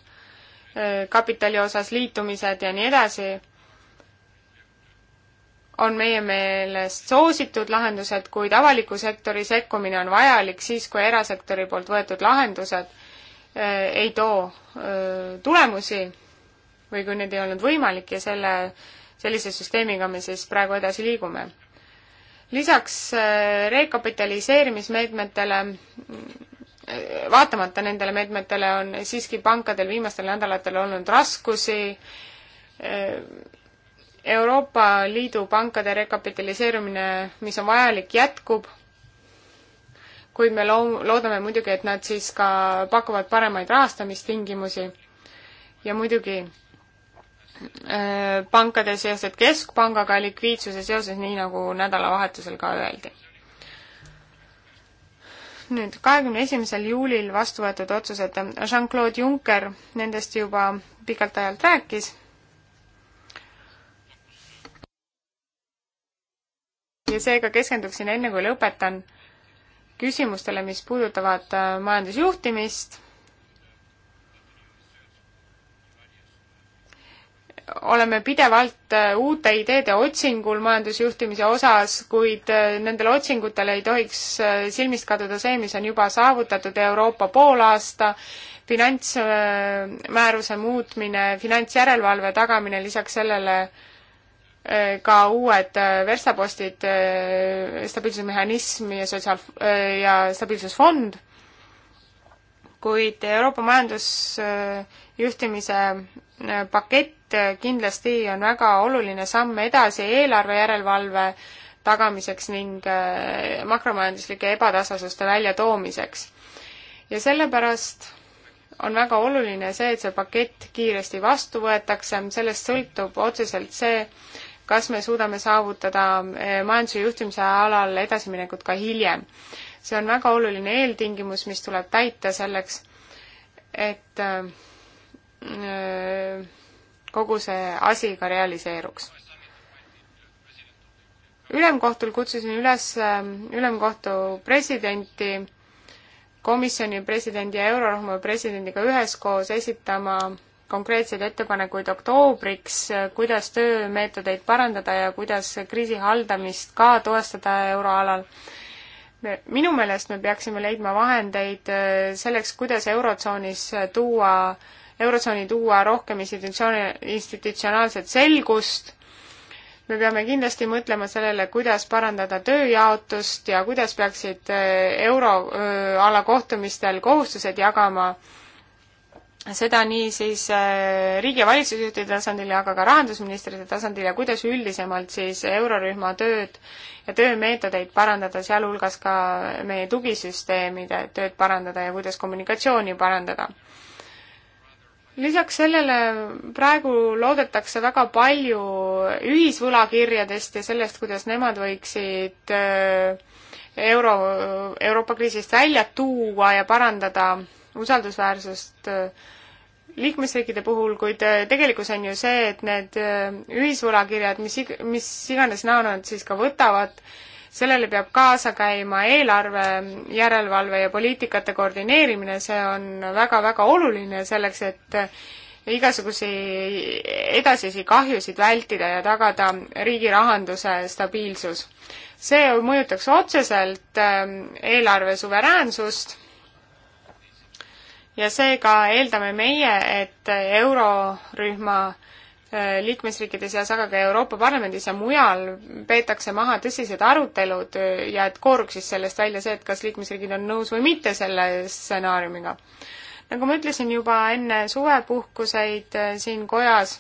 kapitali osas liitumised ja nii edasi, on meie meelest soositud lahendused, kuid avaliku sektori sekkumine on vajalik siis, kui erasektori poolt võetud lahendused äh, ei too äh, tulemusi või kui need ei olnud võimalik ja selle, sellise süsteemiga me siis praegu edasi liigume. lisaks äh, rekapitaliseerimismeetmetele vaatamata nendele meetmetele on siiski pankadel viimastel nädalatel olnud raskusi. Euroopa Liidu pankade rekapitaliseerumine, mis on vajalik, jätkub, kuid me loo-, loodame muidugi, et nad siis ka pakuvad paremaid rahastamistingimusi ja muidugi äh, pankade seas, et keskpangaga likviidsuse seoses, nii nagu nädalavahetusel ka öeldi nüüd kahekümne esimesel juulil vastu võetud otsused, Jean-Claude Juncker nendest juba pikalt ajalt rääkis. ja seega keskenduksin enne, kui lõpetan, küsimustele, mis puudutavad äh, majandusjuhtimist oleme pidevalt äh, uute ideede otsingul majandusjuhtimise osas, kuid äh, nendel otsingutel ei tohiks äh, silmist kaduda see, mis on juba saavutatud Euroopa poolaasta, finantsmääruse muutmine, finantsjärelevalve tagamine, lisaks sellele ka uued verstapostid, stabiilsusmehhanism ja sotsiaal- ja stabiilsusfond kuid Euroopa majandusjuhtimise äh, pakett äh, kindlasti on väga oluline samm edasi eelarve järelevalve tagamiseks ning äh, makromajanduslike ebatasasuste väljatoomiseks. ja sellepärast on väga oluline see, et see pakett kiiresti vastu võetakse, sellest sõltub otseselt see, kas me suudame saavutada majanduse juhtimise alal edasiminekut ka hiljem see on väga oluline eeltingimus, mis tuleb täita selleks, et äh, kogu see asi ka realiseeruks. ülemkohtul kutsusin üles äh, ülemkohtu presidenti, komisjoni presidendi ja eurorühma presidendiga üheskoos esitama konkreetseid ettepanekuid oktoobriks, äh, kuidas töömeetodeid parandada ja kuidas kriisi haldamist ka toestada euroalal me, minu meelest me peaksime leidma vahendeid äh, selleks, kuidas Eurotsoonis äh, tuua, Eurotsooni tuua rohkem institutsioon, institutsionaalset selgust, me peame kindlasti mõtlema sellele, kuidas parandada tööjaotust ja kuidas peaksid äh, euroala kohtumistel kohustused jagama äh, seda niisiis äh, riigi- ja valitsusjuhtide tasandil, aga ka rahandusministrite tasandil ja kuidas üldisemalt siis eurorühma tööd ja töömeetodeid parandada, sealhulgas ka meie tugisüsteemide tööd parandada ja kuidas kommunikatsiooni parandada. lisaks sellele praegu loodetakse väga palju ühisvõlakirjadest ja sellest, kuidas nemad võiksid äh, euro, Euroopa kriisist välja tuua ja parandada usaldusväärsust äh, liikmesriikide puhul, kuid äh, tegelikkus on ju see, et need äh, ühisvõlakirjad, mis ig-, mis iganes näo nad siis ka võtavad, sellele peab kaasa käima eelarve järelevalve ja poliitikate koordineerimine, see on väga-väga oluline selleks, et igasuguseid edasisi kahjusid vältida ja tagada riigi rahanduse stabiilsus. see mõjutaks otseselt eelarve suveräänsust ja seega eeldame meie, et eurorühma äh, liikmesriikide seas, aga ka Euroopa Parlamendis ja mujal peetakse maha tõsised arutelud äh, ja et kooruks siis sellest välja see, et kas liikmesriigid on nõus või mitte selle stsenaariumiga. nagu ma ütlesin juba enne suvepuhkuseid äh, siin kojas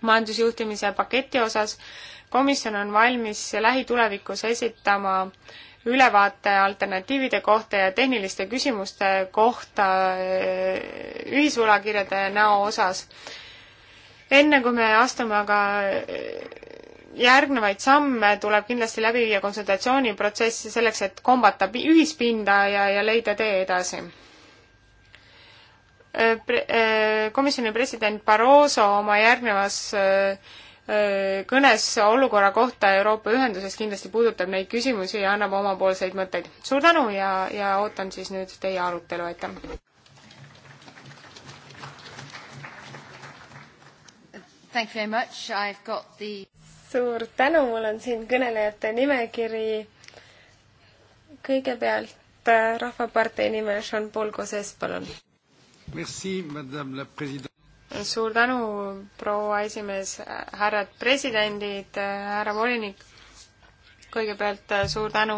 majandusjuhtimise paketi osas, komisjon on valmis lähitulevikus esitama äh, ülevaate alternatiivide kohta ja tehniliste küsimuste kohta eh, ühisvõlakirjade näo osas. enne kui me astume aga eh, järgnevaid samme, tuleb kindlasti läbi viia konsultatsiooniprotsessi selleks, et kombata ühispinda ja, ja leida tee edasi eh, pre-, komisjoni president Barroso oma järgnevas Äh, kõnes olukorra kohta Euroopa Ühenduses kindlasti puudutab neid küsimusi ja annab omapoolseid mõtteid. suur tänu ja, ja ootan siis nüüd teie arutelu, aitäh! Thank you very much, I have got the suur tänu, mul on siin kõnelejate nimekiri. kõigepealt äh, Rahvapartei nimel Jean-Paul Gosses, palun. Merci, madame la president suur tänu, proua esimees, härrad presidendid, härra volinik. kõigepealt äh, suur tänu,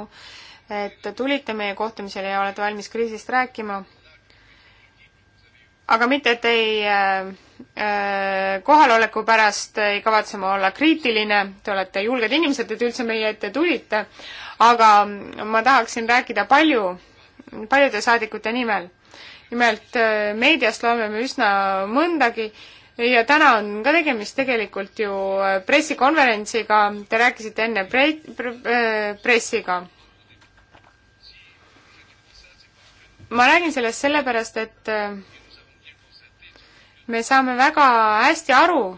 et tulite meie kohtumisele ja olete valmis kriisist rääkima. aga mitte, et ei äh, äh, kohaloleku pärast ei kavatse ma olla kriitiline, te olete julged inimesed, et üldse meie ette tulite, aga ma tahaksin rääkida palju, paljude saadikute nimel nimelt äh, meediast loeme me üsna mõndagi ja täna on ka tegemist tegelikult ju äh, pressikonverentsiga, te rääkisite enne pre-, pre-, äh, pressiga ma räägin sellest sellepärast, et me saame väga hästi aru,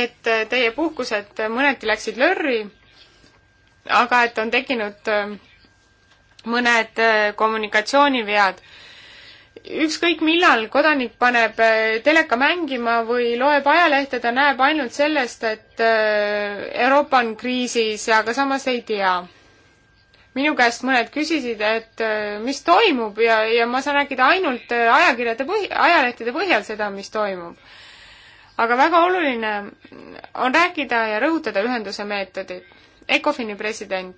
et teie puhkused mõneti läksid lörri, aga et on tekkinud mõned äh, kommunikatsioonivead. ükskõik millal kodanik paneb äh, teleka mängima või loeb ajalehte, ta näeb ainult sellest, et äh, Euroopa on kriisis, aga samas ei tea. minu käest mõned küsisid, et mis toimub ja, ja ma saan rääkida ainult ajakirjade põhi, ajalehtede põhjal seda, mis toimub. aga väga oluline on rääkida ja rõhutada ühenduse meetodit. Ecofini president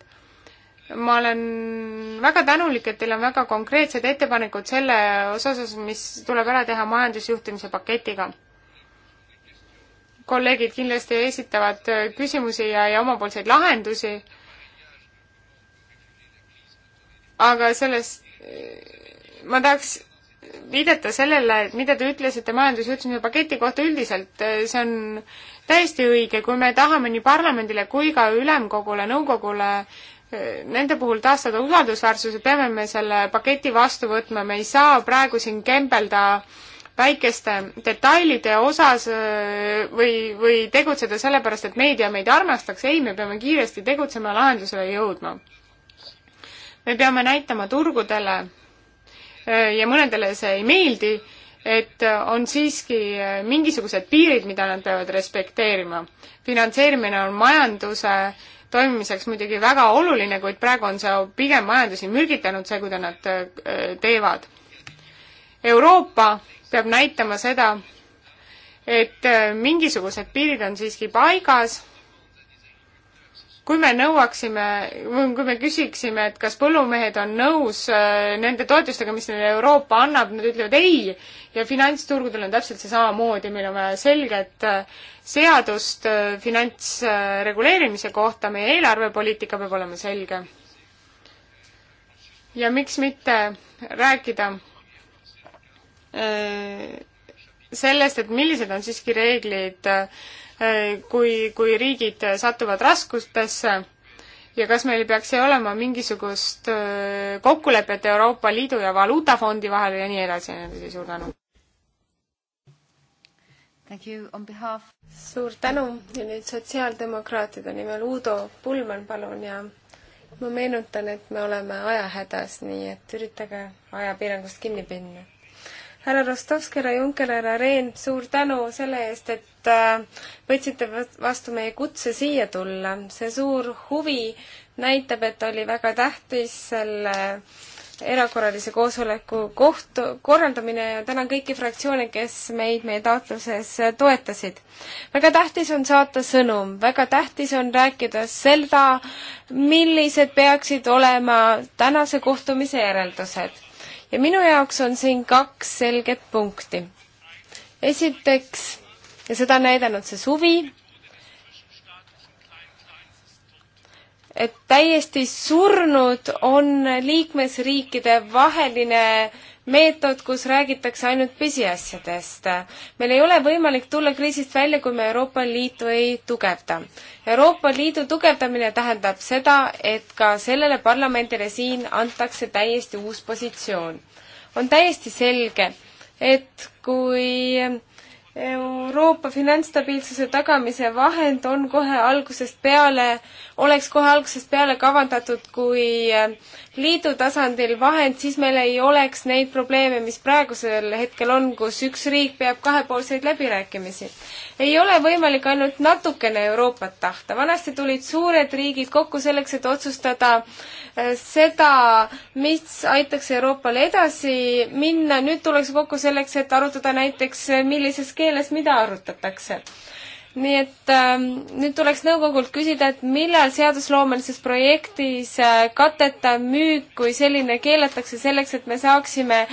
ma olen väga tänulik, et teil on väga konkreetsed ettepanekud selle osas, mis tuleb ära teha majandusjuhtimise paketiga. kolleegid kindlasti esitavad küsimusi ja, ja omapoolseid lahendusi, aga sellest ma tahaks viidata sellele, et mida te ütlesite majandusjuhtimise paketi kohta üldiselt, see on täiesti õige, kui me tahame nii parlamendile kui ka ülemkogule, nõukogule nende puhul taastada usaldusväärsuse, peame me selle paketi vastu võtma, me ei saa praegu siin kembelda väikeste detailide osas äh, või, või tegutseda sellepärast, et meedia meid armastaks, ei, me peame kiiresti tegutsema, lahendusele jõudma. me peame näitama turgudele äh, ja mõnedele see ei meeldi, et on siiski äh, mingisugused piirid, mida nad peavad respekteerima. finantseerimine on majanduse äh, toimimiseks muidugi väga oluline, kuid praegu on see pigem majandusi mürgitanud, see, kuida nad äh, teevad. Euroopa peab näitama seda, et äh, mingisugused piirid on siiski paigas kui me nõuaksime, kui me küsiksime, et kas põllumehed on nõus äh, nende toetustega, mis neile Euroopa annab, nad ütlevad ei. ja finantsturgudel on täpselt see samamoodi, meil on vaja selget äh, seadust äh, finantsreguleerimise kohta, meie eelarvepoliitika peab olema selge. ja miks mitte rääkida sellest, et millised on siiski reeglid äh, kui, kui riigid satuvad raskustesse ja kas meil peaks see olema mingisugust kokkulepet Euroopa Liidu ja Valuutafondi vahel ja nii edasi ja nii edasi, suur tänu. Behalf... suur tänu ja nüüd sotsiaaldemokraatide nimel Udo Pulman, palun ja ma meenutan, et me oleme ajahädas, nii et üritage ajapiirangust kinni pinna härra Rostovskile, Junkele, härra Rehn, suur tänu selle eest, et äh, võtsite vastu meie kutse siia tulla. see suur huvi näitab, et oli väga tähtis selle erakorralise koosoleku koht, korraldamine ja tänan kõiki fraktsioone, kes meid meie taotluses toetasid. väga tähtis on saata sõnum, väga tähtis on rääkida seda, millised peaksid olema tänase kohtumise järeldused ja minu jaoks on siin kaks selget punkti. esiteks, ja seda on näidanud see suvi, et täiesti surnud on liikmesriikide vaheline äh, meetod, kus räägitakse ainult pisiasjadest. meil ei ole võimalik tulla kriisist välja, kui me Euroopa Liitu ei tugevda. Euroopa Liidu tugevdamine tähendab seda, et ka sellele parlamendile siin antakse täiesti uus positsioon. on täiesti selge, et kui Euroopa finantsstabiilsuse tagamise vahend on kohe algusest peale, oleks kohe algusest peale kavandatud kui liidu tasandil vahend, siis meil ei oleks neid probleeme, mis praegusel hetkel on, kus üks riik peab kahepoolseid läbirääkimisi. ei ole võimalik ainult natukene Euroopat tahta, vanasti tulid suured riigid kokku selleks, et otsustada äh, seda, mis aitaks Euroopal edasi minna, nüüd tullakse kokku selleks, et arutada näiteks, millises keeles mida arutatakse nii et ähm, nüüd tuleks nõukogult küsida, et millal seadusloomelises projektis äh, kateta müük kui selline keelatakse selleks, et me saaksime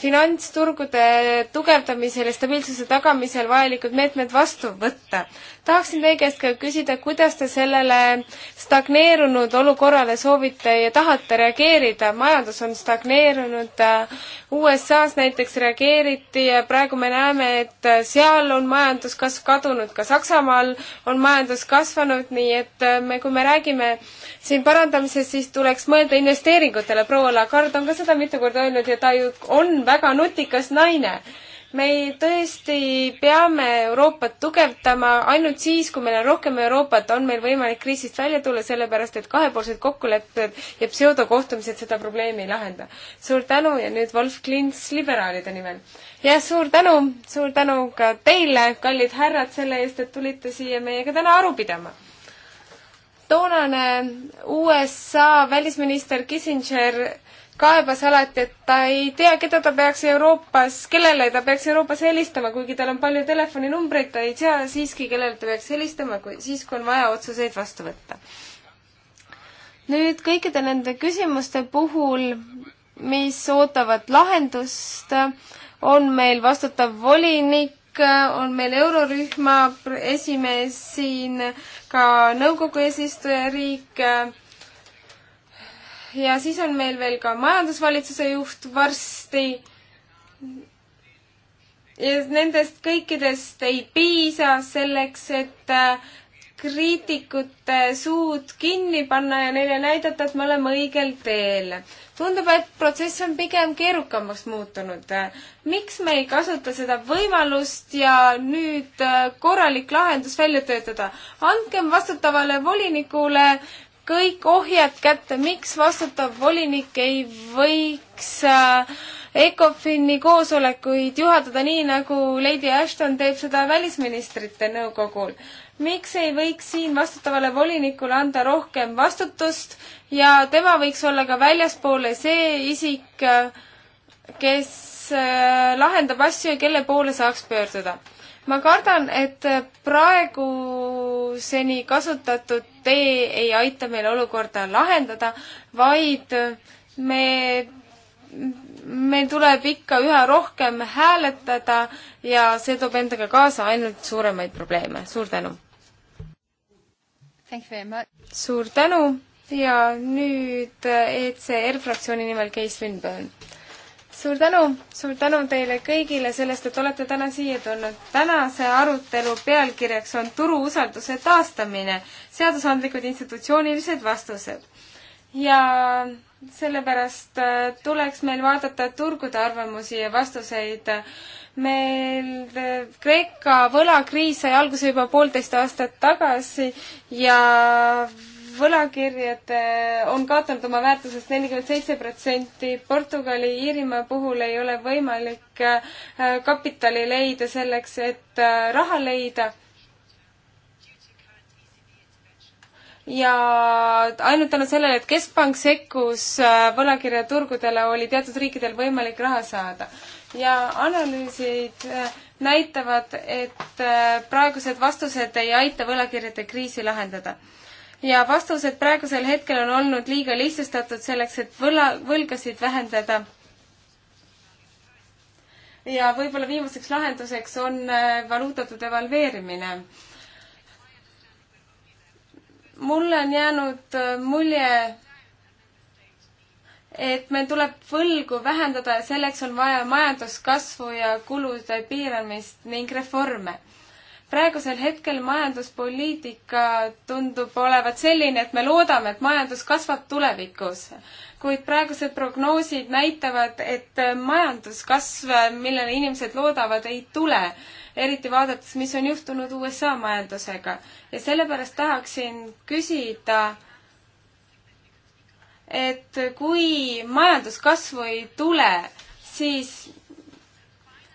finantsturgude tugevdamisel ja stabiilsuse tagamisel vajalikud meetmed vastu võtta. tahaksin teie käest ka küsida, kuidas te sellele stagneerunud olukorrale soovite ja tahate reageerida, majandus on stagneerunud, USA-s näiteks reageeriti ja praegu me näeme, et seal on majanduskasv kadunud, ka Saksamaal on majandus kasvanud, nii et me, kui me räägime siin parandamisest, siis tuleks mõelda investeeringutele, proua Lagard on ka seda mitu korda öelnud ja ta ju on väga nutikas naine. me tõesti peame Euroopat tugevdama, ainult siis, kui meil on rohkem Euroopat, on meil võimalik kriisist välja tulla, sellepärast et kahepoolsed kokkulepped ja pseudokohtumised seda probleemi ei lahenda. suur tänu ja nüüd Wolf Klints liberaalide nimel. jah, suur tänu, suur tänu ka teile, kallid härrad, selle eest, et tulite siia meiega täna aru pidama toonane USA välisminister Kissinger kaebas alati, et ta ei tea, keda ta peaks Euroopas, kellele ta peaks Euroopas helistama, kuigi tal on palju telefoninumbreid, ta ei tea siiski, kellele ta peaks helistama, kui, siis kui on vaja otsuseid vastu võtta. nüüd kõikide nende küsimuste puhul, mis ootavad lahendust, on meil vastutav volinik, on meil eurorühma esimees siin, ka nõukogu eesistujariik ja siis on meil veel ka majandusvalitsuse juht varsti. ja nendest kõikidest ei piisa selleks, et äh, kriitikute suud kinni panna ja neile näidata, et me oleme õigel teel. tundub, et protsess on pigem keerukamaks muutunud. miks me ei kasuta seda võimalust ja nüüd äh, korralik lahendus välja töötada? andkem vastutavale volinikule äh, kõik ohjad kätte, miks vastutav volinik ei võiks äh, ECOFIN-i koosolekuid juhatada nii, nagu Lady Ashton teeb seda välisministrite nõukogul. miks ei võiks siin vastutavale volinikule anda rohkem vastutust ja tema võiks olla ka väljaspoole see isik, äh, kes äh, lahendab asju ja kelle poole saaks pöörduda ma kardan, et praeguseni kasutatud tee ei aita meil olukorda lahendada, vaid me, meil tuleb ikka üha rohkem hääletada ja see toob endaga kaasa ainult suuremaid probleeme. suur tänu! suur tänu ja nüüd ECR fraktsiooni nimel Keis Lindberg suur tänu, suur tänu teile kõigile sellest, et olete täna siia tulnud. tänase arutelu pealkirjaks on turu usalduse taastamine, seadusandlikud institutsioonilised vastused. ja sellepärast äh, tuleks meil vaadata turgude arvamusi ja vastuseid. meil äh, Kreeka võlakriis sai alguse juba poolteist aastat tagasi ja võlakirjad on kaotanud oma väärtusest nelikümmend seitse protsenti. Portugali, Iirimaa puhul ei ole võimalik äh, kapitali leida selleks, et äh, raha leida. ja ainult tänu sellele, et keskpank sekkus äh, võlakirjaturgudele, oli teatud riikidel võimalik raha saada. ja analüüsid näitavad, et praegused vastused ei aita võlakirjade kriisi lahendada ja vastused praegusel hetkel on olnud liiga lihtsustatud selleks, et võla, võlgasid vähendada. ja võib-olla viimaseks lahenduseks on äh, valuutade devalveerimine mulle on jäänud äh, mulje, et meil tuleb võlgu vähendada ja selleks on vaja majanduskasvu ja kulude piiramist ning reforme praegusel hetkel majanduspoliitika tundub olevat selline, et me loodame, et majandus kasvab tulevikus. kuid praegused prognoosid näitavad, et majanduskasv, millele inimesed loodavad, ei tule. eriti vaadates, mis on juhtunud USA majandusega. ja sellepärast tahaksin küsida, et kui majanduskasvu ei tule, siis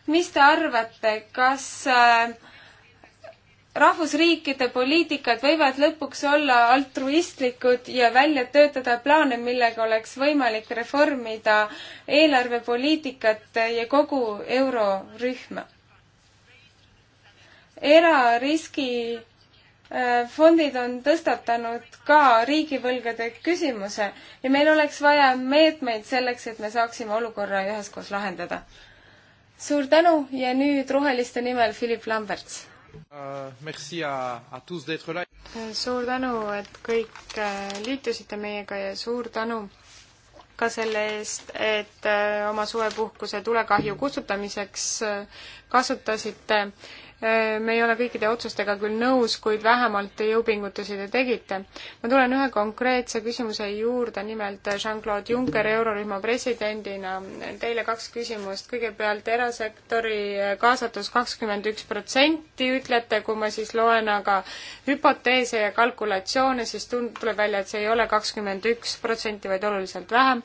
mis te arvate, kas äh, rahvusriikide poliitikad võivad lõpuks olla altruistlikud ja välja töötada plaane, millega oleks võimalik reformida eelarvepoliitikat ja kogu eurorühma. erariskifondid äh, on tõstatanud ka riigivõlgade küsimuse ja meil oleks vaja meetmeid selleks, et me saaksime olukorra üheskoos lahendada. suur tänu ja nüüd roheliste nimel Philip Lamberts Euh, suur tänu, et kõik äh, liitusite meiega ja suur tänu ka selle eest, et äh, oma suvepuhkuse tulekahju kustutamiseks äh, kasutasite Äh, me ei ole kõikide otsustega küll nõus, kuid vähemalt jõupingutusi te tegite. ma tulen ühe konkreetse küsimuse juurde, nimelt Jean-Claude Juncker eurorühma presidendina. Teile kaks küsimust. kõigepealt erasektori kaasatus kakskümmend üks protsenti, ütlete, kui ma siis loen aga hüpoteese ja kalkulatsioone, siis tund-, tuleb välja, et see ei ole kakskümmend üks protsenti, vaid oluliselt vähem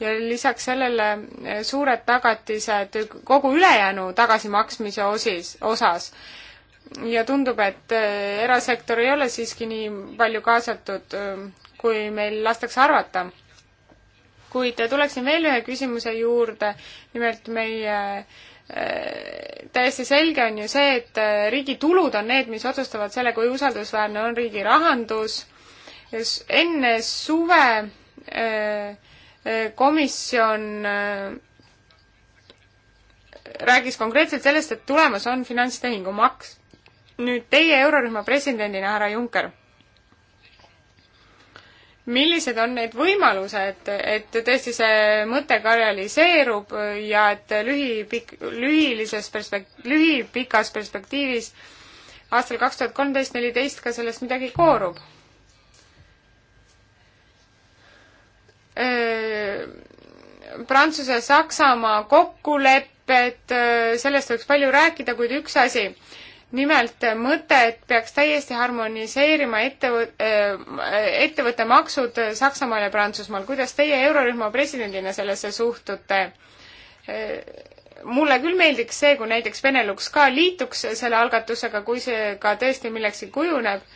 ja lisaks sellele eh, suured tagatised kogu ülejäänu tagasimaksmise osis, osas. ja tundub, et eh, erasektor ei ole siiski nii palju kaasatud, eh, kui meil lastakse arvata. kuid tuleksin veel ühe küsimuse juurde, nimelt meie täiesti selge on ju see, et riigi tulud on need, mis otsustavad selle, kui usaldusväärne on riigi rahandus. enne suve äh, komisjon äh, rääkis konkreetselt sellest, et tulemas on finantstehingumaks. nüüd teie eurorühma presidendina, härra Juncker, millised on need võimalused, et tõesti see mõte ka realiseerub ja et lühipik-, lühilises perspek-, lühipikas perspektiivis aastal kaks tuhat kolmteist, neliteist ka sellest midagi koorub? Prantsuse, Saksamaa kokkulepped, sellest võiks palju rääkida, kuid üks asi, nimelt mõte, et peaks täiesti harmoniseerima ettevõtte, ettevõtte maksud Saksamaal ja Prantsusmaal. kuidas teie eurorühma presidendina sellesse suhtute? mulle küll meeldiks see, kui näiteks Benelux ka liituks selle algatusega, kui see ka tõesti millekski kujuneb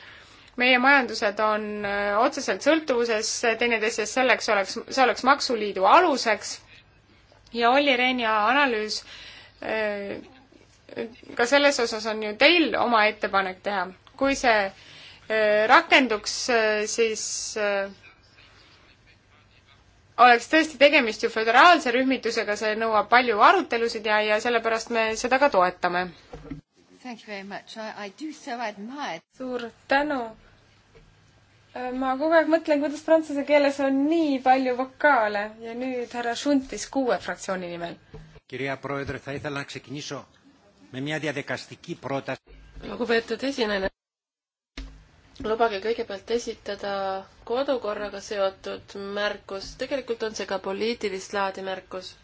meie majandused on äh, otseselt sõltuvuses teineteisest, selleks oleks, see oleks maksuliidu aluseks ja Olli Rehnia analüüs äh, ka selles osas on ju teil oma ettepanek teha. kui see äh, rakenduks, siis oleks tõesti tegemist ju föderaalse rühmitusega, see nõuab palju arutelusid ja, ja sellepärast me seda ka toetame. Thank you very much. I, I do so admire. suur tänu. Äh, ma kogu aeg mõtlen, kuidas prantsuse keeles on nii palju vokaale ja nüüd härra Šuntis kuue fraktsiooni nimel. lugupeetud esinejana, lubage kõigepealt esitada kodukorraga seotud märkus. tegelikult on see ka poliitilist laadi märkus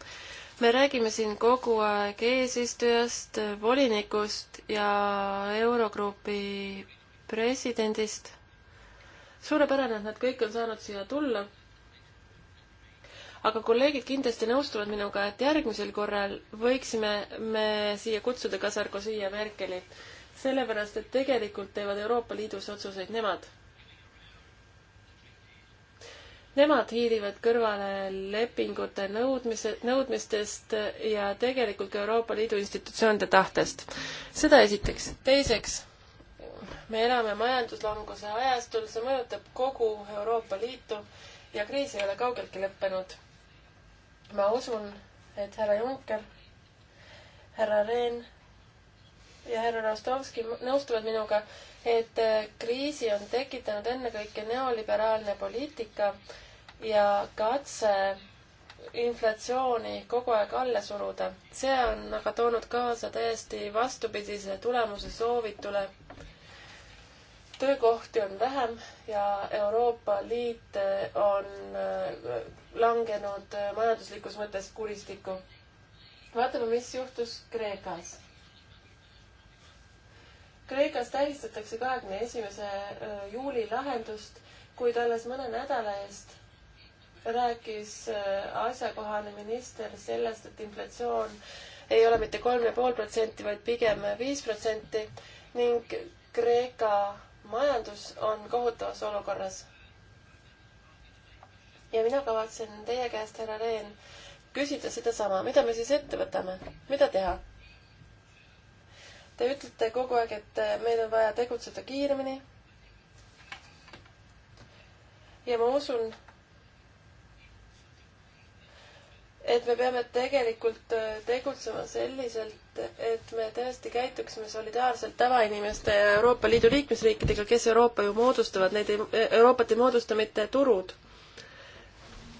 me räägime siin kogu aeg eesistujast, volinikust ja Eurogrupi presidendist. suurepärane, et nad kõik on saanud siia tulla. aga kolleegid kindlasti nõustuvad minuga, et järgmisel korral võiksime me siia kutsuda ka Sarkozy ja Merkeli, sellepärast et tegelikult teevad Euroopa Liidus otsuseid nemad Nemad hiilivad kõrvale lepingute nõudmise, nõudmistest ja tegelikult ka Euroopa Liidu institutsioonide tahtest. seda esiteks. teiseks, me elame majanduslanguse ajastul, see mõjutab kogu Euroopa Liitu ja kriis ei ole kaugeltki lõppenud. ma usun, et härra Juncker, härra Rehn ja härra Rostovski nõustuvad minuga, et kriisi on tekitanud ennekõike neoliberaalne poliitika ja katse inflatsiooni kogu aeg alla suruda. see on aga toonud kaasa täiesti vastupidise tulemuse soovitule. töökohti on vähem ja Euroopa Liit on äh, langenud äh, majanduslikus mõttes kuristikku. vaatame, mis juhtus Kreekas Kreekas tähistatakse kahekümne esimese äh, juuli lahendust, kuid alles mõne nädala eest rääkis äh, asjakohane minister sellest, et inflatsioon ei ole mitte kolm ja pool protsenti, vaid pigem viis protsenti ning Kreeka majandus on kohutavas olukorras. ja mina kavatsen teie käest, härra Rehn, küsida sedasama, mida me siis ette võtame, mida teha? Te ütlete kogu aeg, et äh, meil on vaja tegutseda kiiremini. ja ma usun, et me peame tegelikult äh, tegutsema selliselt, et me tõesti käituksime solidaarselt tavainimeste ja Euroopa Liidu liikmesriikidega, kes Euroopa ju moodustavad, neid ei, äh, Euroopat ei moodusta mitte turud.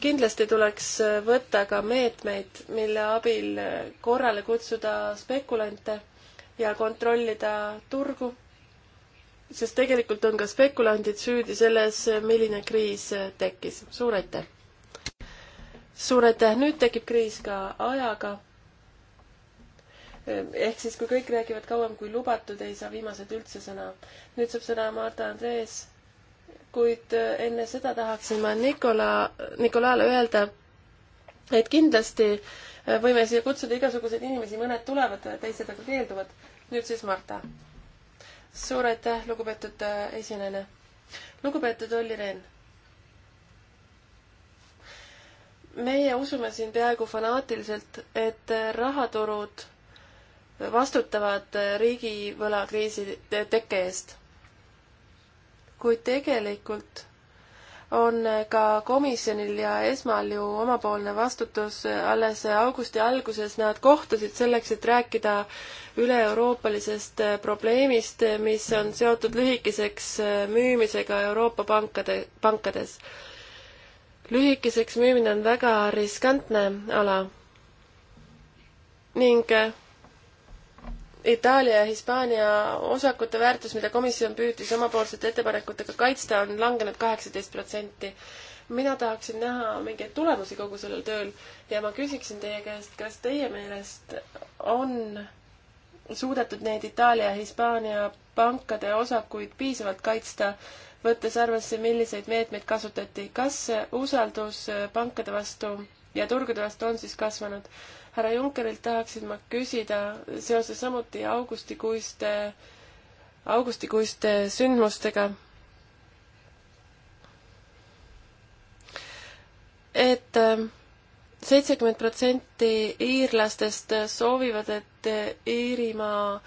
kindlasti tuleks äh, võtta ka meetmeid, mille abil korrale kutsuda spekulante ja kontrollida turgu, sest tegelikult on ka spekulandid süüdi selles, milline kriis tekkis. suur aitäh! suur aitäh, nüüd tekib kriis ka ajaga. ehk siis, kui kõik räägivad kauem kui lubatud, ei saa viimased üldse sõna. nüüd saab sõna Marta Andrees, kuid äh, enne seda tahaksin ma Nikola, Nikolale öelda, et kindlasti äh, võime siia kutsuda igasuguseid inimesi, mõned tulevad, teised aga keelduvad. nüüd siis Marta. suur aitäh, lugupeetud äh, esinaine. lugupeetud Olli Rehn meie usume siin peaaegu fanaatiliselt, et rahaturud vastutavad riigi võlakriisi teke eest. kuid tegelikult on ka komisjonil ja esmal ju omapoolne vastutus, alles augusti alguses nad kohtusid selleks, et rääkida üle-euroopalisest probleemist, mis on seotud lühikeseks müümisega Euroopa pankade, pankades lühikeseks müümine on väga riskantne ala ning äh, Itaalia ja Hispaania osakute väärtus, mida komisjon püüdis omapoolsete ettepanekutega kaitsta, on langenud kaheksateist protsenti. mina tahaksin näha mingeid tulemusi kogu sellel tööl ja ma küsiksin teie käest, kas teie meelest on suudetud neid Itaalia ja Hispaania pankade osakuid piisavalt kaitsta võttes arvesse, milliseid meetmeid kasutati. kas usaldus pankade vastu ja turgude vastu on siis kasvanud? härra Junckerilt tahaksin ma küsida seoses samuti augustikuiste, augustikuiste sündmustega et ähm, seitsekümmend protsenti iirlastest soovivad, et Iirimaa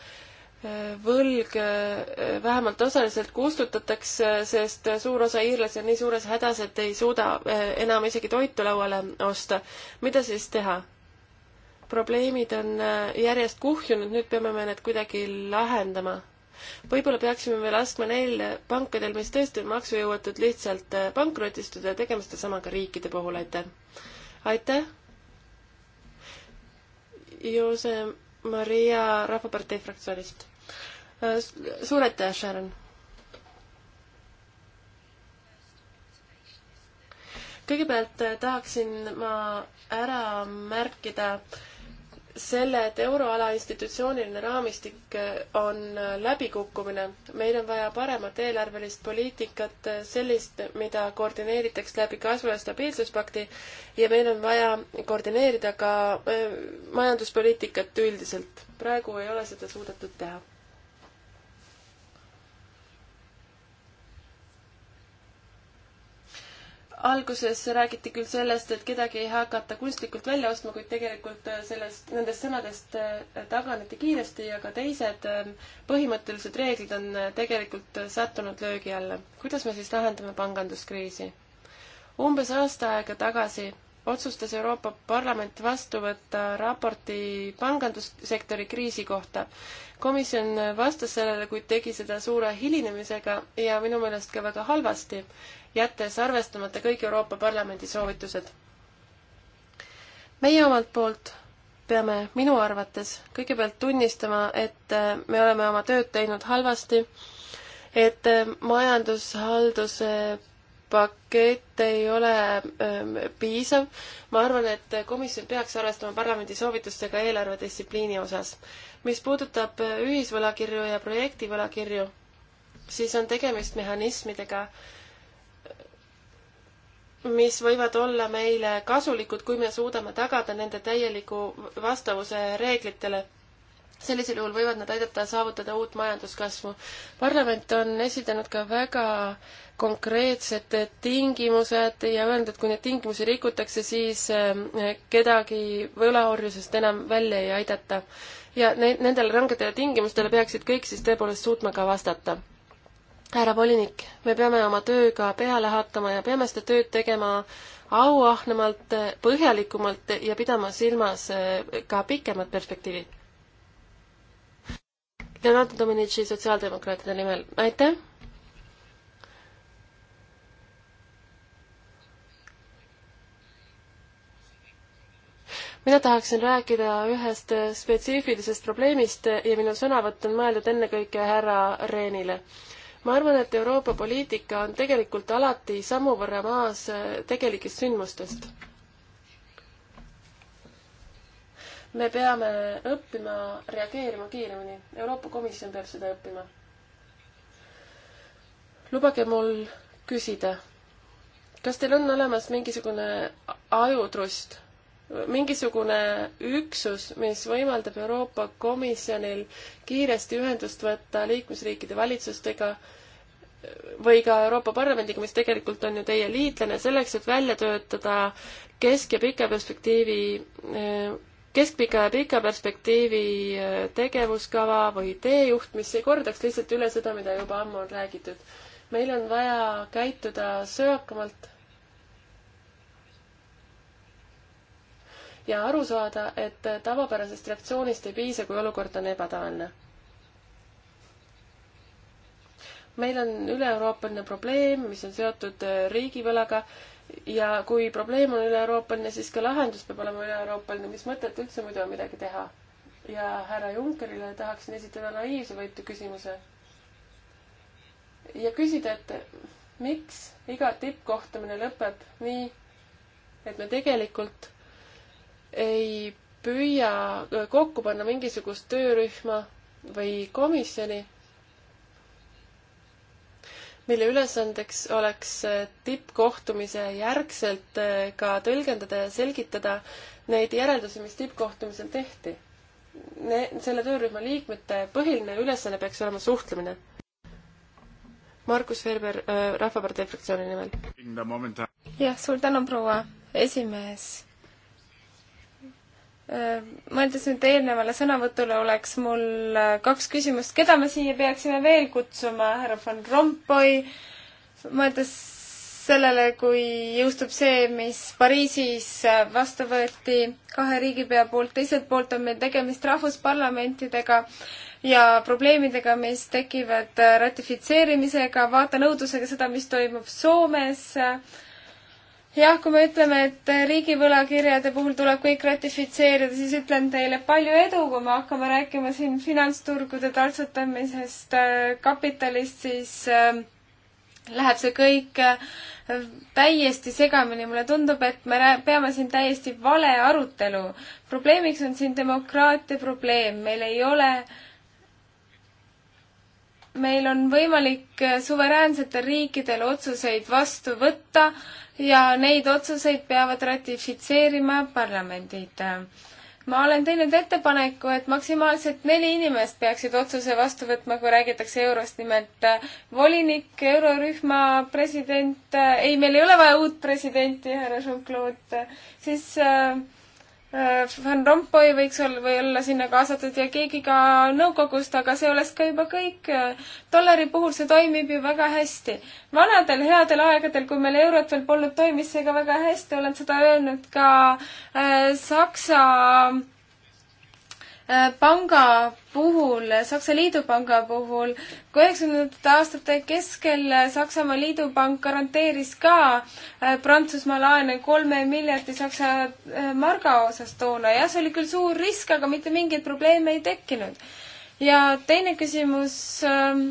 võlg eh, vähemalt osaliselt kustutatakse, sest suur osa iirlasi on nii suures hädas, et ei suuda eh, enam isegi toitu lauale osta. mida siis teha? probleemid on eh, järjest kuhjunud, nüüd peame me need kuidagi lahendama. võib-olla peaksime me laskma neil pankadel, mis tõesti on maksujõuetud, lihtsalt pankrotistuda ja tegema sedasama ka riikide puhul, aitäh! aitäh! Joose Maria Rahvapartei fraktsioonist. Äh, suur aitäh, Sharon! kõigepealt äh, tahaksin ma ära märkida äh, selle, et euroala institutsiooniline raamistik eh, on eh, läbikukkumine. meil on vaja paremat eelarvelist poliitikat, eh, sellist, mida koordineeritakse läbi kasvu- ja stabiilsuspakti ja meil on vaja koordineerida ka majanduspoliitikat üldiselt. praegu ei ole seda suudetud teha alguses räägiti küll sellest, et kedagi ei hakata kunstlikult välja ostma, kuid tegelikult äh, sellest, nendest sõnadest äh, taganeti kiiresti ja ka teised ähm, põhimõttelised reeglid on äh, tegelikult sattunud löögi alla. kuidas me siis lahendame panganduskriisi? umbes aasta aega tagasi otsustas Euroopa Parlament vastu võtta raporti pangandussektori kriisi kohta. komisjon vastas sellele, kuid tegi seda suure hilinemisega ja minu meelest ka väga halvasti, jättes arvestamata kõik Euroopa Parlamendi soovitused. meie omalt poolt peame minu arvates kõigepealt tunnistama, et me oleme oma tööd teinud halvasti, et majandushalduse pakett ei ole ähm, piisav. ma arvan, et komisjon peaks arvestama parlamendi soovitustega eelarvedistsipliini osas. mis puudutab äh, ühisvõlakirju ja projektivõlakirju, siis on tegemist mehhanismidega, mis võivad olla meile kasulikud, kui me suudame tagada nende täieliku vastavuse reeglitele sellisel juhul võivad nad aidata saavutada uut majanduskasvu. parlament on esitanud ka väga konkreetsed tingimused ja öelnud, et kui neid tingimusi rikutakse, siis eh, kedagi võlaorjusest enam välja ei aidata. ja neid, nendele rangetele tingimustele peaksid kõik siis tõepoolest suutma ka vastata. härra volinik, me peame oma tööga peale hakkama ja peame seda tööd tegema auahnemalt, põhjalikumalt ja pidama silmas eh, ka pikemat perspektiivi Renato Dominici sotsiaaldemokraatide nimel, aitäh! mina tahaksin rääkida ühest spetsiifilisest probleemist ja minu sõnavõtt on mõeldud ennekõike härra Rehnile. ma arvan, et Euroopa poliitika on tegelikult alati sammu võrra maas tegelikest sündmustest me peame õppima reageerima kiiremini. Euroopa Komisjon peab seda õppima. lubage mul küsida, kas teil on olemas mingisugune ajutrust, mingisugune üksus, mis võimaldab Euroopa Komisjonil kiiresti ühendust võtta liikmesriikide valitsustega või ka Euroopa Parlamendiga, mis tegelikult on ju teie liitlane, selleks, et välja töötada kesk- ja pika perspektiivi eh, keskpika ja pika perspektiivi äh, tegevuskava või teejuht, mis ei kordaks lihtsalt üle seda, mida juba ammu on räägitud. meil on vaja käituda söökamalt ja aru saada, et tavapärasest reaktsioonist ei piisa, kui olukord on ebatavaline. meil on üle-euroopaline probleem, mis on seotud riigivõlaga ja kui probleem on üle-euroopaline, siis ka lahendus peab olema üle-euroopaline, mis mõtet üldse muidu on midagi teha? ja härra Junckerile tahaksin esitada naiivsevõitu küsimuse. ja küsida, et miks iga tippkohtumine lõpeb nii, et me tegelikult ei püüa kokku panna mingisugust töörühma või komisjoni mille ülesandeks oleks äh, tippkohtumise järgselt äh, ka tõlgendada ja selgitada neid järeldusi, mis tippkohtumisel tehti. selle töörühma liikmete põhiline ülesanne peaks olema suhtlemine. Markus Verber äh, Rahvapartei fraktsiooni nimel. jah, suur tänu, proua esimees mõeldes nüüd eelnevale sõnavõtule, oleks mul äh, kaks küsimust. keda me siia peaksime veel kutsuma, härra von Rompuy? mõeldes sellele, kui jõustub see, mis Pariisis äh, vastu võeti kahe riigipea poolt, teiselt poolt on meil tegemist rahvusparlamentidega ja probleemidega, mis tekivad äh, ratifitseerimisega, vaata nõudlusega seda, mis toimub Soomes äh, jah, kui me ütleme, et riigivõlakirjade puhul tuleb kõik ratifitseerida, siis ütlen teile palju edu, kui me hakkame rääkima siin finantsturgude taltsutamisest, äh, kapitalist, siis äh, läheb see kõik äh, täiesti segamini, mulle tundub, et me peame siin täiesti vale arutelu. probleemiks on siin demokraatia probleem, meil ei ole, meil on võimalik äh, suveräänsetel riikidel otsuseid vastu võtta ja neid otsuseid peavad ratifitseerima parlamendid. ma olen teinud ettepaneku, et maksimaalselt neli inimest peaksid otsuse vastu võtma, kui räägitakse eurost, nimelt äh, volinik, eurorühma president, äh, ei, meil ei ole vaja uut presidenti, härra Jean-Claude, äh, siis äh, Äh, Van Rompuy võiks olla, või olla sinna kaasatud ja keegi ka nõukogust, aga see oleks ka juba kõik. dollari puhul see toimib ju väga hästi. vanadel headel aegadel, kui meil eurot veel polnud, toimis see ka väga hästi, olen seda öelnud ka äh, Saksa äh, Äh, panga puhul, Saksa Liidupanga puhul, kaheksakümnendate aastate keskel äh, Saksamaa Liidupank garanteeris ka äh, Prantsusmaa laene kolme miljardi Saksa marga osas toona. jah, see oli küll suur risk, aga mitte mingeid probleeme ei tekkinud. ja teine küsimus ähm,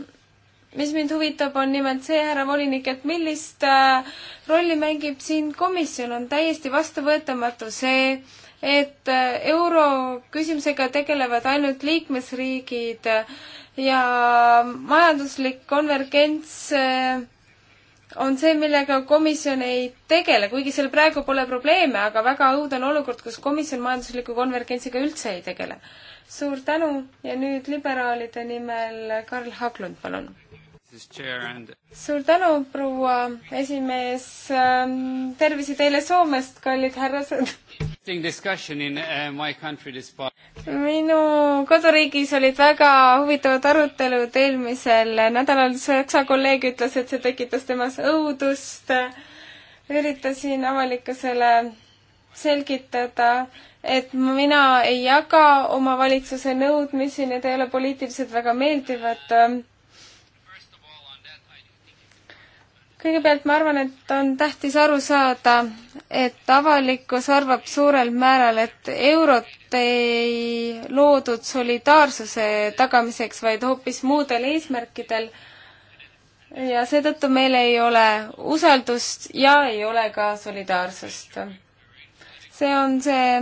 mis mind huvitab, on nimelt see, härra volinik, et millist rolli mängib siin komisjon, on täiesti vastuvõetamatu see, et äh, euro küsimusega tegelevad ainult liikmesriigid ja majanduslik konvergents äh, on see, millega komisjon ei tegele, kuigi seal praegu pole probleeme, aga väga õudne on olukord, kus komisjon majandusliku konvergentsiga üldse ei tegele. suur tänu ja nüüd liberaalide nimel Karl Haglund, palun. suur tänu, proua esimees. Ähm, tervisi teile Soomest, kallid härrased Uh, minu koduriigis olid väga huvitavad arutelud eelmisel nädalal, saksa kolleeg ütles, et see tekitas temas õudust. üritasin avalikkusele selgitada, et mina ei jaga oma valitsuse nõudmisi, need ei ole poliitiliselt väga meeldivad kõigepealt ma arvan, et on tähtis aru saada, et avalikkus arvab suurel määral, et eurot ei loodud solidaarsuse tagamiseks, vaid hoopis muudel eesmärkidel. ja seetõttu meil ei ole usaldust ja ei ole ka solidaarsust. see on see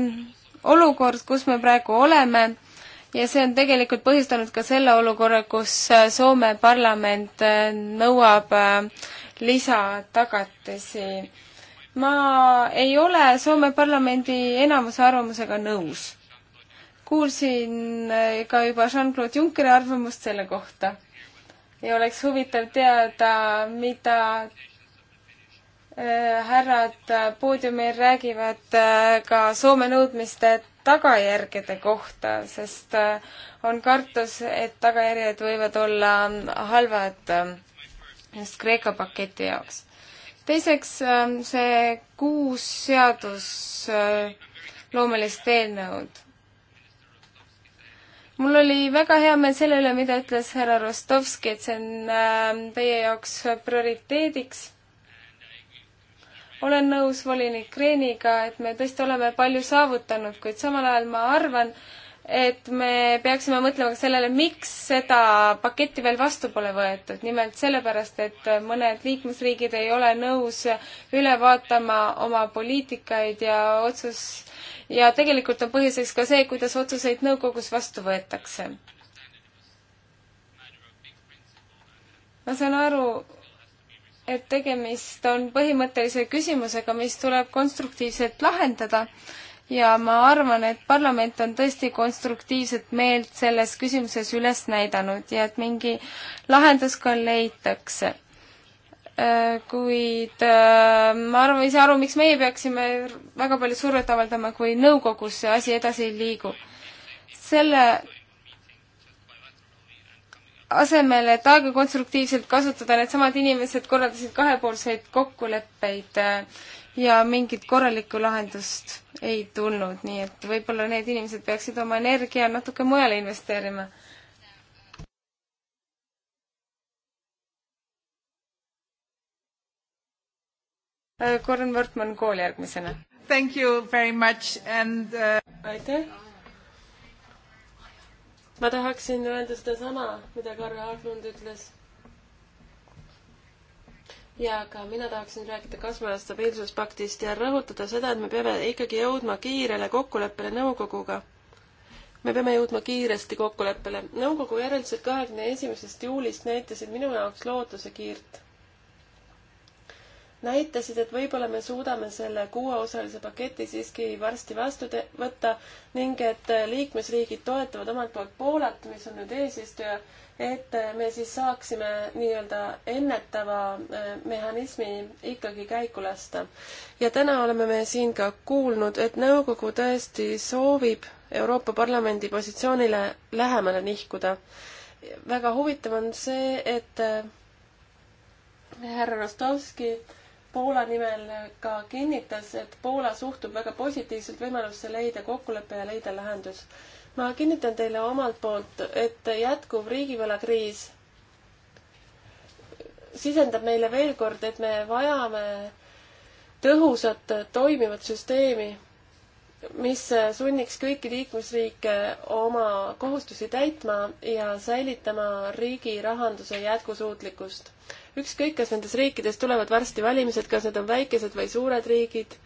olukord, kus me praegu oleme ja see on tegelikult põhjustanud ka selle olukorra, kus Soome parlament nõuab äh, lisatagatisi. ma ei ole Soome parlamendi enamuse arvamusega nõus. kuulsin eh, ka juba Jean-Claude Junckeri arvamust selle kohta ja oleks huvitav teada, mida eh, härrad poodiumil räägivad eh, ka Soome nõudmiste tagajärgede kohta, sest on kartus, et tagajärjed võivad olla halvad just Kreeka paketi jaoks. teiseks, ähm, see kuus seadusloomelist äh, eelnõud. mul oli väga hea meel selle üle, mida ütles härra Rostovski, et see on ähm, teie jaoks prioriteediks. olen nõus volinik Kreeniga, et me tõesti oleme palju saavutanud, kuid samal ajal ma arvan, et me peaksime mõtlema ka sellele, miks seda paketti veel vastu pole võetud. nimelt sellepärast, et mõned liikmesriigid ei ole nõus üle vaatama oma poliitikaid ja otsus ja tegelikult on põhjuseks ka see, kuidas otsuseid nõukogus vastu võetakse. ma saan aru, et tegemist on põhimõttelise küsimusega, mis tuleb konstruktiivselt lahendada ja ma arvan, et parlament on tõesti konstruktiivset meelt selles küsimuses üles näidanud ja et mingi lahendus ka leitakse. Äh, kuid äh, ma arvan, ei saa aru, miks meie peaksime väga palju survet avaldama, kui nõukogus see asi edasi ei liigu. selle asemel, et aega konstruktiivselt kasutada, needsamad inimesed korraldasid kahepoolseid kokkuleppeid äh, ja mingit korralikku lahendust ei tulnud, nii et võib-olla need inimesed peaksid oma energia natuke mujale investeerima. Corin Wortmann kool järgmisena. Thank you very much and uh... aitäh! ma tahaksin öelda sedasama, mida Karl Haaglund ütles ja ka mina tahaksin rääkida kasvaja stabiilsuspaktist ja rõhutada seda, et me peame ikkagi jõudma kiirele kokkuleppele nõukoguga. me peame jõudma kiiresti kokkuleppele. nõukogu järeldused kahekümne esimesest juulist näitasid minu jaoks lootusekiirt. näitasid, et võib-olla me suudame selle kuueosalise paketi siiski varsti vastu võtta ning et liikmesriigid toetavad omalt poolt Poolat, mis on nüüd eesistuja et me siis saaksime nii-öelda ennetava äh, mehhanismi ikkagi käiku lasta. ja täna oleme me siin ka kuulnud, et nõukogu tõesti soovib Euroopa Parlamendi positsioonile lähemale nihkuda. väga huvitav on see, et äh, härra Rostovski Poola nimel ka kinnitas, et Poola suhtub väga positiivselt võimalusse leida kokkulepe ja leida lahendus ma kinnitan teile omalt poolt, et jätkuv riigivõlakriis sisendab meile veel kord, et me vajame tõhusat toimivat süsteemi, mis sunniks kõiki liikmesriike oma kohustusi täitma ja säilitama riigi rahanduse jätkusuutlikkust. ükskõik, kas nendes riikides tulevad varsti valimised, kas need on väikesed või suured riigid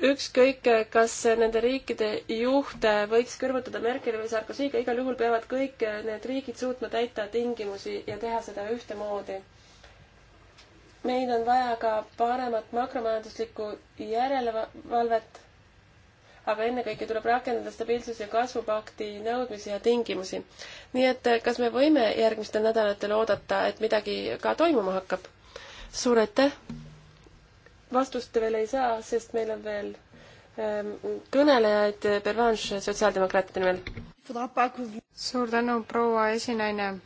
ükskõik, kas nende riikide juhte võiks kõrvutada Merkeli või Sarkozyga, igal juhul peavad kõik need riigid suutma täita tingimusi ja teha seda ühtemoodi. meil on vaja ka paremat makromajanduslikku järelevalvet, aga ennekõike tuleb rakendada stabiilsus- ja kasvupakti nõudmisi ja tingimusi. nii et kas me võime järgmistel nädalatel oodata, et midagi ka toimuma hakkab? suur aitäh! vastust veel ei saa, sest meil on veel ähm, kõnelejaid, äh, Pervanche sotsiaaldemokraatide nimel. suur tänu, proua esinaine.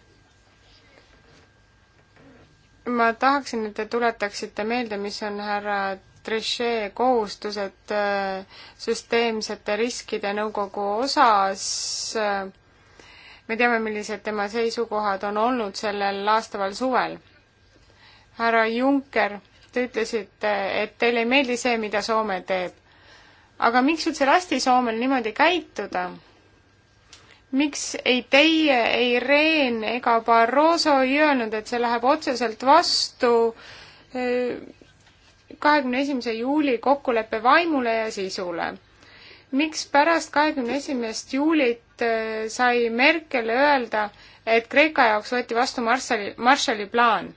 ma tahaksin, et te tuletaksite meelde, mis on härra Trichet kohustused äh, süsteemsete riskide nõukogu osas. me teame, millised tema seisukohad on olnud sellel laastaval suvel. härra Juncker te ütlesite, et teile ei meeldi see, mida Soome teeb. aga miks üldse lasti Soomel niimoodi käituda? miks ei teie, ei Rehn ega Barroso ei öelnud, et see läheb otseselt vastu e, kahekümne esimese juuli kokkuleppe vaimule ja sisule? miks pärast kahekümne esimest juulit e, sai Merkel öelda, et Kreeka jaoks võeti vastu Marshalli, Marshalli plaan?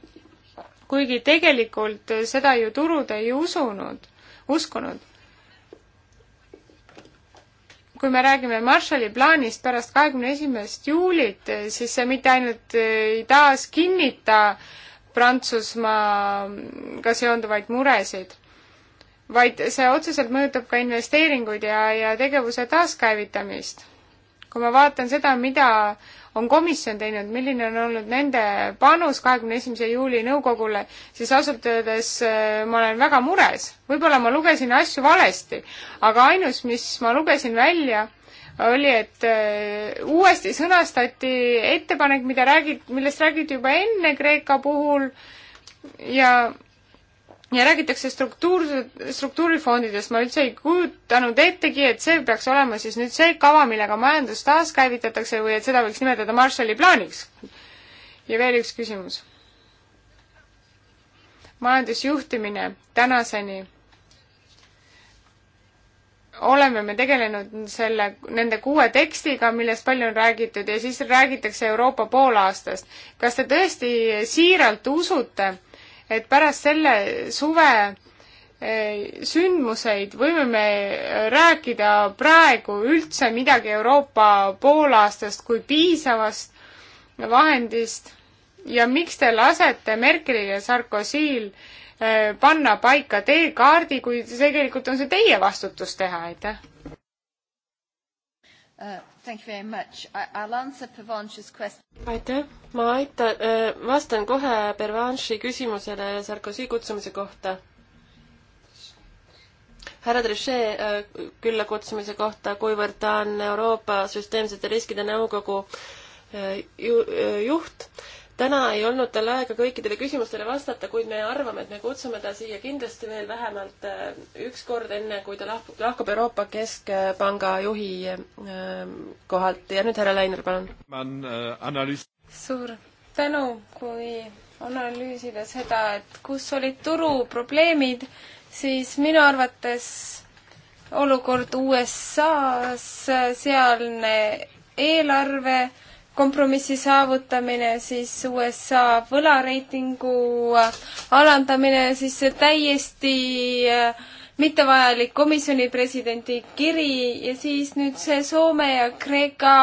kuigi tegelikult seda ju turud ei usunud, uskunud. kui me räägime Marshalli plaanist pärast kahekümne esimest juulit, siis see mitte ainult ei taaskinnita Prantsusmaaga seonduvaid muresid, vaid see otseselt mõjutab ka investeeringuid ja, ja tegevuse taaskäivitamist. kui ma vaatan seda, mida on komisjon teinud, milline on olnud nende panus kahekümne esimese juuli nõukogule, siis ausalt öeldes äh, ma olen väga mures. võib-olla ma lugesin asju valesti, aga ainus, mis ma lugesin välja, oli, et äh, uuesti sõnastati ettepanek, mida räägid, millest räägiti juba enne Kreeka puhul ja ja räägitakse struktuur, struktuurifondidest, ma üldse ei kujutanud ettegi, et see peaks olema siis nüüd see kava, millega majandus taaskäivitatakse või et seda võiks nimetada Marshalli plaaniks. ja veel üks küsimus. majandusjuhtimine tänaseni. oleme me tegelenud selle, nende kuue tekstiga, millest palju on räägitud ja siis räägitakse Euroopa poolaastast. kas te tõesti siiralt usute, et pärast selle suve eh, sündmuseid võime me eh, rääkida praegu üldse midagi Euroopa poolaastast kui piisavast vahendist ja miks te lasete Merkelil ja Sarkozyl eh, panna paika teekaardi, kui tegelikult on see teie vastutus teha, aitäh? Uh, thank you very much. I, I'll answer Pavanche's question. aitäh, ma aitan, äh, vastan kohe Pervanši küsimusele Sarkozy kutsumise kohta. härra Trichet äh, külla kutsumise kohta, kuivõrd ta on Euroopa Süsteemsete Riskide Nõukogu äh, ju, juht täna ei olnud tal aega kõikidele küsimustele vastata, kuid me arvame, et me kutsume ta siia kindlasti veel vähemalt äh, üks kord, enne kui ta lahkub, lahkub Euroopa Keskpanga juhi ähm, kohalt. ja nüüd härra Leiner, palun. Äh, analüüs... suur tänu, kui analüüsida seda, et kus olid turuprobleemid, siis minu arvates olukord USA-s, sealne eelarve kompromissi saavutamine, siis USA võlareitingu alandamine, siis see täiesti äh, mittevajalik komisjoni presidendi kiri ja siis nüüd see Soome ja Kreeka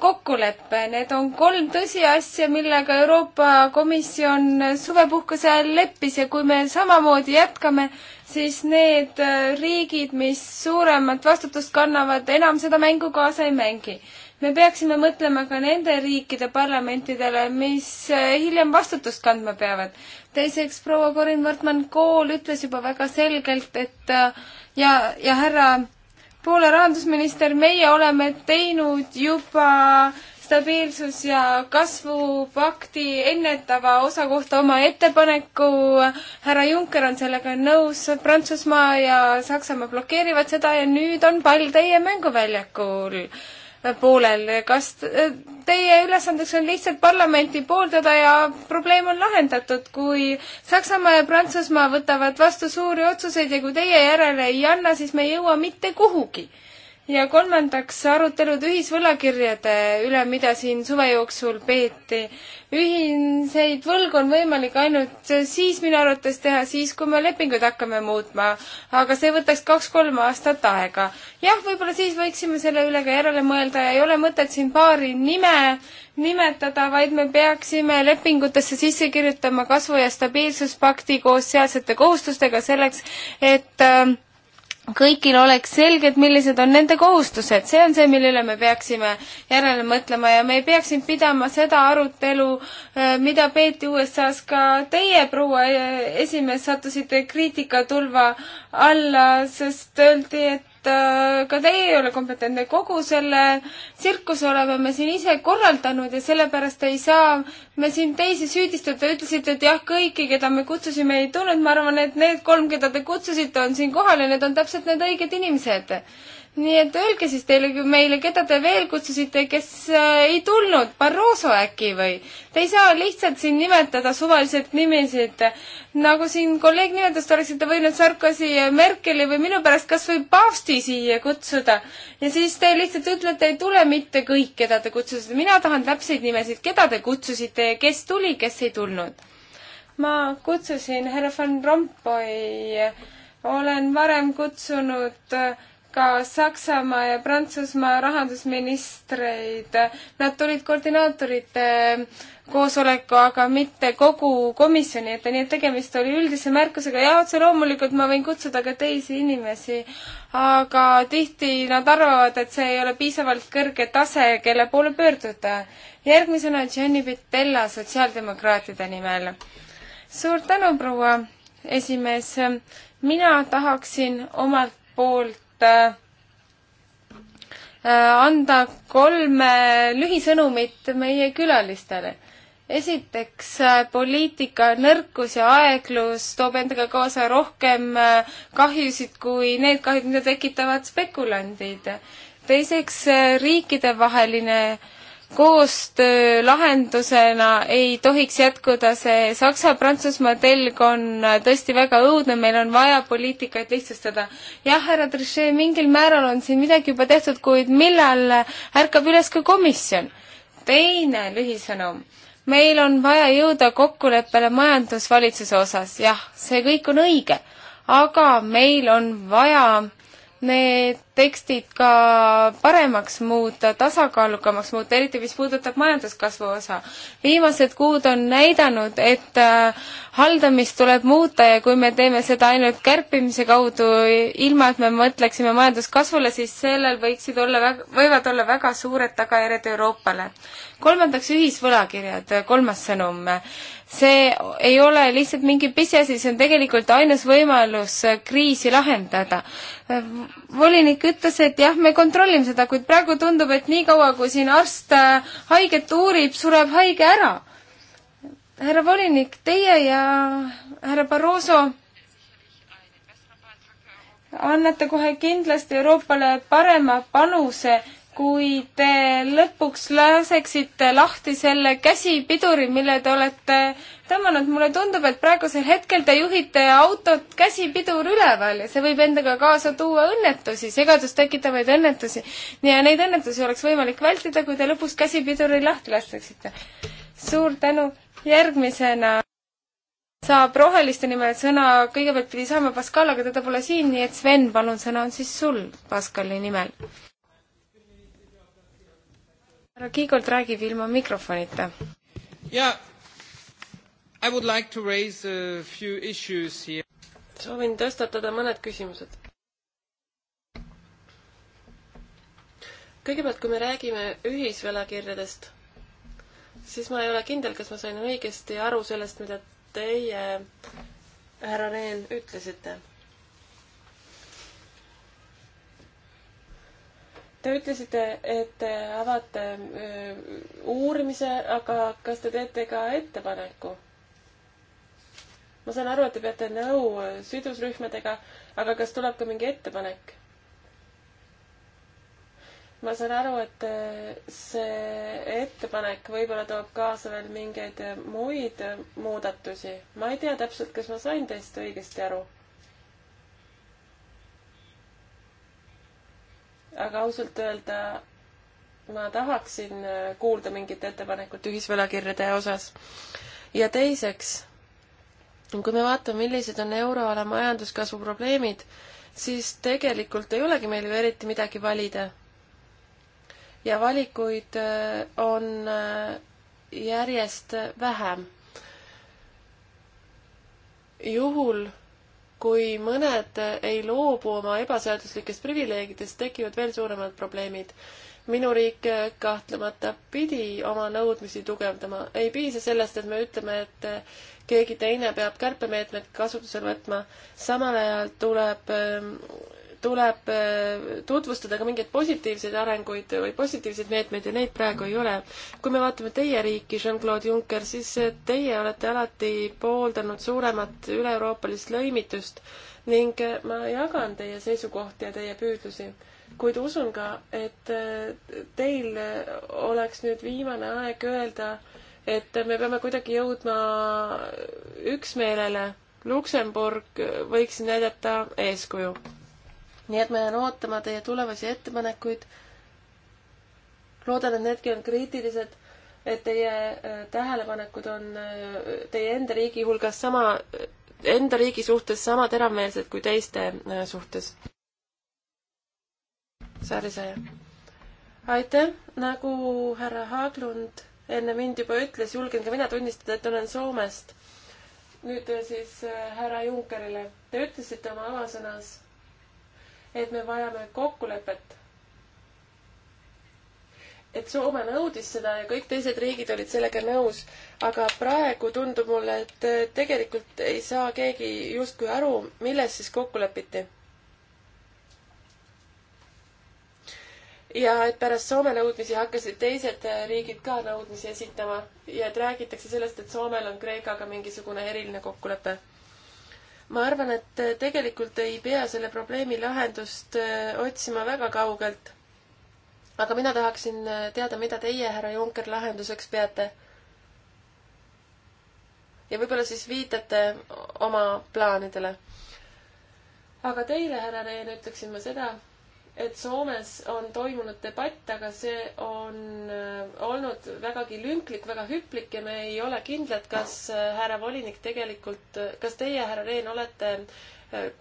kokkulepe, need on kolm tõsiasja, millega Euroopa Komisjon suvepuhkuse ajal leppis ja kui me samamoodi jätkame, siis need äh, riigid, mis suuremat vastutust kannavad, enam seda mängu kaasa ei mängi me peaksime mõtlema ka nende riikide parlamentidele, mis äh, hiljem vastutust kandma peavad. teiseks, proua Corin Wortmann-Kool ütles juba väga selgelt, et äh, ja, ja härra Poola rahandusminister, meie oleme teinud juba stabiilsus- ja kasvupakti ennetava osa kohta oma ettepaneku. härra Juncker on sellega nõus, Prantsusmaa ja Saksamaa blokeerivad seda ja nüüd on pall teie mänguväljakul poolel. kas teie ülesandeks on lihtsalt parlamenti pooldada ja probleem on lahendatud, kui Saksamaa ja Prantsusmaa võtavad vastu suuri otsuseid ja kui teie järele ei anna, siis me ei jõua mitte kuhugi ja kolmandaks arutelud ühisvõlakirjade üle, mida siin suve jooksul peeti. ühiseid võlgu on võimalik ainult siis minu arvates teha, siis kui me lepinguid hakkame muutma, aga see võtaks kaks-kolm aastat aega. jah, võib-olla siis võiksime selle üle ka järele mõelda ja ei ole mõtet siin paari nime nimetada, vaid me peaksime lepingutesse sisse kirjutama kasvu- ja stabiilsuspakti koos sealsete kohustustega selleks, et äh, kõigil oleks selged, millised on nende kohustused, see on see, mille üle me peaksime järele mõtlema ja me ei peaks siin pidama seda arutelu, äh, mida peeti USA-s ka teie, proua äh, esimees, sattusite kriitikatulva alla, sest öeldi, et Äh, ka teie ei ole kompetentne, kogu selle tsirkuse oleme me siin ise korraldanud ja sellepärast ei saa me siin teisi süüdistada, ütlesite, et jah, kõiki, keda me kutsusime, ei tulnud, ma arvan, et need kolm, keda te kutsusite, on siin kohal ja need on täpselt need õiged inimesed nii et öelge siis teile, meile, keda te veel kutsusite, kes äh, ei tulnud, Barroso äkki või? Te ei saa lihtsalt siin nimetada suvaliselt nimesid, nagu siin kolleeg nimetas, te oleksite võinud Sarkozy ja Merkeli või minu pärast kas või paavsti siia kutsuda. ja siis te lihtsalt ütlete, ei tule mitte kõik, keda te kutsusite, mina tahan täpseid nimesid, keda te kutsusite ja kes tuli, kes ei tulnud. ma kutsusin härra Van Rompuy, olen varem kutsunud äh, ka Saksamaa ja Prantsusmaa rahandusministreid. Nad tulid koordinaatorite koosoleku, aga mitte kogu komisjoni ette, nii et tegemist oli üldise märkusega. jah, otse loomulikult ma võin kutsuda ka teisi inimesi, aga tihti nad arvavad, et see ei ole piisavalt kõrge tase, kelle poole pöörduda. järgmisena Gianni Pitella sotsiaaldemokraatide nimel. suur tänu, proua esimees. mina tahaksin omalt poolt Äh, anda kolm lühisõnumit meie külalistele. esiteks, äh, poliitika nõrkus ja aeglus toob endaga kaasa rohkem äh, kahjusid kui need kahjud, mida tekitavad spekulandid. teiseks, riikidevaheline äh, koostöö lahendusena ei tohiks jätkuda, see Saksa-Prantsusmaa telg on tõesti väga õudne, meil on vaja poliitikaid lihtsustada. jah, härra Trichet, mingil määral on siin midagi juba tehtud, kuid millal ärkab üles ka komisjon? teine lühisõnum, meil on vaja jõuda kokkuleppele majandusvalitsuse osas, jah, see kõik on õige, aga meil on vaja need tekstid ka paremaks muuta, tasakaalukamaks muuta, eriti mis puudutab majanduskasvu osa. viimased kuud on näidanud, et äh, haldamist tuleb muuta ja kui me teeme seda ainult kärpimise kaudu, ilma et me mõtleksime majanduskasvule, siis sellel võiksid olla, võivad olla väga suured tagajärjed Euroopale. kolmandaks ühisvõlakirjad, kolmas sõnum see ei ole lihtsalt mingi pisiasi, see on tegelikult ainus võimalus kriisi lahendada. volinik volinik ütles, et jah, me kontrollime seda, kuid praegu tundub, et niikaua, kui siin arst äh, haiget uurib, sureb haige ära. härra volinik, teie ja härra Barroso annate kohe kindlasti Euroopale parema panuse kui te lõpuks laseksite lahti selle käsipiduri, mille te olete tõmmanud, mulle tundub, et praegusel hetkel te juhite autot käsipidur üleval ja see võib endaga kaasa tuua õnnetusi, segadust tekitavaid õnnetusi. ja neid õnnetusi oleks võimalik vältida, kui te lõpuks käsipiduri lahti laseksite. suur tänu, järgmisena saab roheliste nimel sõna, kõigepealt pidi saama Pascal, aga teda pole siin, nii et Sven, palun, sõna on siis sul Pascali nimel härra Kiigolt räägib ilma mikrofonita. jaa, I would like to raise a few issues here. soovin tõstatada mõned küsimused. kõigepealt, kui me räägime ühisvõlakirjadest, siis ma ei ole kindel, kas ma sain õigesti aru sellest, mida teie, härra Rehn, ütlesite Te ütlesite, et te avate uurimise, aga kas te teete ka ettepaneku? ma saan aru, et te peate nõu sidusrühmadega, aga kas tuleb ka mingi ettepanek? ma saan aru, et see ettepanek võib-olla toob kaasa veel mingeid muid muudatusi. ma ei tea täpselt, kas ma sain teist õigesti aru aga ausalt öelda ma tahaksin äh, kuulda mingit ettepanekut ühisvõlakirjade osas. ja teiseks, kui me vaatame, millised on euroala majanduskasvu probleemid, siis tegelikult ei olegi meil ju eriti midagi valida. ja valikuid äh, on äh, järjest vähem. juhul kui mõned ei loobu oma ebaseaduslikest privileegidest, tekivad veel suuremad probleemid. minu riik kahtlemata pidi oma nõudmisi tugevdama. ei piisa sellest, et me ütleme, et keegi teine peab kärpemeetmed kasutusele võtma. samal ajal tuleb tuleb äh, tutvustada ka mingeid positiivseid arenguid või positiivseid meetmeid ja neid praegu ei ole. kui me vaatame teie riiki, Jean-Claude Juncker, siis äh, teie olete alati pooldanud suuremat üle-euroopalist lõimitust ning äh, ma jagan teie seisukohti ja teie püüdlusi kuid usun ka, et teil oleks nüüd viimane aeg öelda, et me peame kuidagi jõudma üksmeelele. Luksemburg võiks näidata eeskuju nii et ma jään ootama teie tulevasi ettepanekuid. loodan, et needki on kriitilised, et teie äh, tähelepanekud on äh, teie enda riigi hulgas sama, äh, enda riigi suhtes sama teravmeelsed kui teiste suhtes. Sarisaja. aitäh, nagu härra Haaglund enne mind juba ütles, julgen ka mina tunnistada, et olen Soomest. nüüd siis härra Junkerile. Te ütlesite oma avasõnas et me vajame kokkulepet. et Soome nõudis seda ja kõik teised riigid olid sellega nõus, aga praegu tundub mulle, et äh, tegelikult ei saa keegi justkui aru, milles siis kokku lepiti ja et pärast Soome nõudmisi hakkasid teised äh, riigid ka nõudmisi esitama ja et räägitakse sellest, et Soomel on Kreekaga mingisugune eriline kokkulepe ma arvan, et tegelikult ei pea selle probleemi lahendust äh, otsima väga kaugelt. aga mina tahaksin äh, teada, mida teie, härra Juncker, lahenduseks peate. ja võib-olla siis viitate oma plaanidele. aga teile, härra Rehn, ütleksin ma seda, et Soomes on toimunud debatt, aga see on äh, olnud vägagi lünklik, väga hüplik ja me ei ole kindlad, kas äh, härra volinik tegelikult, äh, kas teie, härra Rehn, olete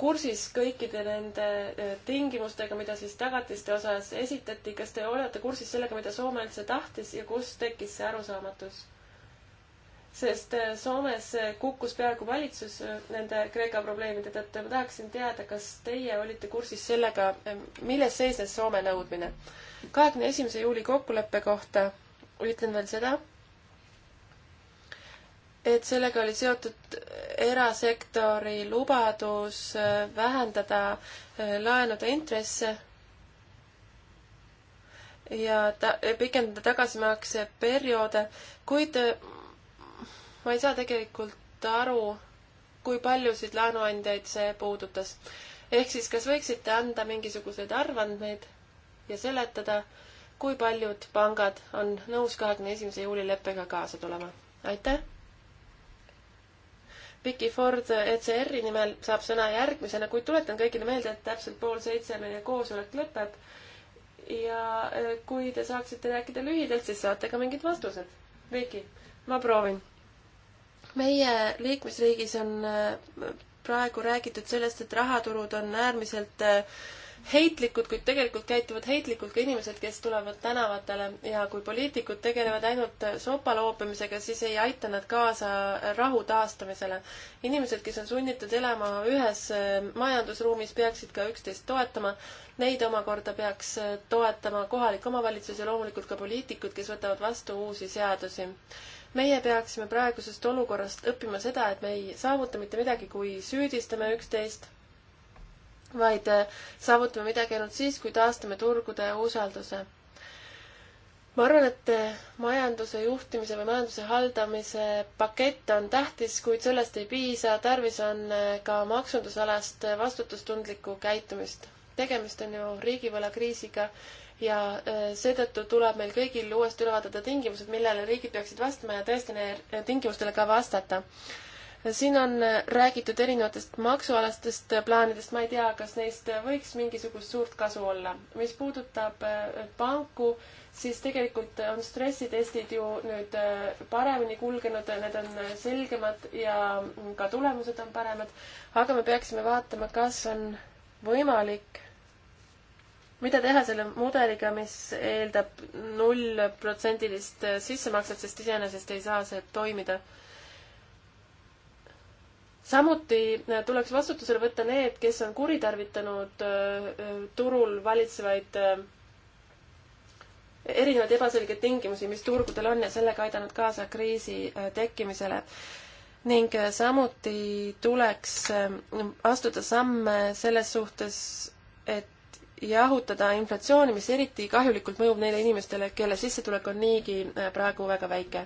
kursis kõikide nende tingimustega, mida siis tagatiste osas esitati, kas te olete kursis sellega, mida Soome üldse tahtis ja kus tekkis see arusaamatus? sest äh, Soomes äh, kukkus peaaegu valitsus äh, nende Kreeka probleemide tõttu. ma tahaksin teada, kas teie olite kursis sellega, ähm, milles seisnes Soome nõudmine? kahekümne esimese juuli kokkuleppe kohta ütlen veel seda, et sellega oli seotud erasektori lubadus vähendada laenude intresse ja ta-, pikendada tagasimakseperioode, kuid ma ei saa tegelikult aru, kui paljusid laenuandjaid see puudutas. ehk siis, kas võiksite anda mingisuguseid arvandmeid ja seletada, kui paljud pangad on nõus kahekümne esimese juuli leppega kaasa tulema? aitäh! Vicky Ford ECR-i nimel saab sõna järgmisena, kuid tuletan kõigile meelde, et täpselt pool seitse meie koosolek lõpeb. ja eh, kui te saaksite rääkida lühidalt, siis saate ka mingid vastused. Vicky, ma proovin meie liikmesriigis on äh, praegu räägitud sellest, et rahaturud on äärmiselt äh, heitlikud, kuid tegelikult käituvad heitlikult ka inimesed, kes tulevad tänavatele ja kui poliitikud tegelevad ainult äh, sopa loopimisega, siis ei aita nad kaasa rahu taastamisele. inimesed, kes on sunnitud elama ühes majandusruumis, peaksid ka üksteist toetama. Neid omakorda peaks toetama kohalik omavalitsus ja loomulikult ka poliitikud, kes võtavad vastu uusi seadusi meie peaksime praegusest olukorrast õppima seda, et me ei saavuta mitte midagi, kui süüdistame üksteist, vaid äh, saavutame midagi ainult siis, kui taastame turgude usalduse. ma arvan, et äh, majanduse juhtimise või majanduse haldamise pakett on tähtis, kuid sellest ei piisa, tarvis on äh, ka maksundusalast vastutustundlikku käitumist. tegemist on ju riigivõlakriisiga ja äh, seetõttu tuleb meil kõigil uuesti üle vaadata tingimused, millele riigid peaksid vastama ja tõesti neile äh, tingimustele ka vastata. siin on äh, räägitud erinevatest maksualastest plaanidest, ma ei tea, kas neist võiks mingisugust suurt kasu olla. mis puudutab panku, siis tegelikult on stressitestid ju nüüd paremini kulgenud, need on selgemad ja mm, ka tulemused on paremad, aga me peaksime vaatama, kas on võimalik mida teha selle mudeliga, mis eeldab nullprotsendilist sissemakset, sest iseenesest ei saa see toimida. samuti tuleks vastutusele võtta need, kes on kuritarvitanud turul valitsevaid erinevaid ebaselgeid tingimusi, mis turgudel on ja sellega aidanud kaasa kriisi tekkimisele ning samuti tuleks astuda samme selles suhtes, et jahutada inflatsiooni, mis eriti kahjulikult mõjub neile inimestele, kelle sissetulek on niigi äh, praegu väga väike.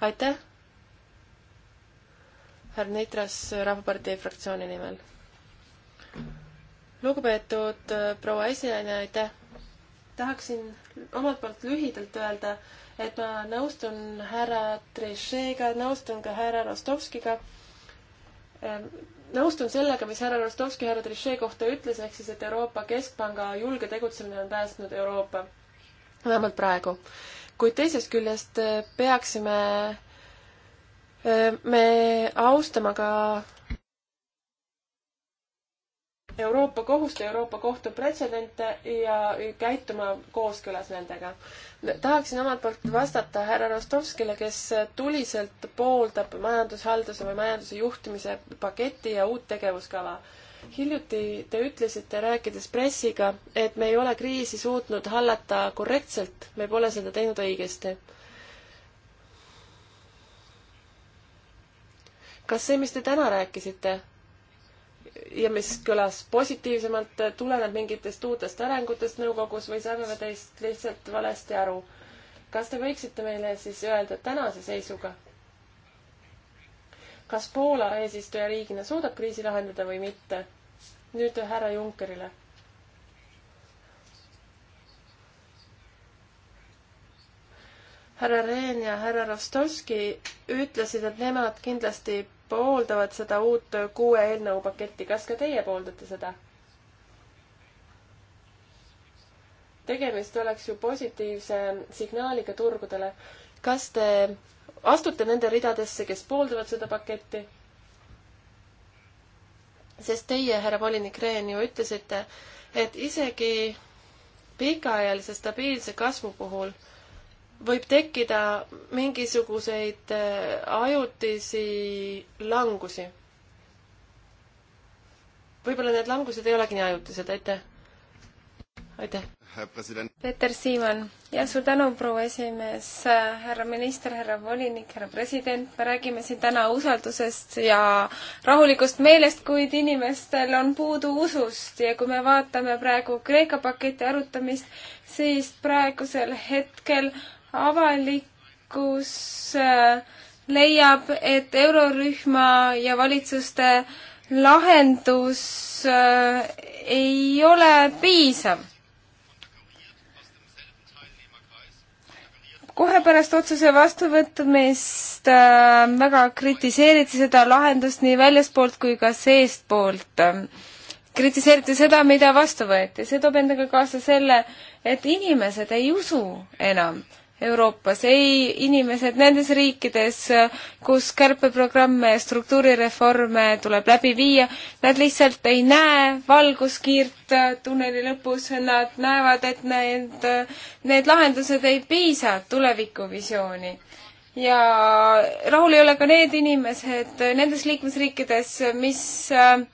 aitäh! härra Neitras äh, Rahvapartei fraktsiooni nimel. lugupeetud äh, proua esinaine, aitäh! tahaksin omalt poolt lühidalt öelda, et ma nõustun härra Trichet'ga, nõustun ka härra Rostovskiga ähm, nõustun sellega, mis härra Rostovski härra Trichet kohta ütles, ehk siis, et Euroopa Keskpanga julge tegutsemine on päästnud Euroopa, vähemalt praegu. kuid teisest küljest eh, peaksime eh, me austama ka Euroopa Kohust ja Euroopa Kohtu pretsedente ja käituma kooskõlas nendega. tahaksin omalt poolt vastata härra Rostovskile, kes tuliselt pooldab majandushalduse või majanduse juhtimise paketti ja uut tegevuskava. hiljuti te ütlesite, rääkides pressiga, et me ei ole kriisi suutnud hallata korrektselt, me pole seda teinud õigesti. kas see, mis te täna rääkisite, ja mis kõlas positiivsemalt, tuleneb mingitest uutest arengutest nõukogus või saime me teist lihtsalt valesti aru. kas te võiksite meile siis öelda tänase seisuga, kas Poola eesistujariigina suudab kriisi lahendada või mitte? nüüd härra Junckerile. härra Rehn ja härra Rostovski ütlesid, et nemad kindlasti pooldavad seda uut kuue eelnõu paketti, kas ka teie pooldate seda? tegemist oleks ju positiivse signaaliga turgudele. kas te astute nende ridadesse, kes pooldavad seda paketti? sest teie, härra volinik Rehn, ju ütlesite, et isegi pikaajalise stabiilse kasvu puhul võib tekkida mingisuguseid äh, ajutisi langusi. võib-olla need langused ei olegi nii ajutised, aitäh. aitäh. Peeter Siimann ja suur tänu, proua esimees, härra minister, härra volinik, härra president, me räägime siin täna usaldusest ja rahulikust meelest, kuid inimestel on puudu usust ja kui me vaatame praegu Kreeka paketi arutamist, siis praegusel hetkel avalikkus äh, leiab, et eurorühma ja valitsuste lahendus äh, ei ole piisav. kohe pärast otsuse vastuvõtmist äh, väga kritiseeriti seda lahendust nii väljaspoolt kui ka seestpoolt kritiseeriti seda, mida vastu võeti, see toob endaga kaasa selle, et inimesed ei usu enam Euroopas, ei inimesed nendes riikides, kus kärpeprogramme ja struktuurireforme tuleb läbi viia, nad lihtsalt ei näe valguskiirt tunneli lõpus, nad näevad, et need, need lahendused ei piisa tulevikuvisiooni ja rahul ei ole ka need inimesed nendes liikmesriikides, mis äh,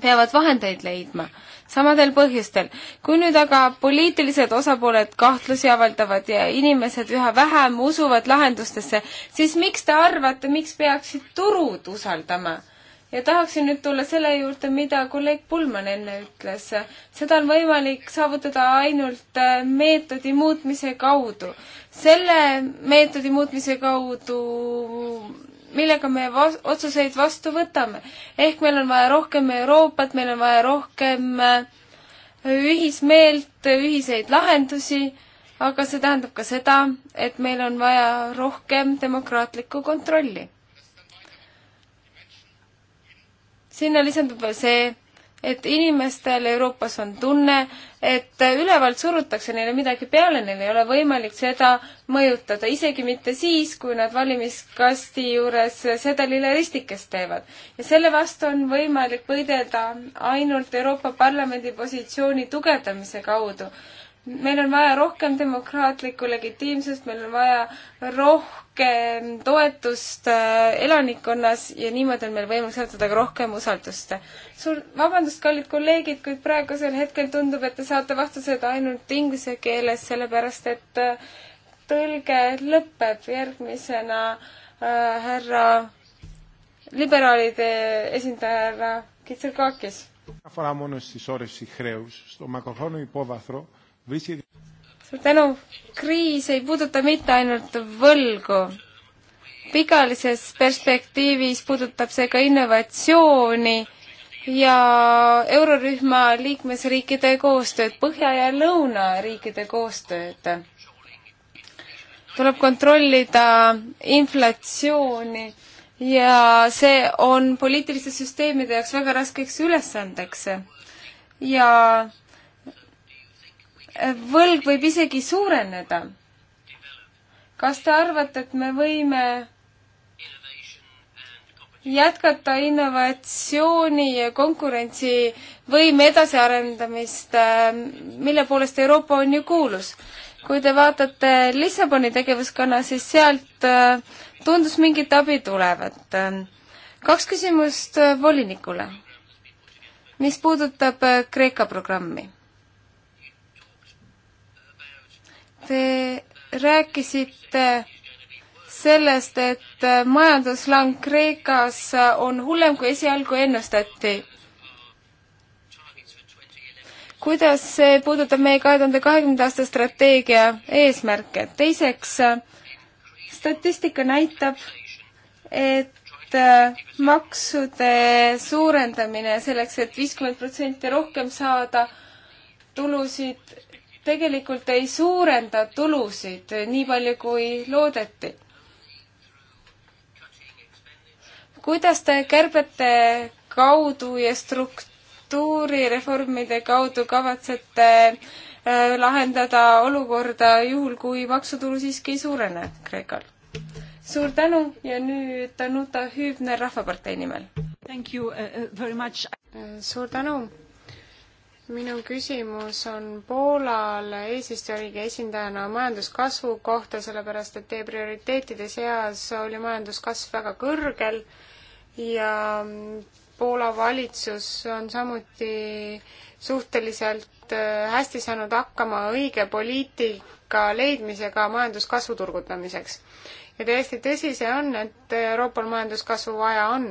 peavad vahendeid leidma samadel põhjustel. kui nüüd aga poliitilised osapooled kahtlusi avaldavad ja inimesed üha vähem usuvad lahendustesse, siis miks te arvate, miks peaksid turud usaldama? ja tahaksin nüüd tulla selle juurde, mida kolleeg Pullman enne ütles. seda on võimalik saavutada ainult äh, meetodi muutmise kaudu. selle meetodi muutmise kaudu millega me vas-, otsuseid vastu võtame. ehk meil on vaja rohkem Euroopat, meil on vaja rohkem äh, ühismeelt, ühiseid lahendusi, aga see tähendab ka seda, et meil on vaja rohkem demokraatlikku kontrolli. sinna lisandub veel see, et inimestel Euroopas on tunne, et ülevalt surutakse neile midagi peale, neil ei ole võimalik seda mõjutada, isegi mitte siis, kui nad valimiskasti juures sedelile ristikest teevad. ja selle vastu on võimalik võidelda ainult Euroopa Parlamendi positsiooni tugevdamise kaudu meil on vaja rohkem demokraatlikku legitiimsust, meil on vaja rohkem toetust äh, elanikkonnas ja niimoodi on meil võimalik saavutada ka rohkem usaldust. suur, vabandust, kallid kolleegid, kuid praegusel hetkel tundub, et te saate vastused ainult inglise keeles, sellepärast et äh, tõlge lõpeb järgmisena äh, härra liberaalide esindaja härra Kitserkakis. αφορά μόνο στις ώρες χρέους, στο μακροχρόνιο υπόβαθρο suur tänu! kriis ei puuduta mitte ainult võlgu. pikaajalises perspektiivis puudutab see ka innovatsiooni ja eurorühma liikmesriikide koostööd, põhja- ja lõunariikide koostööd. tuleb kontrollida inflatsiooni ja see on poliitiliste süsteemide jaoks väga raskeks ülesandeks. ja võlg võib isegi suureneda. kas te arvate, et me võime jätkata innovatsiooni ja konkurentsivõime edasiarendamist, äh, mille poolest Euroopa on ju kuulus. kui te vaatate Lissaboni tegevuskonna, siis sealt äh, tundus mingit abi tulevat. kaks küsimust äh, volinikule, mis puudutab Kreeka programmi. Te rääkisite sellest, et majanduslang Kreekas on hullem, kui esialgu ennustati. kuidas see puudutab meie kahe tuhande kahekümnenda aasta strateegia eesmärke? teiseks, statistika näitab, et äh, maksude suurendamine selleks et, et viiskümmend protsenti rohkem saada tulusid tegelikult ei suurenda tulusid nii palju, kui loodeti. kuidas te kärbete kaudu ja struktuurireformide kaudu kavatsete äh, lahendada olukorda juhul, kui maksutulu siiski ei suurene Kreekal? suur tänu ja nüüd Danuta Hübner Rahvapartei nimel. Uh, uh, suur tänu minu küsimus on Poolale eesistujariigi esindajana majanduskasvu kohta, sellepärast et teie prioriteetide seas oli majanduskasv väga kõrgel ja Poola valitsus on samuti suhteliselt äh, hästi saanud hakkama õige poliitika leidmisega majanduskasvu turgutamiseks. ja täiesti tõsi see on, et Euroopal majanduskasvu vaja on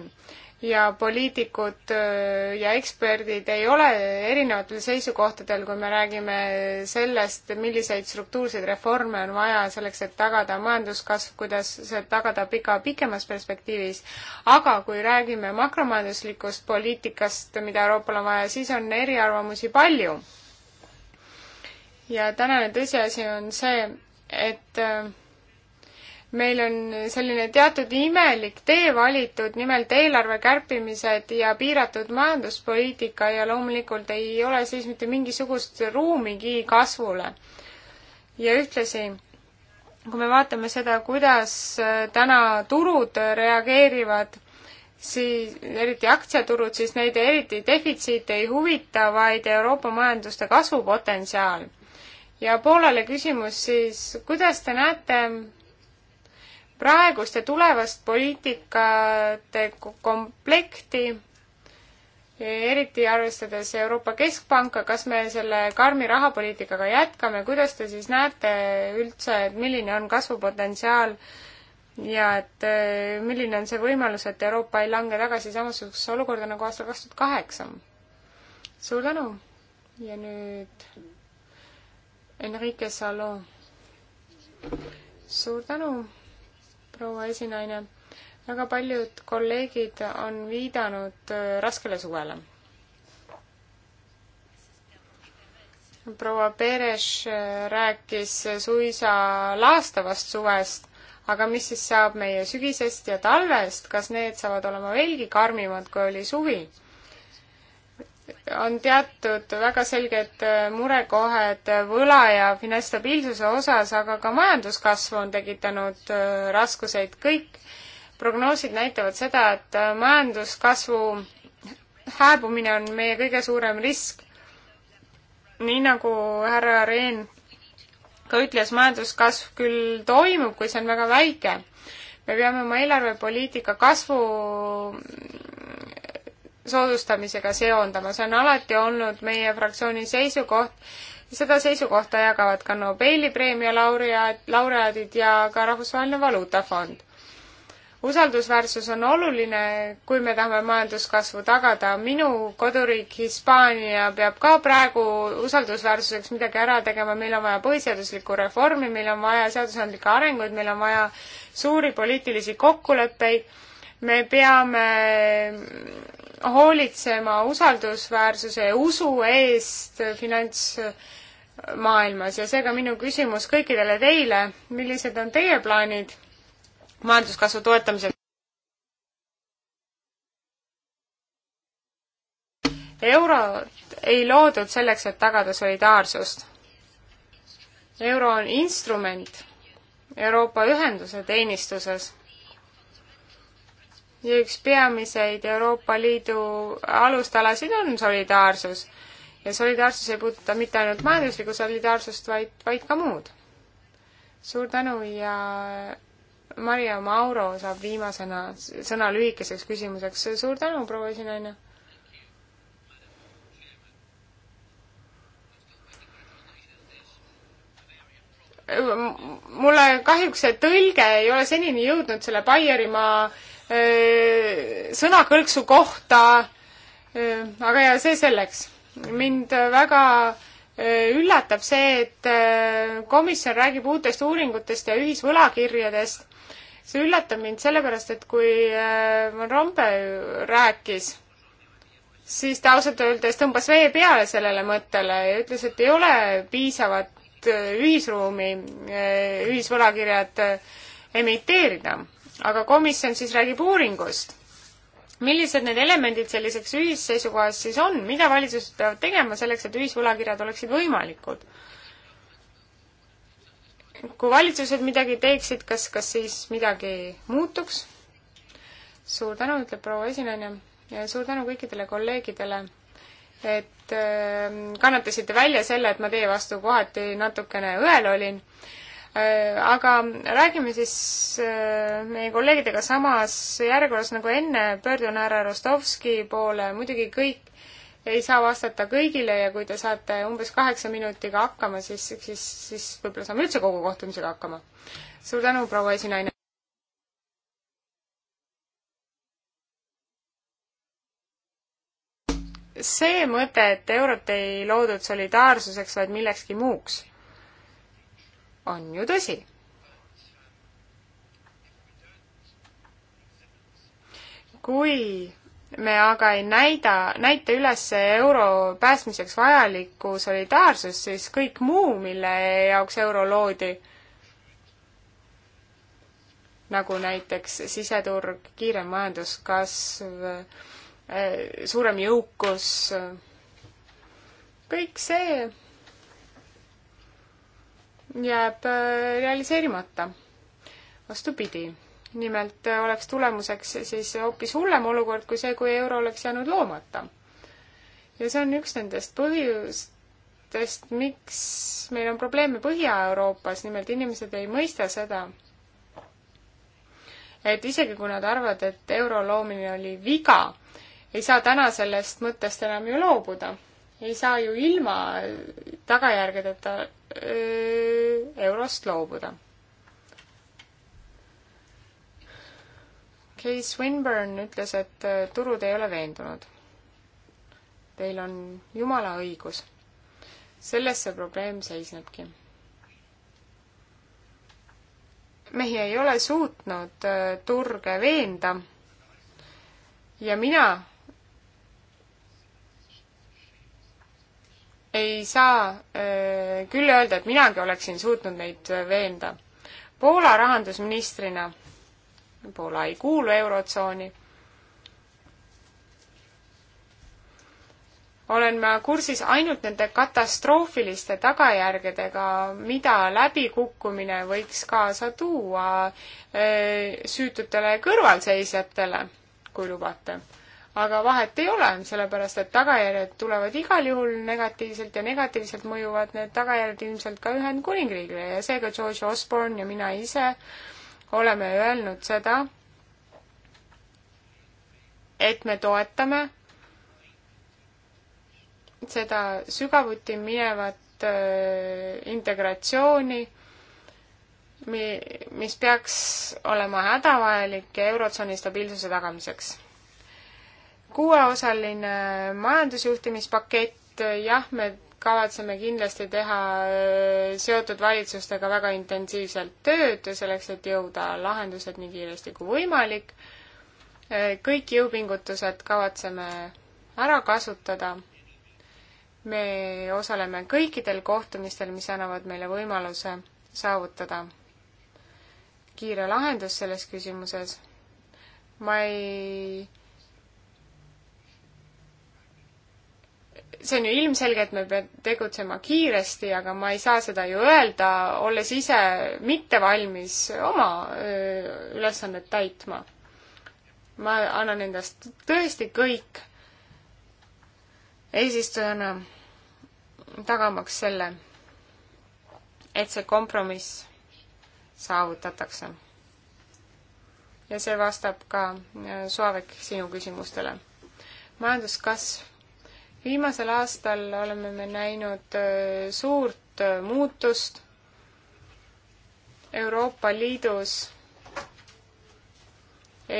ja poliitikud äh, ja eksperdid ei ole erinevatel seisukohtadel, kui me räägime sellest, milliseid struktuurseid reforme on vaja selleks, et tagada majanduskasv, kuidas see tagada pika, pikemas perspektiivis. aga kui räägime makromajanduslikust poliitikast, mida Euroopal on vaja, siis on eriarvamusi palju. ja tänane tõsiasi on see, et äh, meil on selline teatud imelik tee valitud, nimelt eelarve kärpimised ja piiratud majanduspoliitika ja loomulikult ei ole siis mitte mingisugust ruumigi kasvule. ja ühtlasi, kui me vaatame seda, kuidas äh, täna turud äh, reageerivad siis eriti aktsiaturud, siis neid eriti defitsiit ei huvita, vaid Euroopa majanduste kasvupotentsiaal. ja Poolale küsimus siis, kuidas te näete praegust ja tulevast poliitikate komplekti, eriti arvestades Euroopa Keskpanka, kas me selle karmi rahapoliitikaga jätkame, kuidas te siis näete üldse, et milline on kasvupotentsiaal ja et äh, milline on see võimalus, et Euroopa ei lange tagasi samasugusesse olukorda nagu aastal kaks tuhat kaheksa? suur tänu ja nüüd Enrique Salo. suur tänu proua esinaine. väga paljud kolleegid on viidanud äh, raskele suvele. proua Peres äh, rääkis suisa laastavast suvest, aga mis siis saab meie sügisest ja talvest, kas need saavad olema veelgi karmimad, kui oli suvi? on teatud väga selged äh, murekohed äh, võla ja finantsstabiilsuse osas, aga ka majanduskasv on tekitanud äh, raskuseid. kõik prognoosid näitavad seda, et majanduskasvu hääbumine on meie kõige suurem risk. nii nagu härra Rehn ka ütles, majanduskasv küll toimub, kuid see on väga väike. me peame oma eelarvepoliitika kasvu soodustamisega seondama, see on alati olnud meie fraktsiooni seisukoht, seda seisukohta jagavad ka Nobeli preemia laureaat, laureaadid ja ka Rahvusvaheline Valuutafond. usaldusväärsus on oluline, kui me tahame majanduskasvu tagada. minu koduriik Hispaania peab ka praegu usaldusväärsuseks midagi ära tegema, meil on vaja põhiseaduslikku reformi, meil on vaja seadusandlikke arenguid, meil on vaja suuri poliitilisi kokkuleppeid, me peame hoolitsema usaldusväärsuse ja usu eest finantsmaailmas ja seega minu küsimus kõikidele teile, millised on teie plaanid majanduskasvu toetamiseks? eurot ei loodud selleks, et tagada solidaarsust. euro on instrument Euroopa ühenduse teenistuses ja üks peamiseid Euroopa Liidu alustalasid on solidaarsus. ja solidaarsus ei puuduta mitte ainult majanduslikku solidaarsust, vaid, vaid ka muud. suur tänu ja Maria Mauro saab viimasena sõna lühikeseks küsimuseks. suur tänu, proua esinaine mulle kahjuks see tõlge ei ole senini jõudnud selle Baierimaa Äh, sõnakõlksu kohta. Äh, aga ja see selleks. mind väga äh, üllatab see, et komisjon räägib uutest uuringutest ja ühisvõlakirjadest. see üllatab mind sellepärast, et kui Van Rompuy rääkis, siis ta ausalt öeldes tõmbas vee peale sellele mõttele ja ütles, et ei ole piisavat ühisruumi ühisvõlakirjad emiteerida aga komisjon siis räägib uuringust. millised need elemendid selliseks ühisseisukohas siis on, mida valitsused peavad tegema selleks, et ühisvõlakirjad oleksid võimalikud? kui valitsused midagi teeksid, kas, kas siis midagi muutuks? suur tänu, ütleb proua esinaine ja suur tänu kõikidele kolleegidele, et ähm, kannatasite välja selle, et ma teie vastu kohati natukene õel olin Äh, aga räägime siis äh, meie kolleegidega samas järjekorras nagu enne, pöördun härra Rostovski poole, muidugi kõik ei saa vastata kõigile ja kui te saate umbes kaheksa minutiga hakkama, siis, siis, siis võib-olla saame üldse kogu kohtumisega hakkama. suur tänu, proua esinaine! see mõte, et eurot ei loodud solidaarsuseks, vaid millekski muuks on ju tõsi. kui me aga ei näida, näita üles euro päästmiseks vajalikku solidaarsust, siis kõik muu, mille jaoks euro loodi, nagu näiteks siseturg, kiirem majanduskasv, eh, suurem jõukus, kõik see jääb äh, realiseerimata. vastupidi, nimelt äh, oleks tulemuseks siis hoopis hullem olukord kui see, kui euro oleks jäänud loomata. ja see on üks nendest põhjustest, miks meil on probleeme Põhja-Euroopas, nimelt inimesed ei mõista seda, et isegi kui nad arvavad, et euro loomine oli viga, ei saa täna sellest mõttest enam ju loobuda. ei saa ju ilma tagajärgedeta eurost loobuda. Kay Swinburne ütles, et turud ei ole veendunud. Teil on jumala õigus. selles see probleem seisnebki mehi ei ole suutnud turge veenda. ja mina ei saa küll öelda, et minagi oleksin suutnud neid veenda. Poola rahandusministrina, Poola ei kuulu Eurotsooni, olen ma kursis ainult nende katastroofiliste tagajärgedega, mida läbikukkumine võiks kaasa tuua süütutele kõrvalseisjatele, kui lubate aga vahet ei ole, sellepärast et tagajärjed tulevad igal juhul negatiivselt ja negatiivselt mõjuvad need tagajärjed ilmselt ka Ühendkuningriigile ja seega George Osborne ja mina ise oleme öelnud seda, et me toetame seda sügavuti minevat äh, integratsiooni, mi-, mis peaks olema hädavajalik Eurotsooni stabiilsuse tagamiseks kuueosaline majandusjuhtimispakett, jah, me kavatseme kindlasti teha äh, seotud valitsustega väga intensiivselt tööd selleks, et jõuda lahendused nii kiiresti kui võimalik. Äh, kõik jõupingutused kavatseme ära kasutada. me osaleme kõikidel kohtumistel, mis annavad meile võimaluse saavutada kiire lahendus selles küsimuses. ma ei see on ju ilmselge, et me peame tegutsema kiiresti, aga ma ei saa seda ju öelda, olles ise mitte valmis oma ülesannet täitma. ma annan endast tõesti kõik eesistujana tagamaks selle, et see kompromiss saavutatakse. ja see vastab ka, Suavek, sinu küsimustele. majanduskasv viimasel aastal oleme me näinud äh, suurt äh, muutust Euroopa Liidus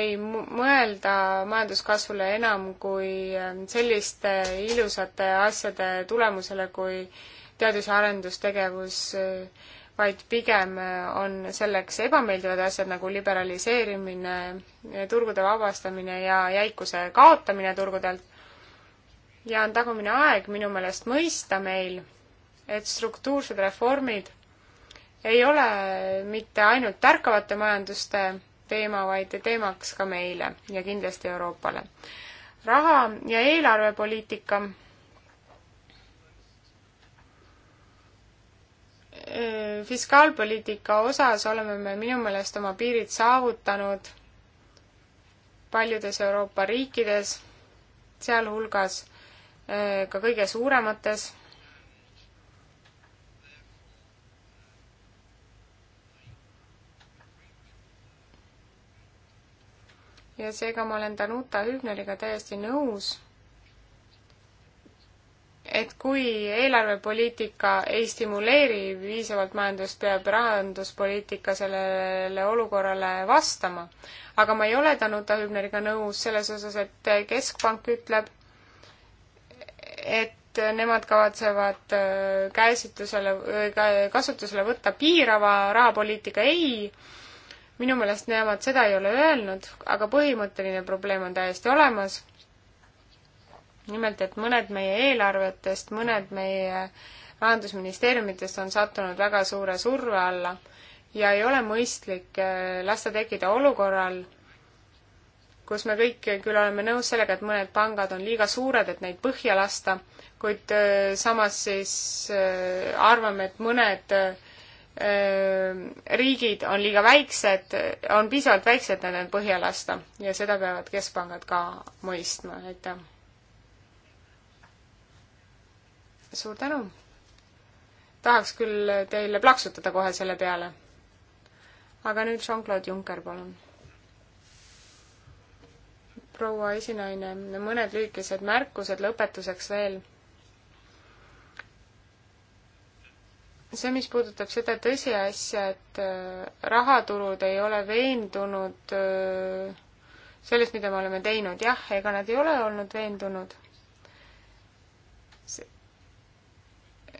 ei mõelda majanduskasvule enam kui äh, selliste ilusate asjade tulemusele, kui teadus- ja arendustegevus, vaid pigem on selleks ebameeldivad asjad nagu liberaliseerimine, turgude vabastamine ja jäikuse kaotamine turgudelt ja on tagumine aeg minu meelest mõista meil, et struktuursed reformid ei ole mitte ainult tärkavate majanduste teema, vaid teemaks ka meile ja kindlasti Euroopale. raha- ja eelarvepoliitika eh, fiskaalpoliitika osas oleme me minu meelest oma piirid saavutanud paljudes Euroopa riikides, sealhulgas Äh, ka kõige suuremates. ja seega ma olen Danuta Hübneriga täiesti nõus, et kui eelarvepoliitika ei stimuleeri piisavalt majandust, peab rahanduspoliitika sellele olukorrale vastama. aga ma ei ole Danuta Hübneriga nõus selles osas, et Keskpank ütleb, et nemad kavatsevad äh, käesitusele, äh, kasutusele võtta piirava rahapoliitika, ei, minu meelest nemad seda ei ole öelnud, aga põhimõtteline probleem on täiesti olemas. nimelt, et mõned meie eelarvetest, mõned meie rahandusministeeriumitest on sattunud väga suure surve alla ja ei ole mõistlik äh, lasta tekkida olukorral, kus me kõik küll oleme nõus sellega, et mõned pangad on liiga suured, et neid põhja lasta, kuid äh, samas siis äh, arvame, et mõned äh, riigid on liiga väiksed, on piisavalt väiksed, et need põhja lasta ja seda peavad keskpangad ka mõistma, aitäh. suur tänu. tahaks küll teile plaksutada kohe selle peale. aga nüüd Jean-Claude Juncker, palun proua esinaine, mõned lühikesed märkused lõpetuseks veel. see, mis puudutab seda tõsiasja, et äh, rahaturud ei ole veendunud äh, sellest, mida me oleme teinud, jah, ega nad ei ole olnud veendunud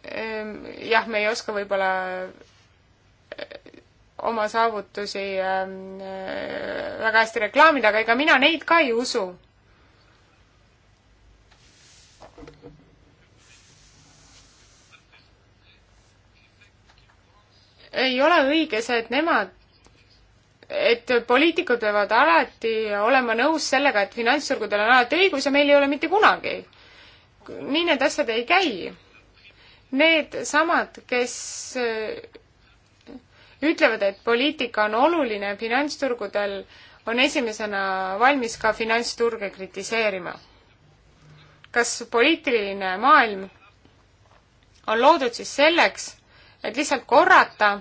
ähm, jah, me ei oska võib-olla äh, oma saavutusi ähm, äh, väga hästi reklaamida, aga ega mina neid ka ei usu. ei ole õige see, et nemad, et poliitikud peavad alati olema nõus sellega, et finantsturgudel on alati õigus ja meil ei ole mitte kunagi. nii need asjad ei käi. Need samad, kes ütlevad, et poliitika on oluline finantsturgudel, on esimesena valmis ka finantsturge kritiseerima. kas poliitiline maailm on loodud siis selleks, et lihtsalt korrata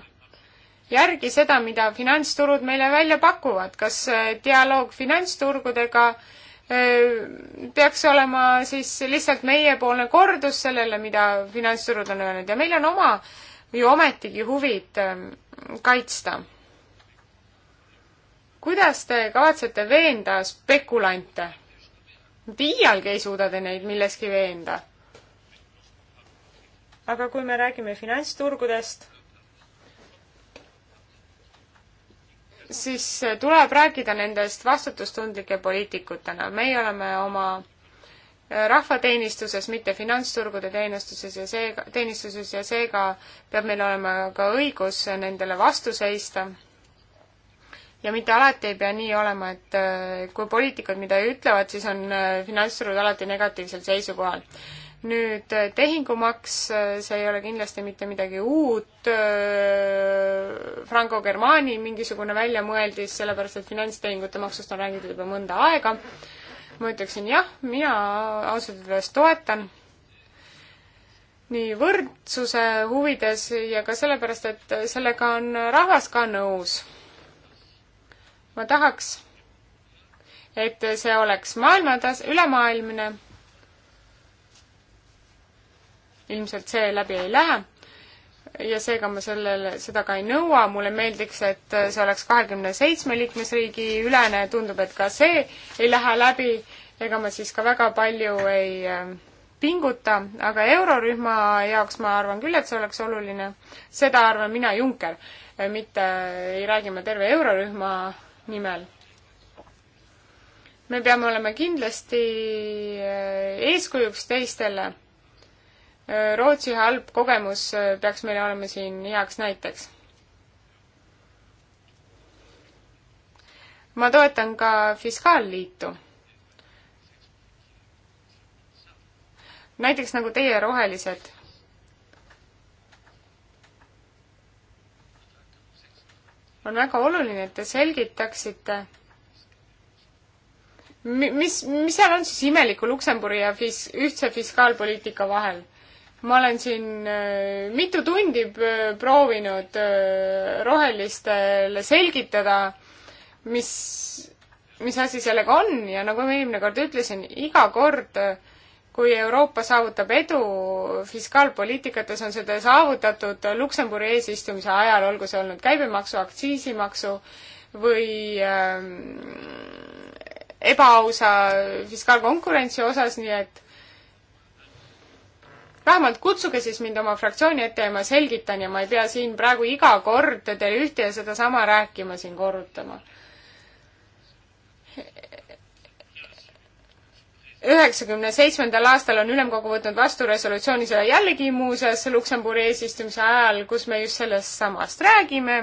järgi seda, mida finantsturud meile välja pakuvad, kas äh, dialoog finantsturgudega äh, peaks olema siis lihtsalt meiepoolne kordus sellele, mida finantsturud on öelnud ja meil on oma ju ometigi huvid ähm, kaitsta. kuidas te kavatsete veenda spekulante? Te iialgi ei suuda te neid milleski veenda. aga kui me räägime finantsturgudest, siis tuleb rääkida nendest vastutustundlike poliitikutena. meie oleme oma rahvateenistuses, mitte finantsturgude teenistuses ja seega, teenistuses ja seega peab meil olema ka õigus nendele vastu seista. ja mitte alati ei pea nii olema, et kui poliitikud midagi ütlevad, siis on äh, finantsturud alati negatiivsel seisukohal. nüüd äh, tehingumaks, äh, see ei ole kindlasti mitte midagi uut, Franco Germani mingisugune väljamõeldis, sellepärast et finantstehingute maksust on räägitud juba mõnda aega ma ütleksin jah, mina ausalt öeldes toetan nii võrdsuse huvides ja ka sellepärast, et sellega on rahvas ka nõus. ma tahaks, et see oleks maailmatas-, ülemaailmne. ilmselt see läbi ei lähe ja seega ma sellele, seda ka ei nõua, mulle meeldiks, et see oleks kahekümne seitsme liikmesriigi ülene, tundub, et ka see ei lähe läbi, ega ma siis ka väga palju ei äh, pinguta, aga eurorühma jaoks ma arvan küll, et see oleks oluline, seda arvan mina, Juncker, äh, mitte ei räägi ma terve eurorühma nimel. me peame olema kindlasti äh, eeskujuks teistele Rootsi halb kogemus äh, peaks meile olema siin heaks näiteks. ma toetan ka fiskaalliitu. näiteks nagu teie rohelised on väga oluline, et te selgitaksite, mis, mis seal on siis imelikku Luksemburi ja fis-, ühtse fiskaalpoliitika vahel? ma olen siin äh, mitu tundi äh, proovinud äh, rohelistele selgitada, mis, mis asi sellega on ja nagu ma eelmine kord ütlesin, iga kord, kui Euroopa saavutab edu fiskaalpoliitikates, on seda saavutatud Luksemburgi eesistumise ajal, olgu see olnud käibemaksu, aktsiisimaksu või ähm, ebaausa fiskaalkonkurentsi osas, nii et vähemalt kutsuge siis mind oma fraktsiooni ette ja ma selgitan ja ma ei pea siin praegu iga kord teile ühte ja sedasama rääkima siin korrutama. üheksakümne seitsmendal aastal on ülemkogu võtnud vastu resolutsiooni, see jällegi muuseas Luksemburgi eesistumise ajal, kus me just sellest samast räägime,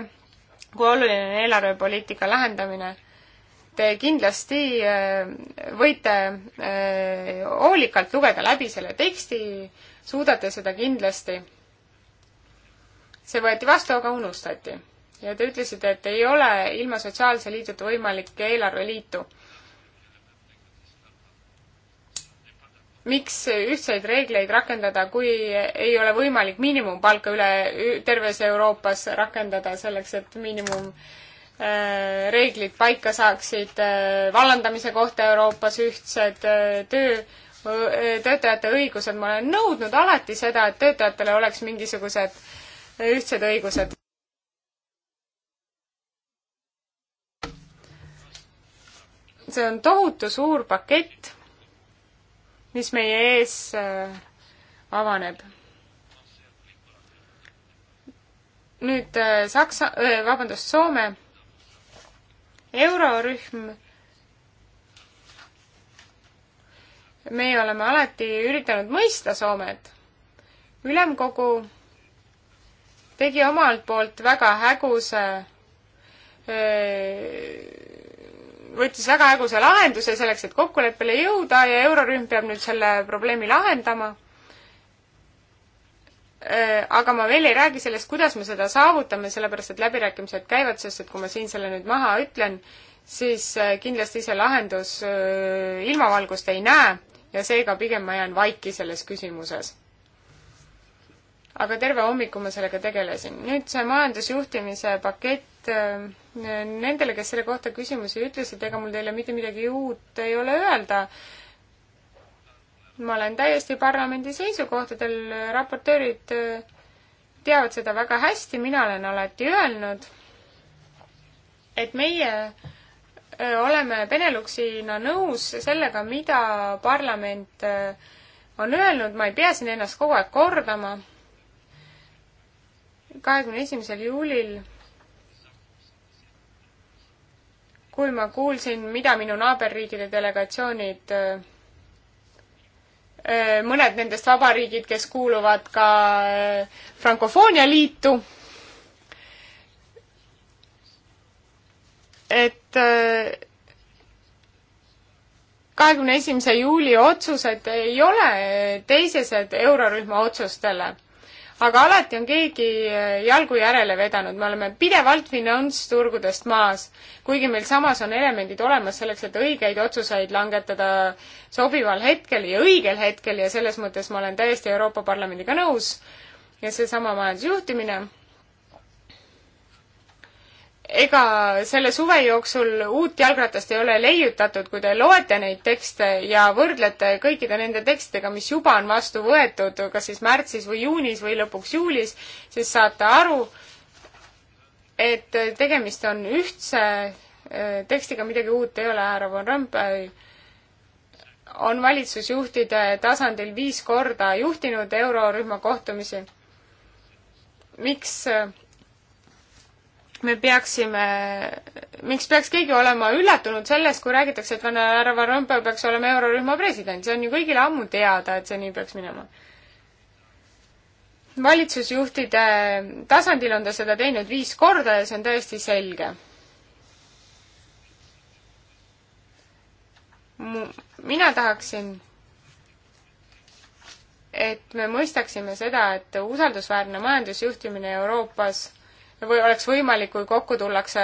kui oluline on eelarvepoliitika lähendamine te kindlasti äh, võite äh, hoolikalt lugeda läbi selle teksti, suudate seda kindlasti. see võeti vastu, aga unustati. ja te ütlesite, et ei ole ilma Sotsiaalse Liiduta võimalik eelarveliitu. miks ühtseid reegleid rakendada, kui ei ole võimalik miinimumpalka üle terves Euroopas rakendada selleks, et miinimum äh, Äh, reeglid paika saaksid äh, vallandamise kohta Euroopas, ühtsed äh, töö, töötajate õigused, ma olen nõudnud alati seda, et töötajatele oleks mingisugused ühtsed õigused. see on tohutu suur pakett, mis meie ees avaneb nüüd Saksa, vabandust, Soome eurorühm. meie oleme alati üritanud mõista Soomet. ülemkogu tegi omalt poolt väga häguse, võttis väga häguse lahenduse selleks, et kokkuleppele jõuda ja eurorühm peab nüüd selle probleemi lahendama Äh, aga ma veel ei räägi sellest, kuidas me seda saavutame, sellepärast et läbirääkimised käivad, sest et kui ma siin selle nüüd maha ütlen, siis äh, kindlasti see lahendus äh, ilmavalgust ei näe ja seega pigem ma jään vaiki selles küsimuses. aga terve hommiku ma sellega tegelesin. nüüd see majandusjuhtimise pakett, nendele, kes selle kohta küsimusi ütlesid, ega mul teile mitte midagi uut ei ole öelda ma olen täiesti parlamendi seisukohtadel, raportöörid äh, teavad seda väga hästi, mina olen alati öelnud, et meie äh, oleme Beneluxina nõus sellega, mida parlament äh, on öelnud, ma ei pea siin ennast kogu aeg kordama. kahekümne esimesel juulil, kui ma kuulsin, mida minu naaberriikide delegatsioonid Äh, mõned nendest vabariigid, kes kuuluvad ka äh, Frankofoonia liitu. et äh, kahekümne esimese juuli otsused ei ole teisesed eurorühma otsustele aga alati on keegi eh, jalgu järele vedanud, me oleme pidevalt finantsturgudest maas, kuigi meil samas on elemendid olemas selleks, et õigeid otsuseid langetada sobival hetkel ja õigel hetkel ja selles mõttes ma olen täiesti Euroopa Parlamendiga nõus ja seesama majandusjuhtimine ega selle suve jooksul uut jalgratast ei ole leiutatud, kui te loete neid tekste ja võrdlete kõikide nende tekstidega, mis juba on vastu võetud, kas siis märtsis või juunis või lõpuks juulis, siis saate aru, et tegemist on ühtse eh, tekstiga, midagi uut ei ole, härra Von Rompuy on valitsusjuhtide tasandil viis korda juhtinud eurorühma kohtumisi. miks eh, me peaksime, miks peaks keegi olema üllatunud sellest, kui räägitakse, et härra Van Rompuy peaks olema eurorühma president, see on ju kõigile ammu teada, et see nii peaks minema. valitsusjuhtide tasandil on ta seda teinud viis korda ja see on täiesti selge mu, mina tahaksin, et me mõistaksime seda, et usaldusväärne majandusjuhtimine Euroopas või oleks võimalik, kui kokku tullakse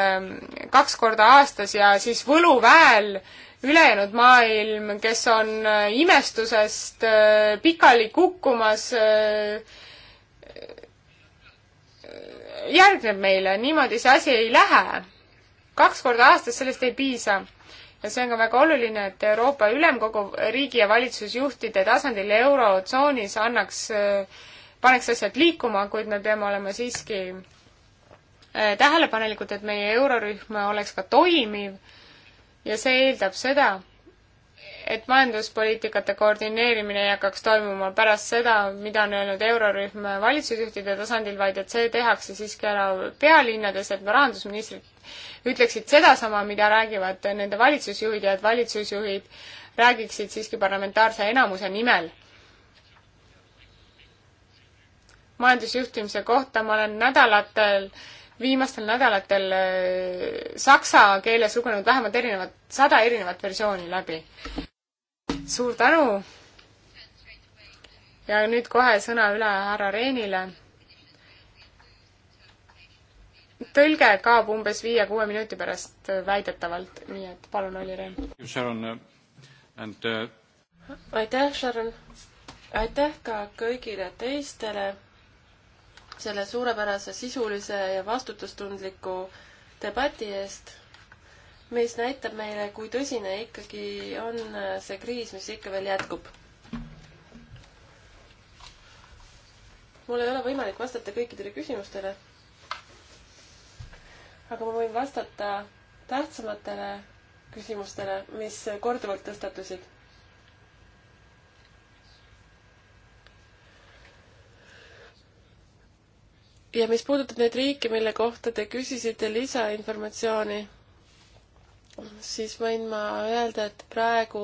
kaks korda aastas ja siis võluväel ülejäänud maailm, kes on äh, imestusest äh, pikali kukkumas, äh, järgneb meile, niimoodi see asi ei lähe. kaks korda aastas sellest ei piisa ja see on ka väga oluline, et Euroopa Ülemkogu riigi ja valitsusjuhtide tasandil Eurotsoonis annaks, paneks asjad liikuma, kuid me peame olema siiski Äh, tähelepanelikud, et meie eurorühm oleks ka toimiv ja see eeldab seda, et majanduspoliitikate koordineerimine ei hakkaks toimuma pärast seda, mida on öelnud eurorühm valitsusjuhtide tasandil, vaid et see tehakse siiski ära pealinnades, et rahandusministrid ütleksid sedasama, mida räägivad nende valitsusjuhid ja et valitsusjuhid räägiksid siiski parlamentaarse enamuse nimel. majandusjuhtimise kohta ma olen nädalatel äh, viimastel nädalatel äh, saksa keeles lugenud vähemalt erinevat, sada erinevat versiooni läbi. suur tänu! ja nüüd kohe sõna üle härra Reenile. tõlge kaob umbes viie-kuue minuti pärast äh, väidetavalt, nii et palun, Olli Rehn. Uh, uh, aitäh, Sharon! aitäh ka kõigile teistele selle suurepärase sisulise ja vastutustundliku debati eest, mis näitab meile, kui tõsine ikkagi on äh, see kriis, mis ikka veel jätkub. mul ei ole võimalik vastata kõikidele küsimustele. aga ma võin vastata tähtsamatele küsimustele, mis korduvalt tõstatusid ja mis puudutab neid riike, mille kohta te küsisite lisainformatsiooni, siis võin ma öelda, et praegu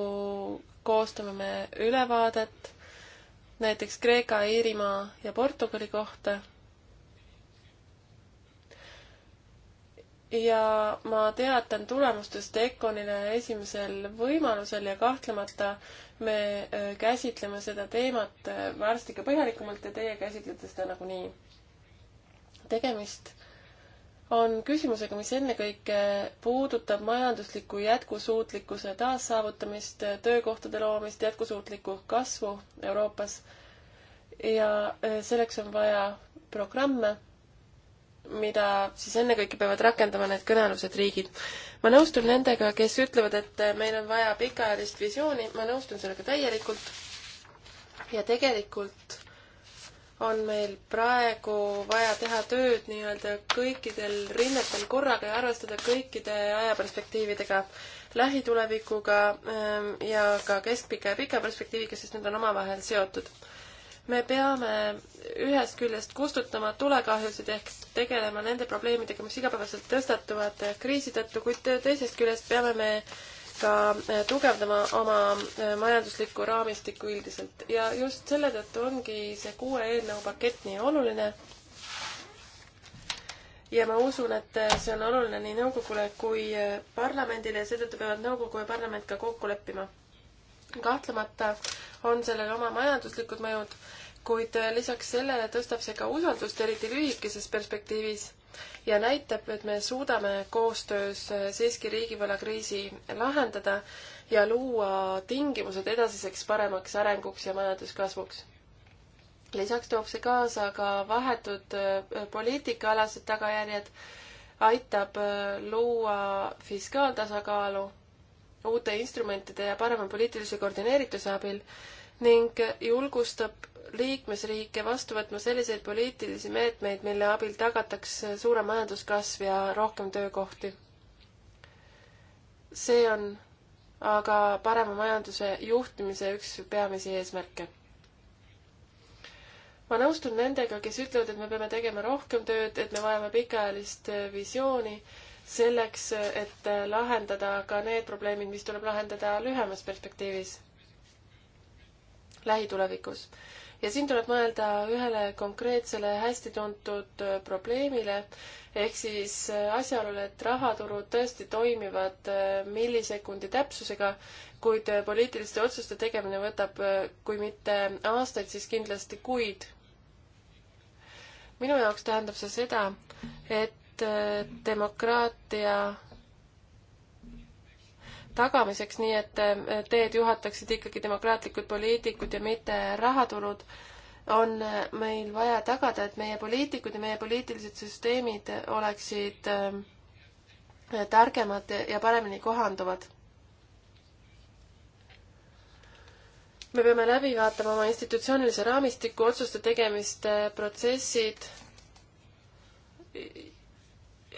koostame me ülevaadet näiteks Kreeka, Iirimaa ja Portugali kohta. ja ma teatan tulemustest Econile esimesel võimalusel ja kahtlemata me äh, käsitleme seda teemat äh, varsti ka põhjalikumalt ja teie käsitlete seda nagunii tegemist on küsimusega, mis ennekõike puudutab majandusliku jätkusuutlikkuse taassaavutamist, töökohtade loomist, jätkusuutlikku kasvu Euroopas. ja e, selleks on vaja programme, mida siis ennekõike peavad rakendama need kõnealused riigid. ma nõustun nendega, kes ütlevad, et meil on vaja pikaajalist visiooni, ma nõustun sellega täielikult. ja tegelikult on meil praegu vaja teha tööd nii-öelda kõikidel rinnetel korraga ja arvestada kõikide ajaperspektiividega, lähitulevikuga ähm, ja ka keskpika ja pika perspektiiviga, sest need on omavahel seotud. me peame ühest küljest kustutama tulekahjusid ehk tegelema nende probleemidega, mis igapäevaselt tõstatuvad kriisi tõttu, kuid teisest küljest peame me ka äh, tugevdama oma äh, majanduslikku raamistikku üldiselt ja just selle tõttu ongi see kuue eelnõu pakett nii oluline. ja ma usun, et äh, see on oluline nii nõukogule kui parlamendile ja seetõttu peavad nõukogu ja parlament ka kokku leppima. kahtlemata on sellel oma majanduslikud mõjud, kuid lisaks sellele tõstab see ka usaldust, eriti lühikeses perspektiivis ja näitab, et me suudame koostöös siiski riigivõlakriisi lahendada ja luua tingimused edasiseks paremaks arenguks ja majanduskasvuks. lisaks toob see kaasa ka vahetud äh, poliitikaalased tagajärjed, aitab äh, luua fiskaaltasakaalu uute instrumentide ja parema poliitilise koordineerituse abil ning julgustab liikmesriike vastu võtma selliseid poliitilisi meetmeid, mille abil tagatakse suurem majanduskasv ja rohkem töökohti. see on aga parema majanduse juhtimise üks peamisi eesmärke. ma nõustun nendega, kes ütlevad, et me peame tegema rohkem tööd, et me vajame pikaajalist visiooni selleks, et lahendada ka need probleemid, mis tuleb lahendada lühemas perspektiivis, lähitulevikus ja siin tuleb mõelda ühele konkreetsele hästi tuntud äh, probleemile, ehk siis äh, asjaolule, et rahaturud tõesti toimivad äh, millisekundi täpsusega, kuid poliitiliste otsuste tegemine võtab kui mitte aastaid, siis kindlasti kuid. minu jaoks tähendab see seda, et demokraatia tagamiseks, nii et eh, teed juhataksid ikkagi demokraatlikud poliitikud ja mitte rahaturud, on eh, meil vaja tagada, et meie poliitikud ja meie poliitilised süsteemid oleksid eh, targemad ja paremini kohanduvad me peame läbi vaatama oma institutsioonilise raamistiku, otsuste tegemiste protsessid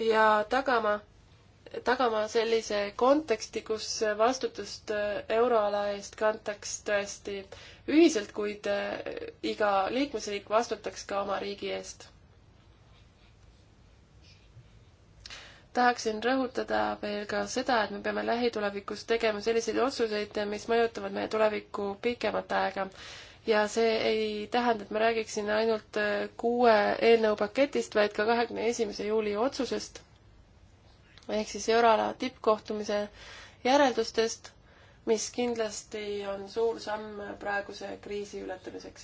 ja tagama, tagama sellise konteksti, kus vastutust äh, euroala eest kantaks tõesti ühiselt, kuid äh, iga liikmesriik vastutaks ka oma riigi eest. tahaksin rõhutada veel ka seda, et me peame lähitulevikus tegema selliseid otsuseid, mis mõjutavad meie tulevikku pikemat aega ja see ei tähenda, et ma räägiksin ainult äh, kuue eelnõu paketist, vaid ka kahekümne esimese juuli otsusest ehk siis euroala tippkohtumise järeldustest, mis kindlasti on suur samm praeguse kriisi ületamiseks.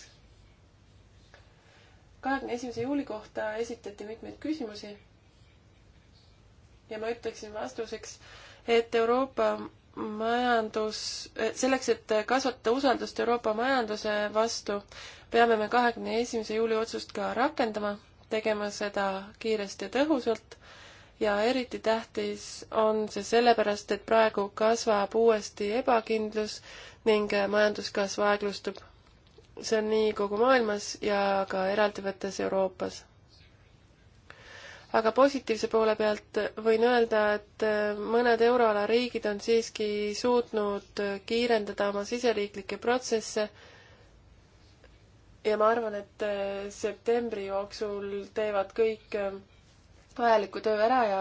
kahekümne esimese juuli kohta esitati mitmeid küsimusi ja ma ütleksin vastuseks, et Euroopa majandus, selleks, et kasvatada usaldust Euroopa majanduse vastu, peame me kahekümne esimese juuli otsust ka rakendama, tegema seda kiiresti ja tõhusalt ja eriti tähtis on see sellepärast, et praegu kasvab uuesti ebakindlus ning majanduskasv aeglustub. see on nii kogu maailmas ja ka eraldi võttes Euroopas. aga positiivse poole pealt võin öelda, et mõned euroala riigid on siiski suutnud kiirendada oma siseriiklikke protsesse ja ma arvan, et septembri jooksul teevad kõik vajaliku töö ära ja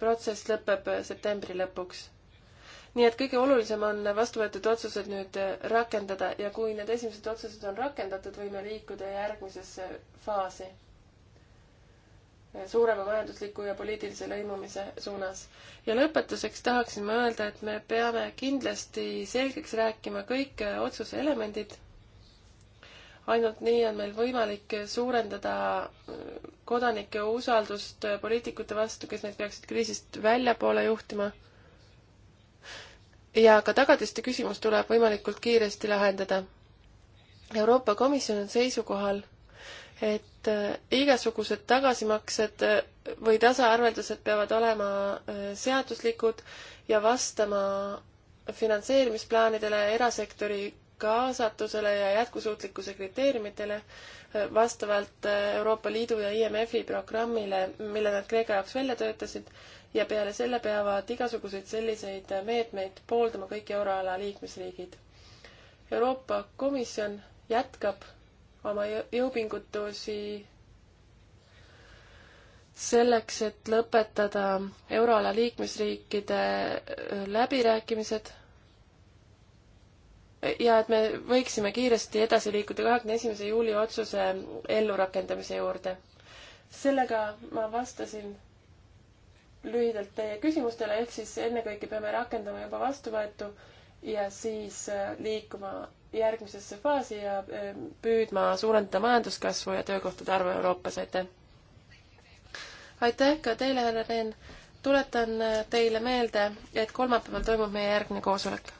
protsess lõpeb septembri lõpuks. nii et kõige olulisem on vastu võetud otsused nüüd rakendada ja kui need esimesed otsused on rakendatud, võime liikuda järgmisesse faasi suurema majandusliku ja poliitilise lõimumise suunas. ja lõpetuseks tahaksin ma öelda, et me peame kindlasti selgeks rääkima kõik otsuse elemendid ainult nii on meil võimalik suurendada äh, kodanike usaldust äh, poliitikute vastu, kes neid peaksid kriisist väljapoole juhtima. ja ka tagatiste küsimus tuleb võimalikult kiiresti lahendada. Euroopa Komisjon on seisukohal, et äh, igasugused tagasimaksed või tasaarveldused peavad olema seaduslikud ja vastama finantseerimisplaanidele, erasektori kaasatusele ja jätkusuutlikkuse kriteeriumitele äh, vastavalt äh, Euroopa Liidu ja IMF-i programmile, mille nad Kreeka jaoks välja töötasid ja peale selle peavad igasuguseid selliseid äh, meetmeid pooldama kõik euroala liikmesriigid. Euroopa Komisjon jätkab oma jõupingutusi selleks, et lõpetada euroala liikmesriikide läbirääkimised ja et me võiksime kiiresti edasi liikuda kahekümne esimese juuli otsuse ellurakendamise juurde. sellega ma vastasin lühidalt teie küsimustele, ehk siis ennekõike peame rakendama juba vastuvõetu ja siis äh, liikuma järgmisesse faasi ja ähm, püüdma suurendada majanduskasvu ja töökohtade arvu Euroopas, aitäh! aitäh ka teile, härra Rehn! tuletan äh, teile meelde, et kolmapäeval toimub meie järgmine koosolek.